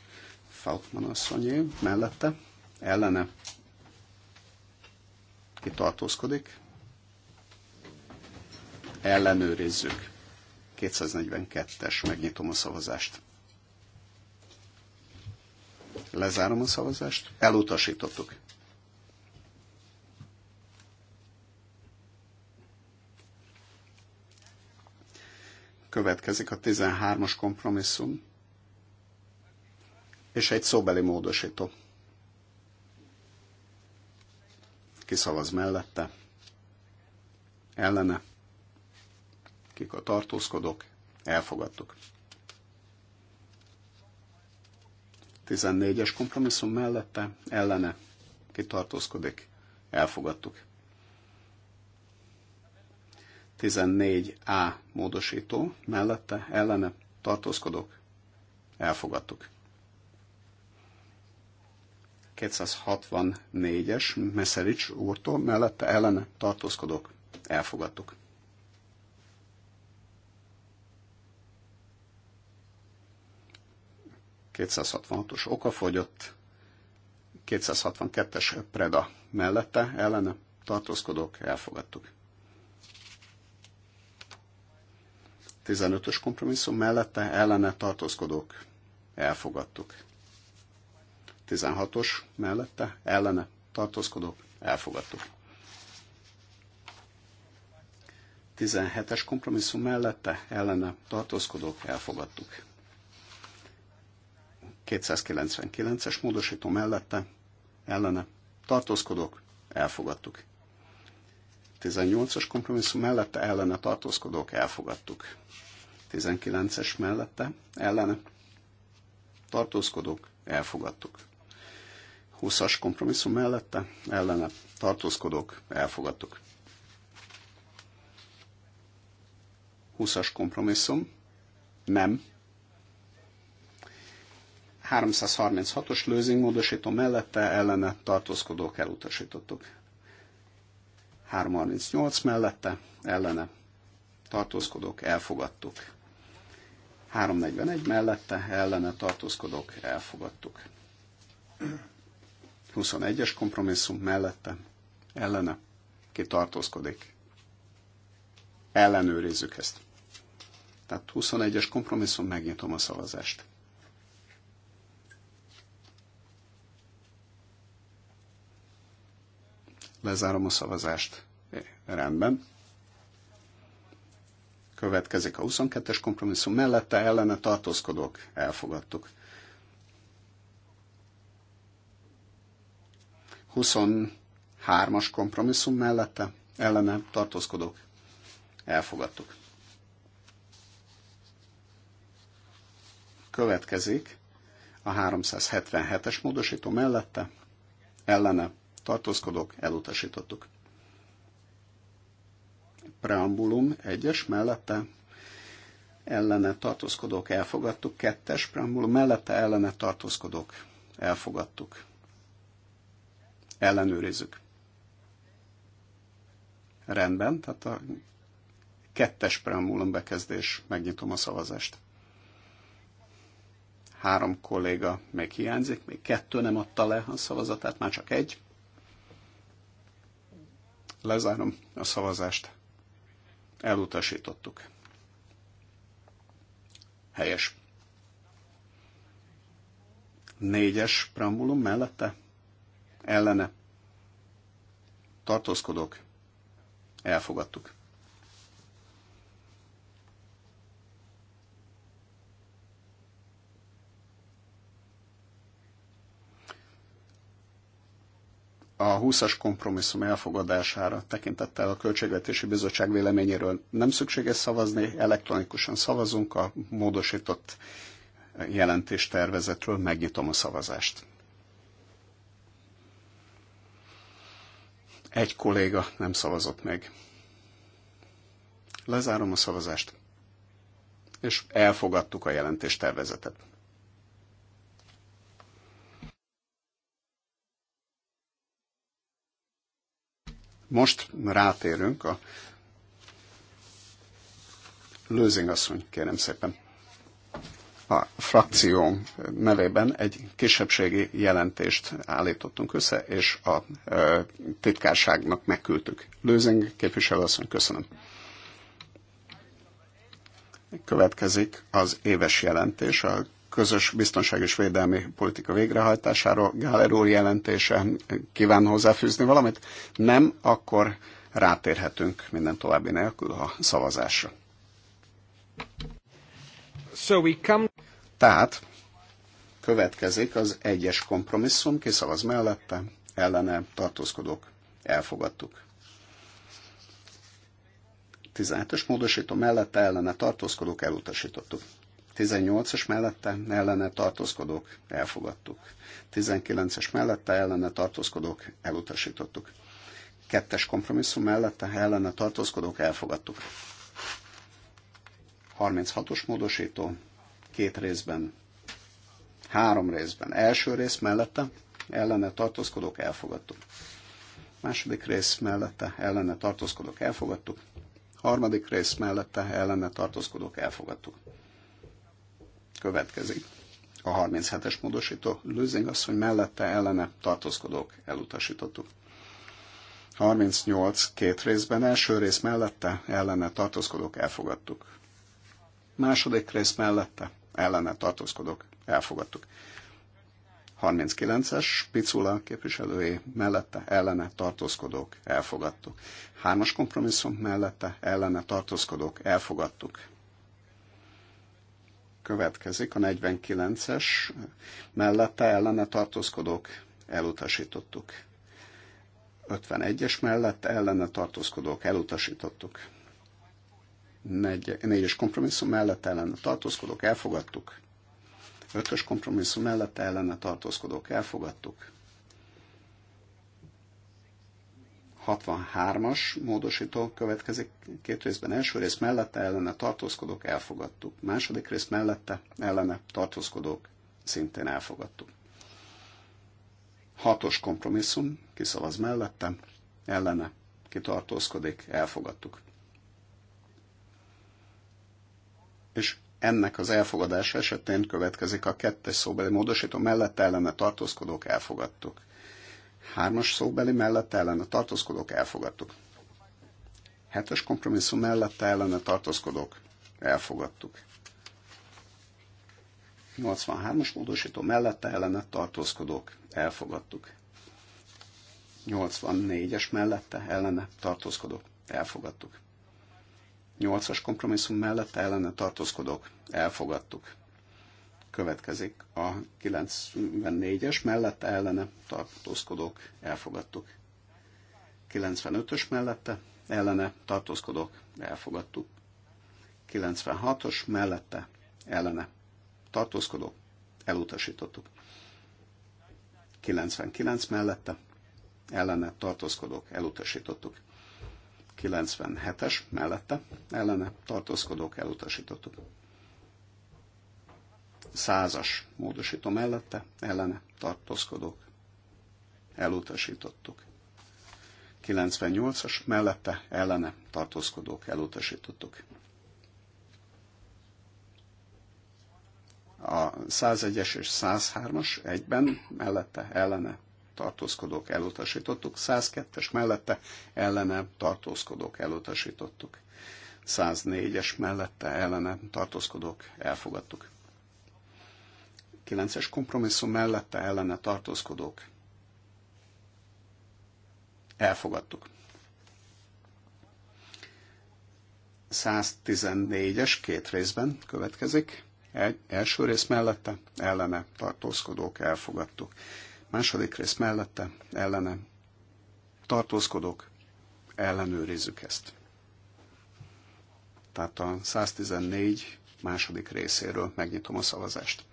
D: Falkman asszonyé mellette, ellene, kitartózkodik, ellenőrizzük. 242-es, megnyitom a szavazást. Lezárom a szavazást. Elutasítottuk. Következik a 13-as kompromisszum és egy szóbeli módosító. Kiszavaz mellette, ellene, kik a tartózkodók, elfogadtuk. 14-es kompromisszum mellette ellene kitartózkodik. Elfogadtuk. 14A módosító mellette ellene tartózkodok, Elfogadtuk. 264-es Meszerics úrtól mellette ellene tartózkodok, Elfogadtuk. 266-os okafogyott, 262-es Preda mellette, ellene tartózkodók, elfogadtuk. 15-ös kompromisszum mellette, ellene tartózkodók, elfogadtuk. 16-os mellette, ellene tartózkodók, elfogadtuk. 17-es kompromisszum mellette, ellene tartózkodók, elfogadtuk. 299-es módosító mellette, ellene, tartózkodok, elfogadtuk. 18-as kompromisszum mellette, ellene, tartózkodok, elfogadtuk. 19-es mellette, ellene, tartózkodok, elfogadtuk. 20-as kompromisszum mellette, ellene, tartózkodok, elfogadtuk. 20-as kompromisszum, nem, 336-os lőzing módosító mellette ellene tartózkodók elutasítottuk. 338 mellette ellene tartózkodók elfogadtuk. 341 mellette ellene tartózkodók elfogadtuk. 21-es kompromisszum mellette ellene ki tartózkodik. Ellenőrizzük ezt. Tehát 21-es kompromisszum, megnyitom a szavazást. Lezárom a szavazást. Rendben. Következik a 22-es kompromisszum. Mellette ellene tartózkodok. Elfogadtuk. 23-as kompromisszum mellette ellene tartózkodok. Elfogadtuk. Következik a 377-es módosító mellette ellene tartózkodók, elutasítottuk. Preambulum 1-es mellette ellene tartózkodók, elfogadtuk. Kettes preambulum mellette ellene tartózkodók, elfogadtuk. Ellenőrizzük. Rendben, tehát a kettes preambulum bekezdés, megnyitom a szavazást három kolléga még hiányzik, még kettő nem adta le a szavazatát, már csak egy. Lezárom a szavazást. Elutasítottuk. Helyes. Négyes preambulum mellette? Ellene. Tartózkodok. Elfogadtuk. a 20-as kompromisszum elfogadására tekintettel a Költségvetési Bizottság véleményéről nem szükséges szavazni, elektronikusan szavazunk a módosított jelentéstervezetről, megnyitom a szavazást. Egy kolléga nem szavazott meg. Lezárom a szavazást, és elfogadtuk a jelentéstervezetet. Most rátérünk a Lőzing asszony, kérem szépen. A frakció nevében egy kisebbségi jelentést állítottunk össze, és a e, titkárságnak megküldtük. Lőzing asszony, köszönöm. Következik az éves jelentés a közös biztonság és védelmi politika végrehajtásáról Gáler úr jelentése kíván hozzáfűzni valamit. Nem, akkor rátérhetünk minden további nélkül a szavazásra. So we come... Tehát következik az egyes kompromisszum, ki szavaz mellette, ellene tartózkodók, elfogadtuk. 17 ös módosító mellette ellene tartózkodók elutasítottuk. 18-as mellette ellene tartózkodók elfogadtuk. 19-es mellette ellene tartózkodók elutasítottuk. Kettes kompromisszum mellette ellene tartózkodók elfogadtuk. 36-os módosító két részben, három részben. Első rész mellette ellene tartózkodók elfogadtuk. Második rész mellette ellene tartózkodók elfogadtuk. Harmadik rész mellette ellene tartózkodók elfogadtuk következik. A 37-es módosító Lőzing hogy mellette ellene tartózkodók elutasítottuk. 38 két részben, első rész mellette ellene tartózkodók elfogadtuk. Második rész mellette ellene tartózkodók elfogadtuk. 39-es Picula képviselői mellette ellene tartózkodók elfogadtuk. Hármas kompromisszum mellette ellene tartózkodók elfogadtuk következik, a 49-es mellette ellene tartózkodók elutasítottuk. 51-es mellett ellene tartózkodók elutasítottuk. 4-es kompromisszum mellett ellene tartózkodók elfogadtuk. 5-ös kompromisszum mellett ellene tartózkodók elfogadtuk. 63-as módosító következik két részben. Első rész mellette ellene tartózkodók elfogadtuk. Második rész mellette ellene tartózkodók szintén elfogadtuk. Hatos kompromisszum, kiszavaz mellette, ellene, kitartózkodik, elfogadtuk. És ennek az elfogadás esetén következik a kettes szóbeli módosító mellette ellene tartózkodók elfogadtuk. Hármas szóbeli mellette ellene tartózkodók elfogadtuk. Hetes kompromisszum mellette ellene tartózkodók elfogadtuk. 83-as módosító mellette ellene tartózkodók elfogadtuk. 84-es mellette ellene tartózkodók elfogadtuk. 8-as kompromisszum mellette ellene tartózkodók elfogadtuk. Következik a 94-es, mellette ellene tartózkodók elfogadtuk. 95-ös mellette ellene tartózkodók elfogadtuk. 96-os mellette ellene tartózkodók elutasítottuk. 99 mellette ellene tartózkodók elutasítottuk. 97-es mellette ellene tartózkodók elutasítottuk százas módosító mellette ellene tartózkodók. Elutasítottuk. 98-as mellette ellene tartózkodók elutasítottuk. A 101-es és 103-as egyben mellette ellene tartózkodók elutasítottuk, 102-es mellette ellene tartózkodók elutasítottuk, 104-es mellette ellene tartózkodók elfogadtuk. 9-es kompromisszum mellette ellene tartózkodók. Elfogadtuk. 114-es két részben következik. Egy, első rész mellette ellene tartózkodók elfogadtuk. Második rész mellette ellene tartózkodók ellenőrizzük ezt. Tehát a 114 második részéről megnyitom a szavazást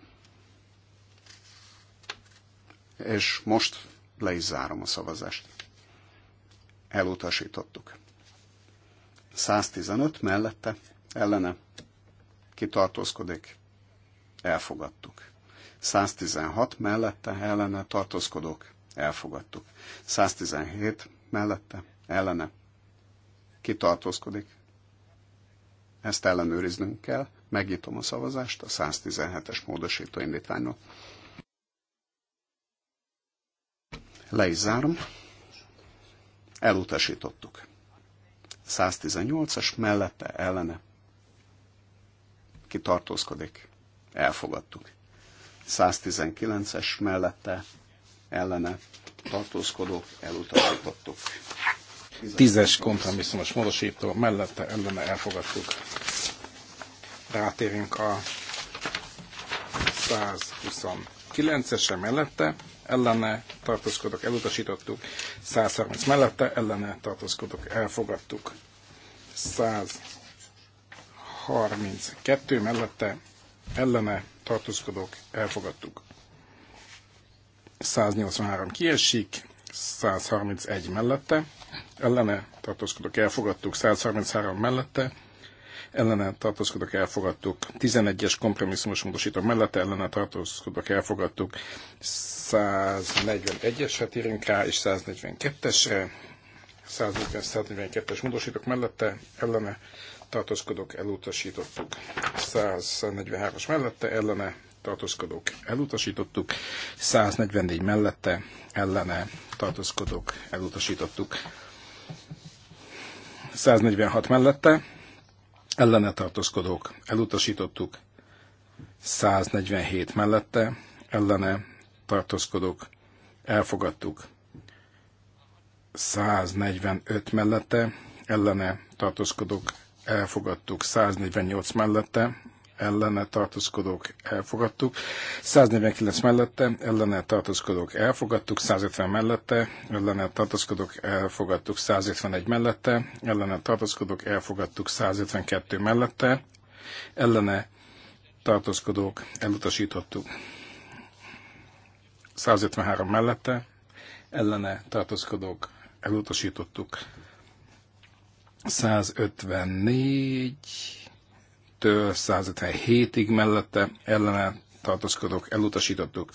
D: és most le is zárom a szavazást. Elutasítottuk. 115 mellette, ellene kitartózkodik, elfogadtuk. 116 mellette, ellene tartózkodók, elfogadtuk. 117 mellette, ellene kitartózkodik. Ezt ellenőriznünk kell. Megnyitom a szavazást a 117-es módosító indítványról. Le is zárom. Elutasítottuk. 118-as mellette ellene. Ki Elfogadtuk. 119-es
B: mellette ellene Tartózkodó. elutasítottuk. Tízes kompromisszumos módosító mellette ellene elfogadtuk. Rátérünk a 120 109-ese mellette ellene tartózkodok, elutasítottuk. 130 mellette ellene tartózkodok, elfogadtuk. 132 mellette ellene tartózkodok, elfogadtuk. 183 kiesik, 131 mellette, ellene tartózkodok, elfogadtuk, 133 mellette, ellene tartózkodok, elfogadtuk. 11-es kompromisszumos módosító mellette ellene tartózkodok, elfogadtuk. 141-esre írunk rá, és 142-esre. 142-es módosítók mellette ellene tartózkodok, elutasítottuk. 143-as mellette ellene tartózkodók elutasítottuk, 144 mellette ellene tartózkodók elutasítottuk, 146 mellette ellene tartózkodók elutasítottuk, 147 mellette ellene tartózkodók elfogadtuk, 145 mellette ellene tartózkodók elfogadtuk, 148 mellette ellene tartózkodók elfogadtuk, 149 mellette ellene tartózkodók elfogadtuk, 150 mellette ellene tartózkodók elfogadtuk, 151 mellette ellene tartózkodók elfogadtuk, 152 mellette ellene tartózkodók elutasítottuk. 153 mellette ellene tartózkodók elutasítottuk. 154 151-től 157-ig mellette ellene tartózkodók elutasítottuk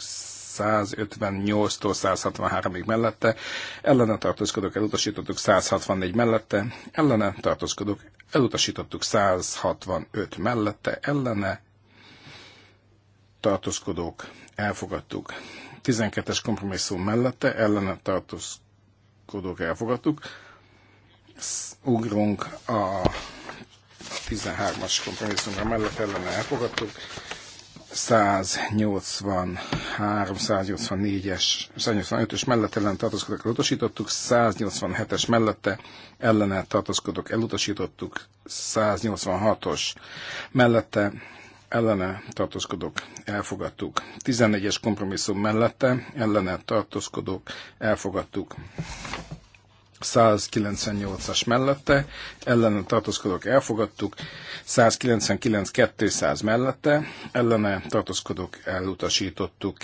B: 158-tól 163-ig mellette, ellene tartózkodók elutasítottuk 164 mellette, ellene tartózkodók elutasítottuk 165 mellette, ellene tartózkodók elfogadtuk 12-es kompromisszum mellette, ellene tartózkodók elfogadtuk, ugrunk a 13-as kompromisszumra mellett ellene elfogadtuk. 183, 184-es, 185-ös mellett ellen tartózkodók elutasítottuk, 187-es mellette ellene tartózkodók elutasítottuk, 186-os mellette ellene tartózkodók elfogadtuk, 14-es kompromisszum mellette ellene tartózkodók elfogadtuk. 198-as mellette, ellene tartózkodók elfogadtuk, 199-200 mellette, ellene tartózkodók elutasítottuk,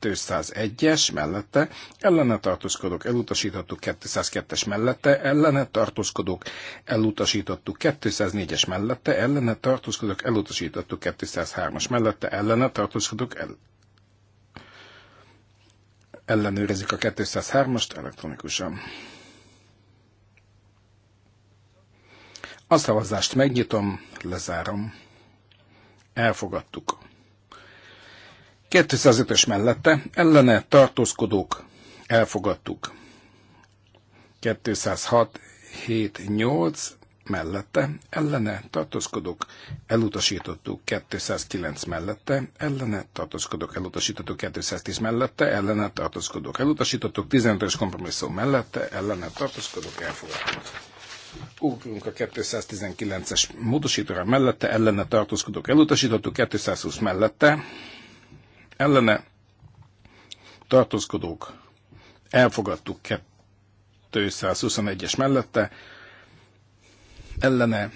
B: 201-es mellette, ellene tartózkodók elutasítottuk 202-es mellette, ellene tartózkodók elutasítottuk 204-es mellette, ellene tartózkodók elutasítottuk 203-as mellette, ellene tartózkodók el... ellenőrizik a 203-ast elektronikusan. A szavazást megnyitom, lezárom. Elfogadtuk. 205-ös mellette ellene tartózkodók elfogadtuk. 206, 7, 8 mellette ellene tartózkodók elutasítottuk 209 mellette, ellene tartózkodók elutasítottuk 210 mellette, ellene tartózkodók elutasítottuk 15-ös kompromisszum mellette, ellene tartózkodók elfogadtuk. Ugrunk a 219-es módosítóra mellette, ellene tartózkodók elutasítottuk, 220 mellette, ellene tartózkodók elfogadtuk 221-es mellette, ellene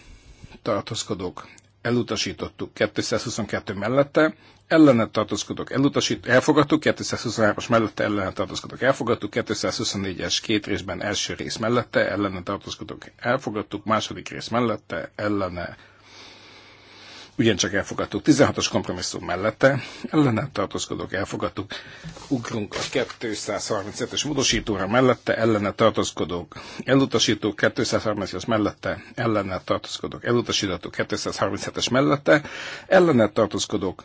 B: tartózkodók elutasítottuk 222 mellette, ellene tartózkodok, elutasít, elfogadtuk, 223-as mellette ellene tartózkodok, elfogadtuk, 224-es két részben első rész mellette, ellene tartózkodok, elfogadtuk, második rész mellette, ellene ugyancsak elfogadtuk. 16-os kompromisszum mellette, ellene tartózkodók elfogadtuk. Ugrunk a 237-es módosítóra mellette, ellene tartózkodók elutasítók, es mellette, ellene tartózkodók elutasítottuk, 237-es mellette, ellene tartózkodók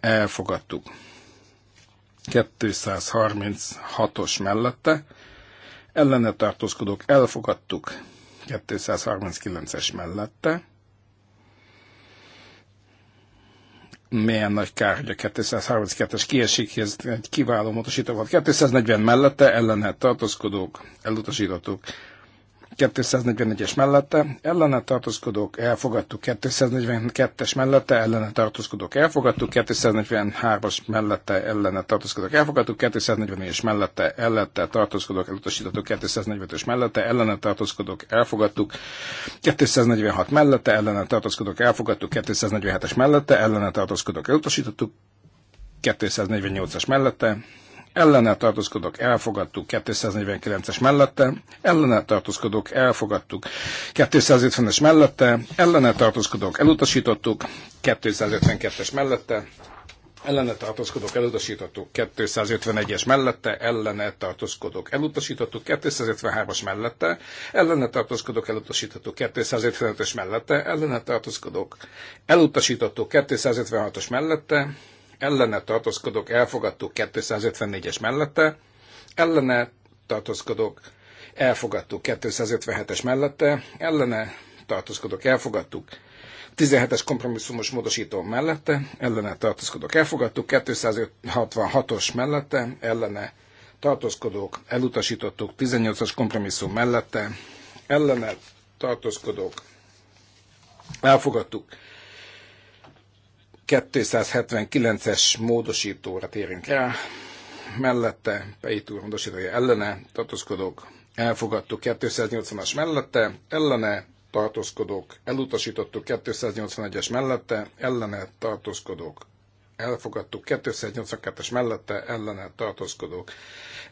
B: elfogadtuk. 236-os mellette, ellene tartózkodók elfogadtuk 239-es mellette, milyen nagy kár, hogy a 232-es kiesik, ez egy kiváló módosító volt. 240 mellette ellenhet tartózkodók, elutasítottuk. 241-es mellette, ellene tartózkodók elfogadtuk 242-es mellette, ellene tartózkodók elfogadtuk 243-as mellette, ellene tartózkodók elfogadtuk 244-es mellette, ellette tartózkodók elutasítottuk 245-ös mellette, ellene tartózkodók elfogadtuk 246 mellette, ellene tartózkodók elfogadtuk 247-es mellette, ellene tartózkodók elutasítottuk 248-as mellette, ellene tartózkodok, elfogadtuk 249-es mellette, ellene tartózkodok, elfogadtuk 250-es mellette, ellene tartózkodok, elutasítottuk 252-es mellette, ellene tartózkodok, elutasítottuk 251-es mellette, ellene tartózkodok, elutasítottuk 253-as mellette, ellene tartózkodok, elutasítottuk 255 es mellette, ellene tartózkodok, elutasítottuk 256-os mellette, ellene tartózkodók elfogadtuk 254-es mellette, ellene tartózkodók elfogadtuk 257-es mellette, ellene tartózkodók elfogadtuk 17-es kompromisszumos módosító mellette, ellene tartózkodók elfogadtuk, 266-os mellette, ellene tartózkodók elutasítottuk, 18-as kompromisszum mellette, ellene tartózkodók elfogadtuk, 279-es módosítóra térünk rá, mellette, Peitúr módosítója ellene, tartózkodók, elfogadtuk 280-as mellette, ellene, tartózkodók, elutasítottuk 281-es mellette, ellene, tartózkodók, elfogadtuk, 282-es mellette ellene tartózkodók,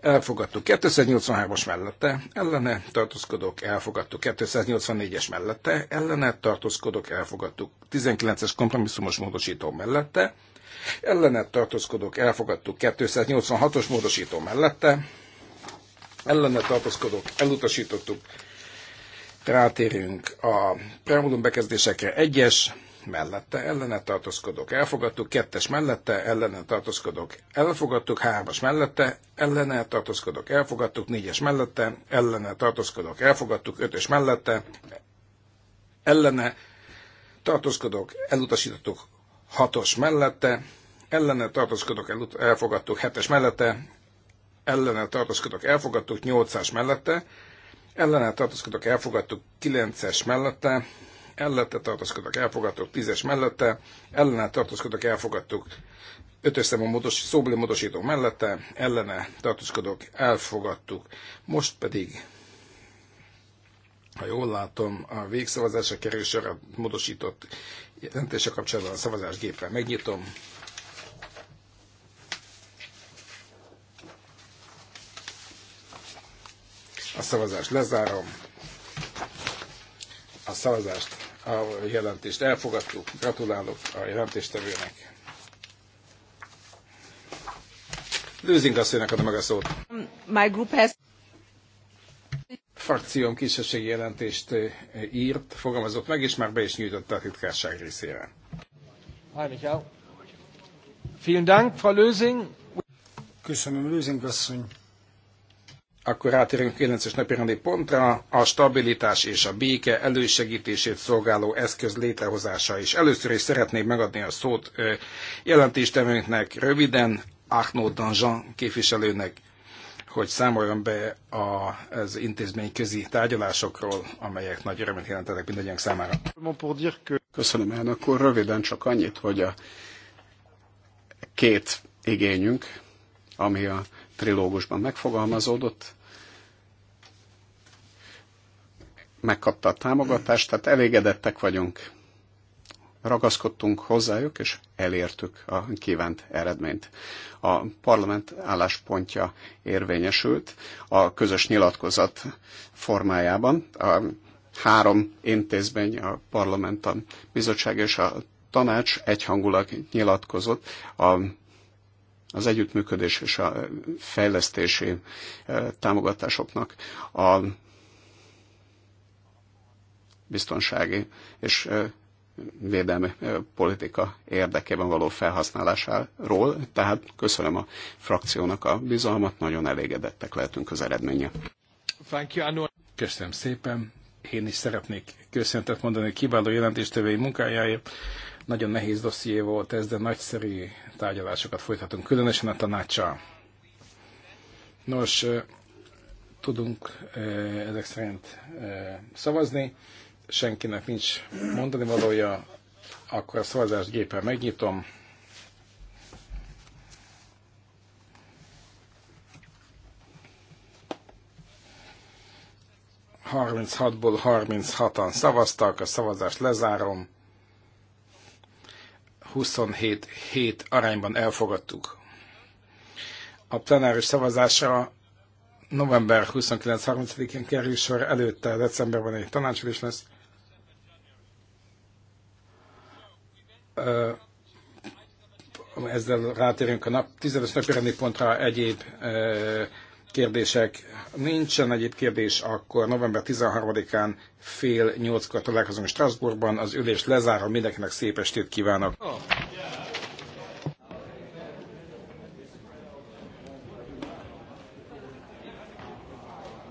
B: elfogadtuk, 283-as mellette ellene tartózkodók, elfogadtuk, 284-es mellette ellene tartózkodók, elfogadtuk, 19-es kompromisszumos módosító mellette, ellene tartózkodók, elfogadtuk, 286-os módosító mellette, ellene tartózkodók, elutasítottuk, rátérünk a preambulum bekezdésekre, 1-es, mellette ellene tartózkodok, elfogadtuk, kettes mellette ellene tartózkodok, elfogadtuk, hármas mellette ellene tartózkodok, elfogadtuk, négyes mellette ellene tartózkodok, elfogadtuk, ötös mellette ellene tartózkodok, elutasítottuk, hatos mellette ellene tartózkodok, elfogadtuk, hetes mellette ellene tartózkodok, elfogadtuk, nyolcas mellette ellene tartózkodok, elfogadtuk, kilences mellette ellette tartózkodtak, elfogadtuk, tízes mellette, ellene tartózkodtak, elfogadtuk, ötös számú módos, szóbeli módosító mellette, ellene tartózkodok, elfogadtuk. Most pedig, ha jól látom, a végszavazásra kerülésre módosított jelentése kapcsolatban a szavazásgéppel megnyitom. A szavazást lezárom. A szavazást a jelentést elfogadtuk. Gratulálok a jelentéstevőnek. Lőzink asszonynak adom meg a szót.
A: My group has...
B: Frakcióm kisebbségi jelentést eh, írt, fogalmazott meg, és már be is nyújtotta a titkárság részére.
C: Vielen Dank, Frau Lösing. Köszönöm, Lőzing asszony.
B: Akkor rátérünk 9-es napirendi pontra, a stabilitás és a béke elősegítését szolgáló eszköz létrehozása is. Először is szeretném megadni a szót jelentéstevőnknek röviden, Arnaud Danjean képviselőnek, hogy számoljon be az intézmény közi tárgyalásokról, amelyek nagy örömet jelentenek mindannyian számára.
D: Köszönöm, én akkor röviden csak annyit, hogy a két igényünk, ami a trilógusban megfogalmazódott, megkapta a támogatást, tehát elégedettek vagyunk. Ragaszkodtunk hozzájuk, és elértük a kívánt eredményt. A parlament álláspontja érvényesült a közös nyilatkozat formájában. A három intézmény, a parlament, a bizottság és a tanács egyhangulag nyilatkozott a az együttműködés és a fejlesztési eh, támogatásoknak a biztonsági és eh, védelmi eh, politika érdekében való felhasználásáról. Tehát köszönöm a frakciónak a bizalmat, nagyon elégedettek lehetünk az eredménye.
B: Köszönöm szépen. Én is szeretnék köszöntet mondani a kiváló jelentéstevői munkájáért. Nagyon nehéz dosszié volt ez, de nagyszerű tárgyalásokat folytatunk, különösen a tanácssal. Nos, tudunk ezek szerint szavazni, senkinek nincs mondani valója, akkor a szavazást gépen megnyitom. hatból harminc hatan szavaztak, a szavazást lezárom. 27 7 arányban elfogadtuk. A plenáris szavazása november 29-30-én kerül sor, előtte decemberben egy tanácsülés lesz. Ezzel rátérünk a nap, 15 napi pontra egyéb kérdések nincsen egyéb kérdés, akkor november 13-án fél nyolckor találkozunk Strasbourgban, az ülést lezárom, mindenkinek szép estét kívánok!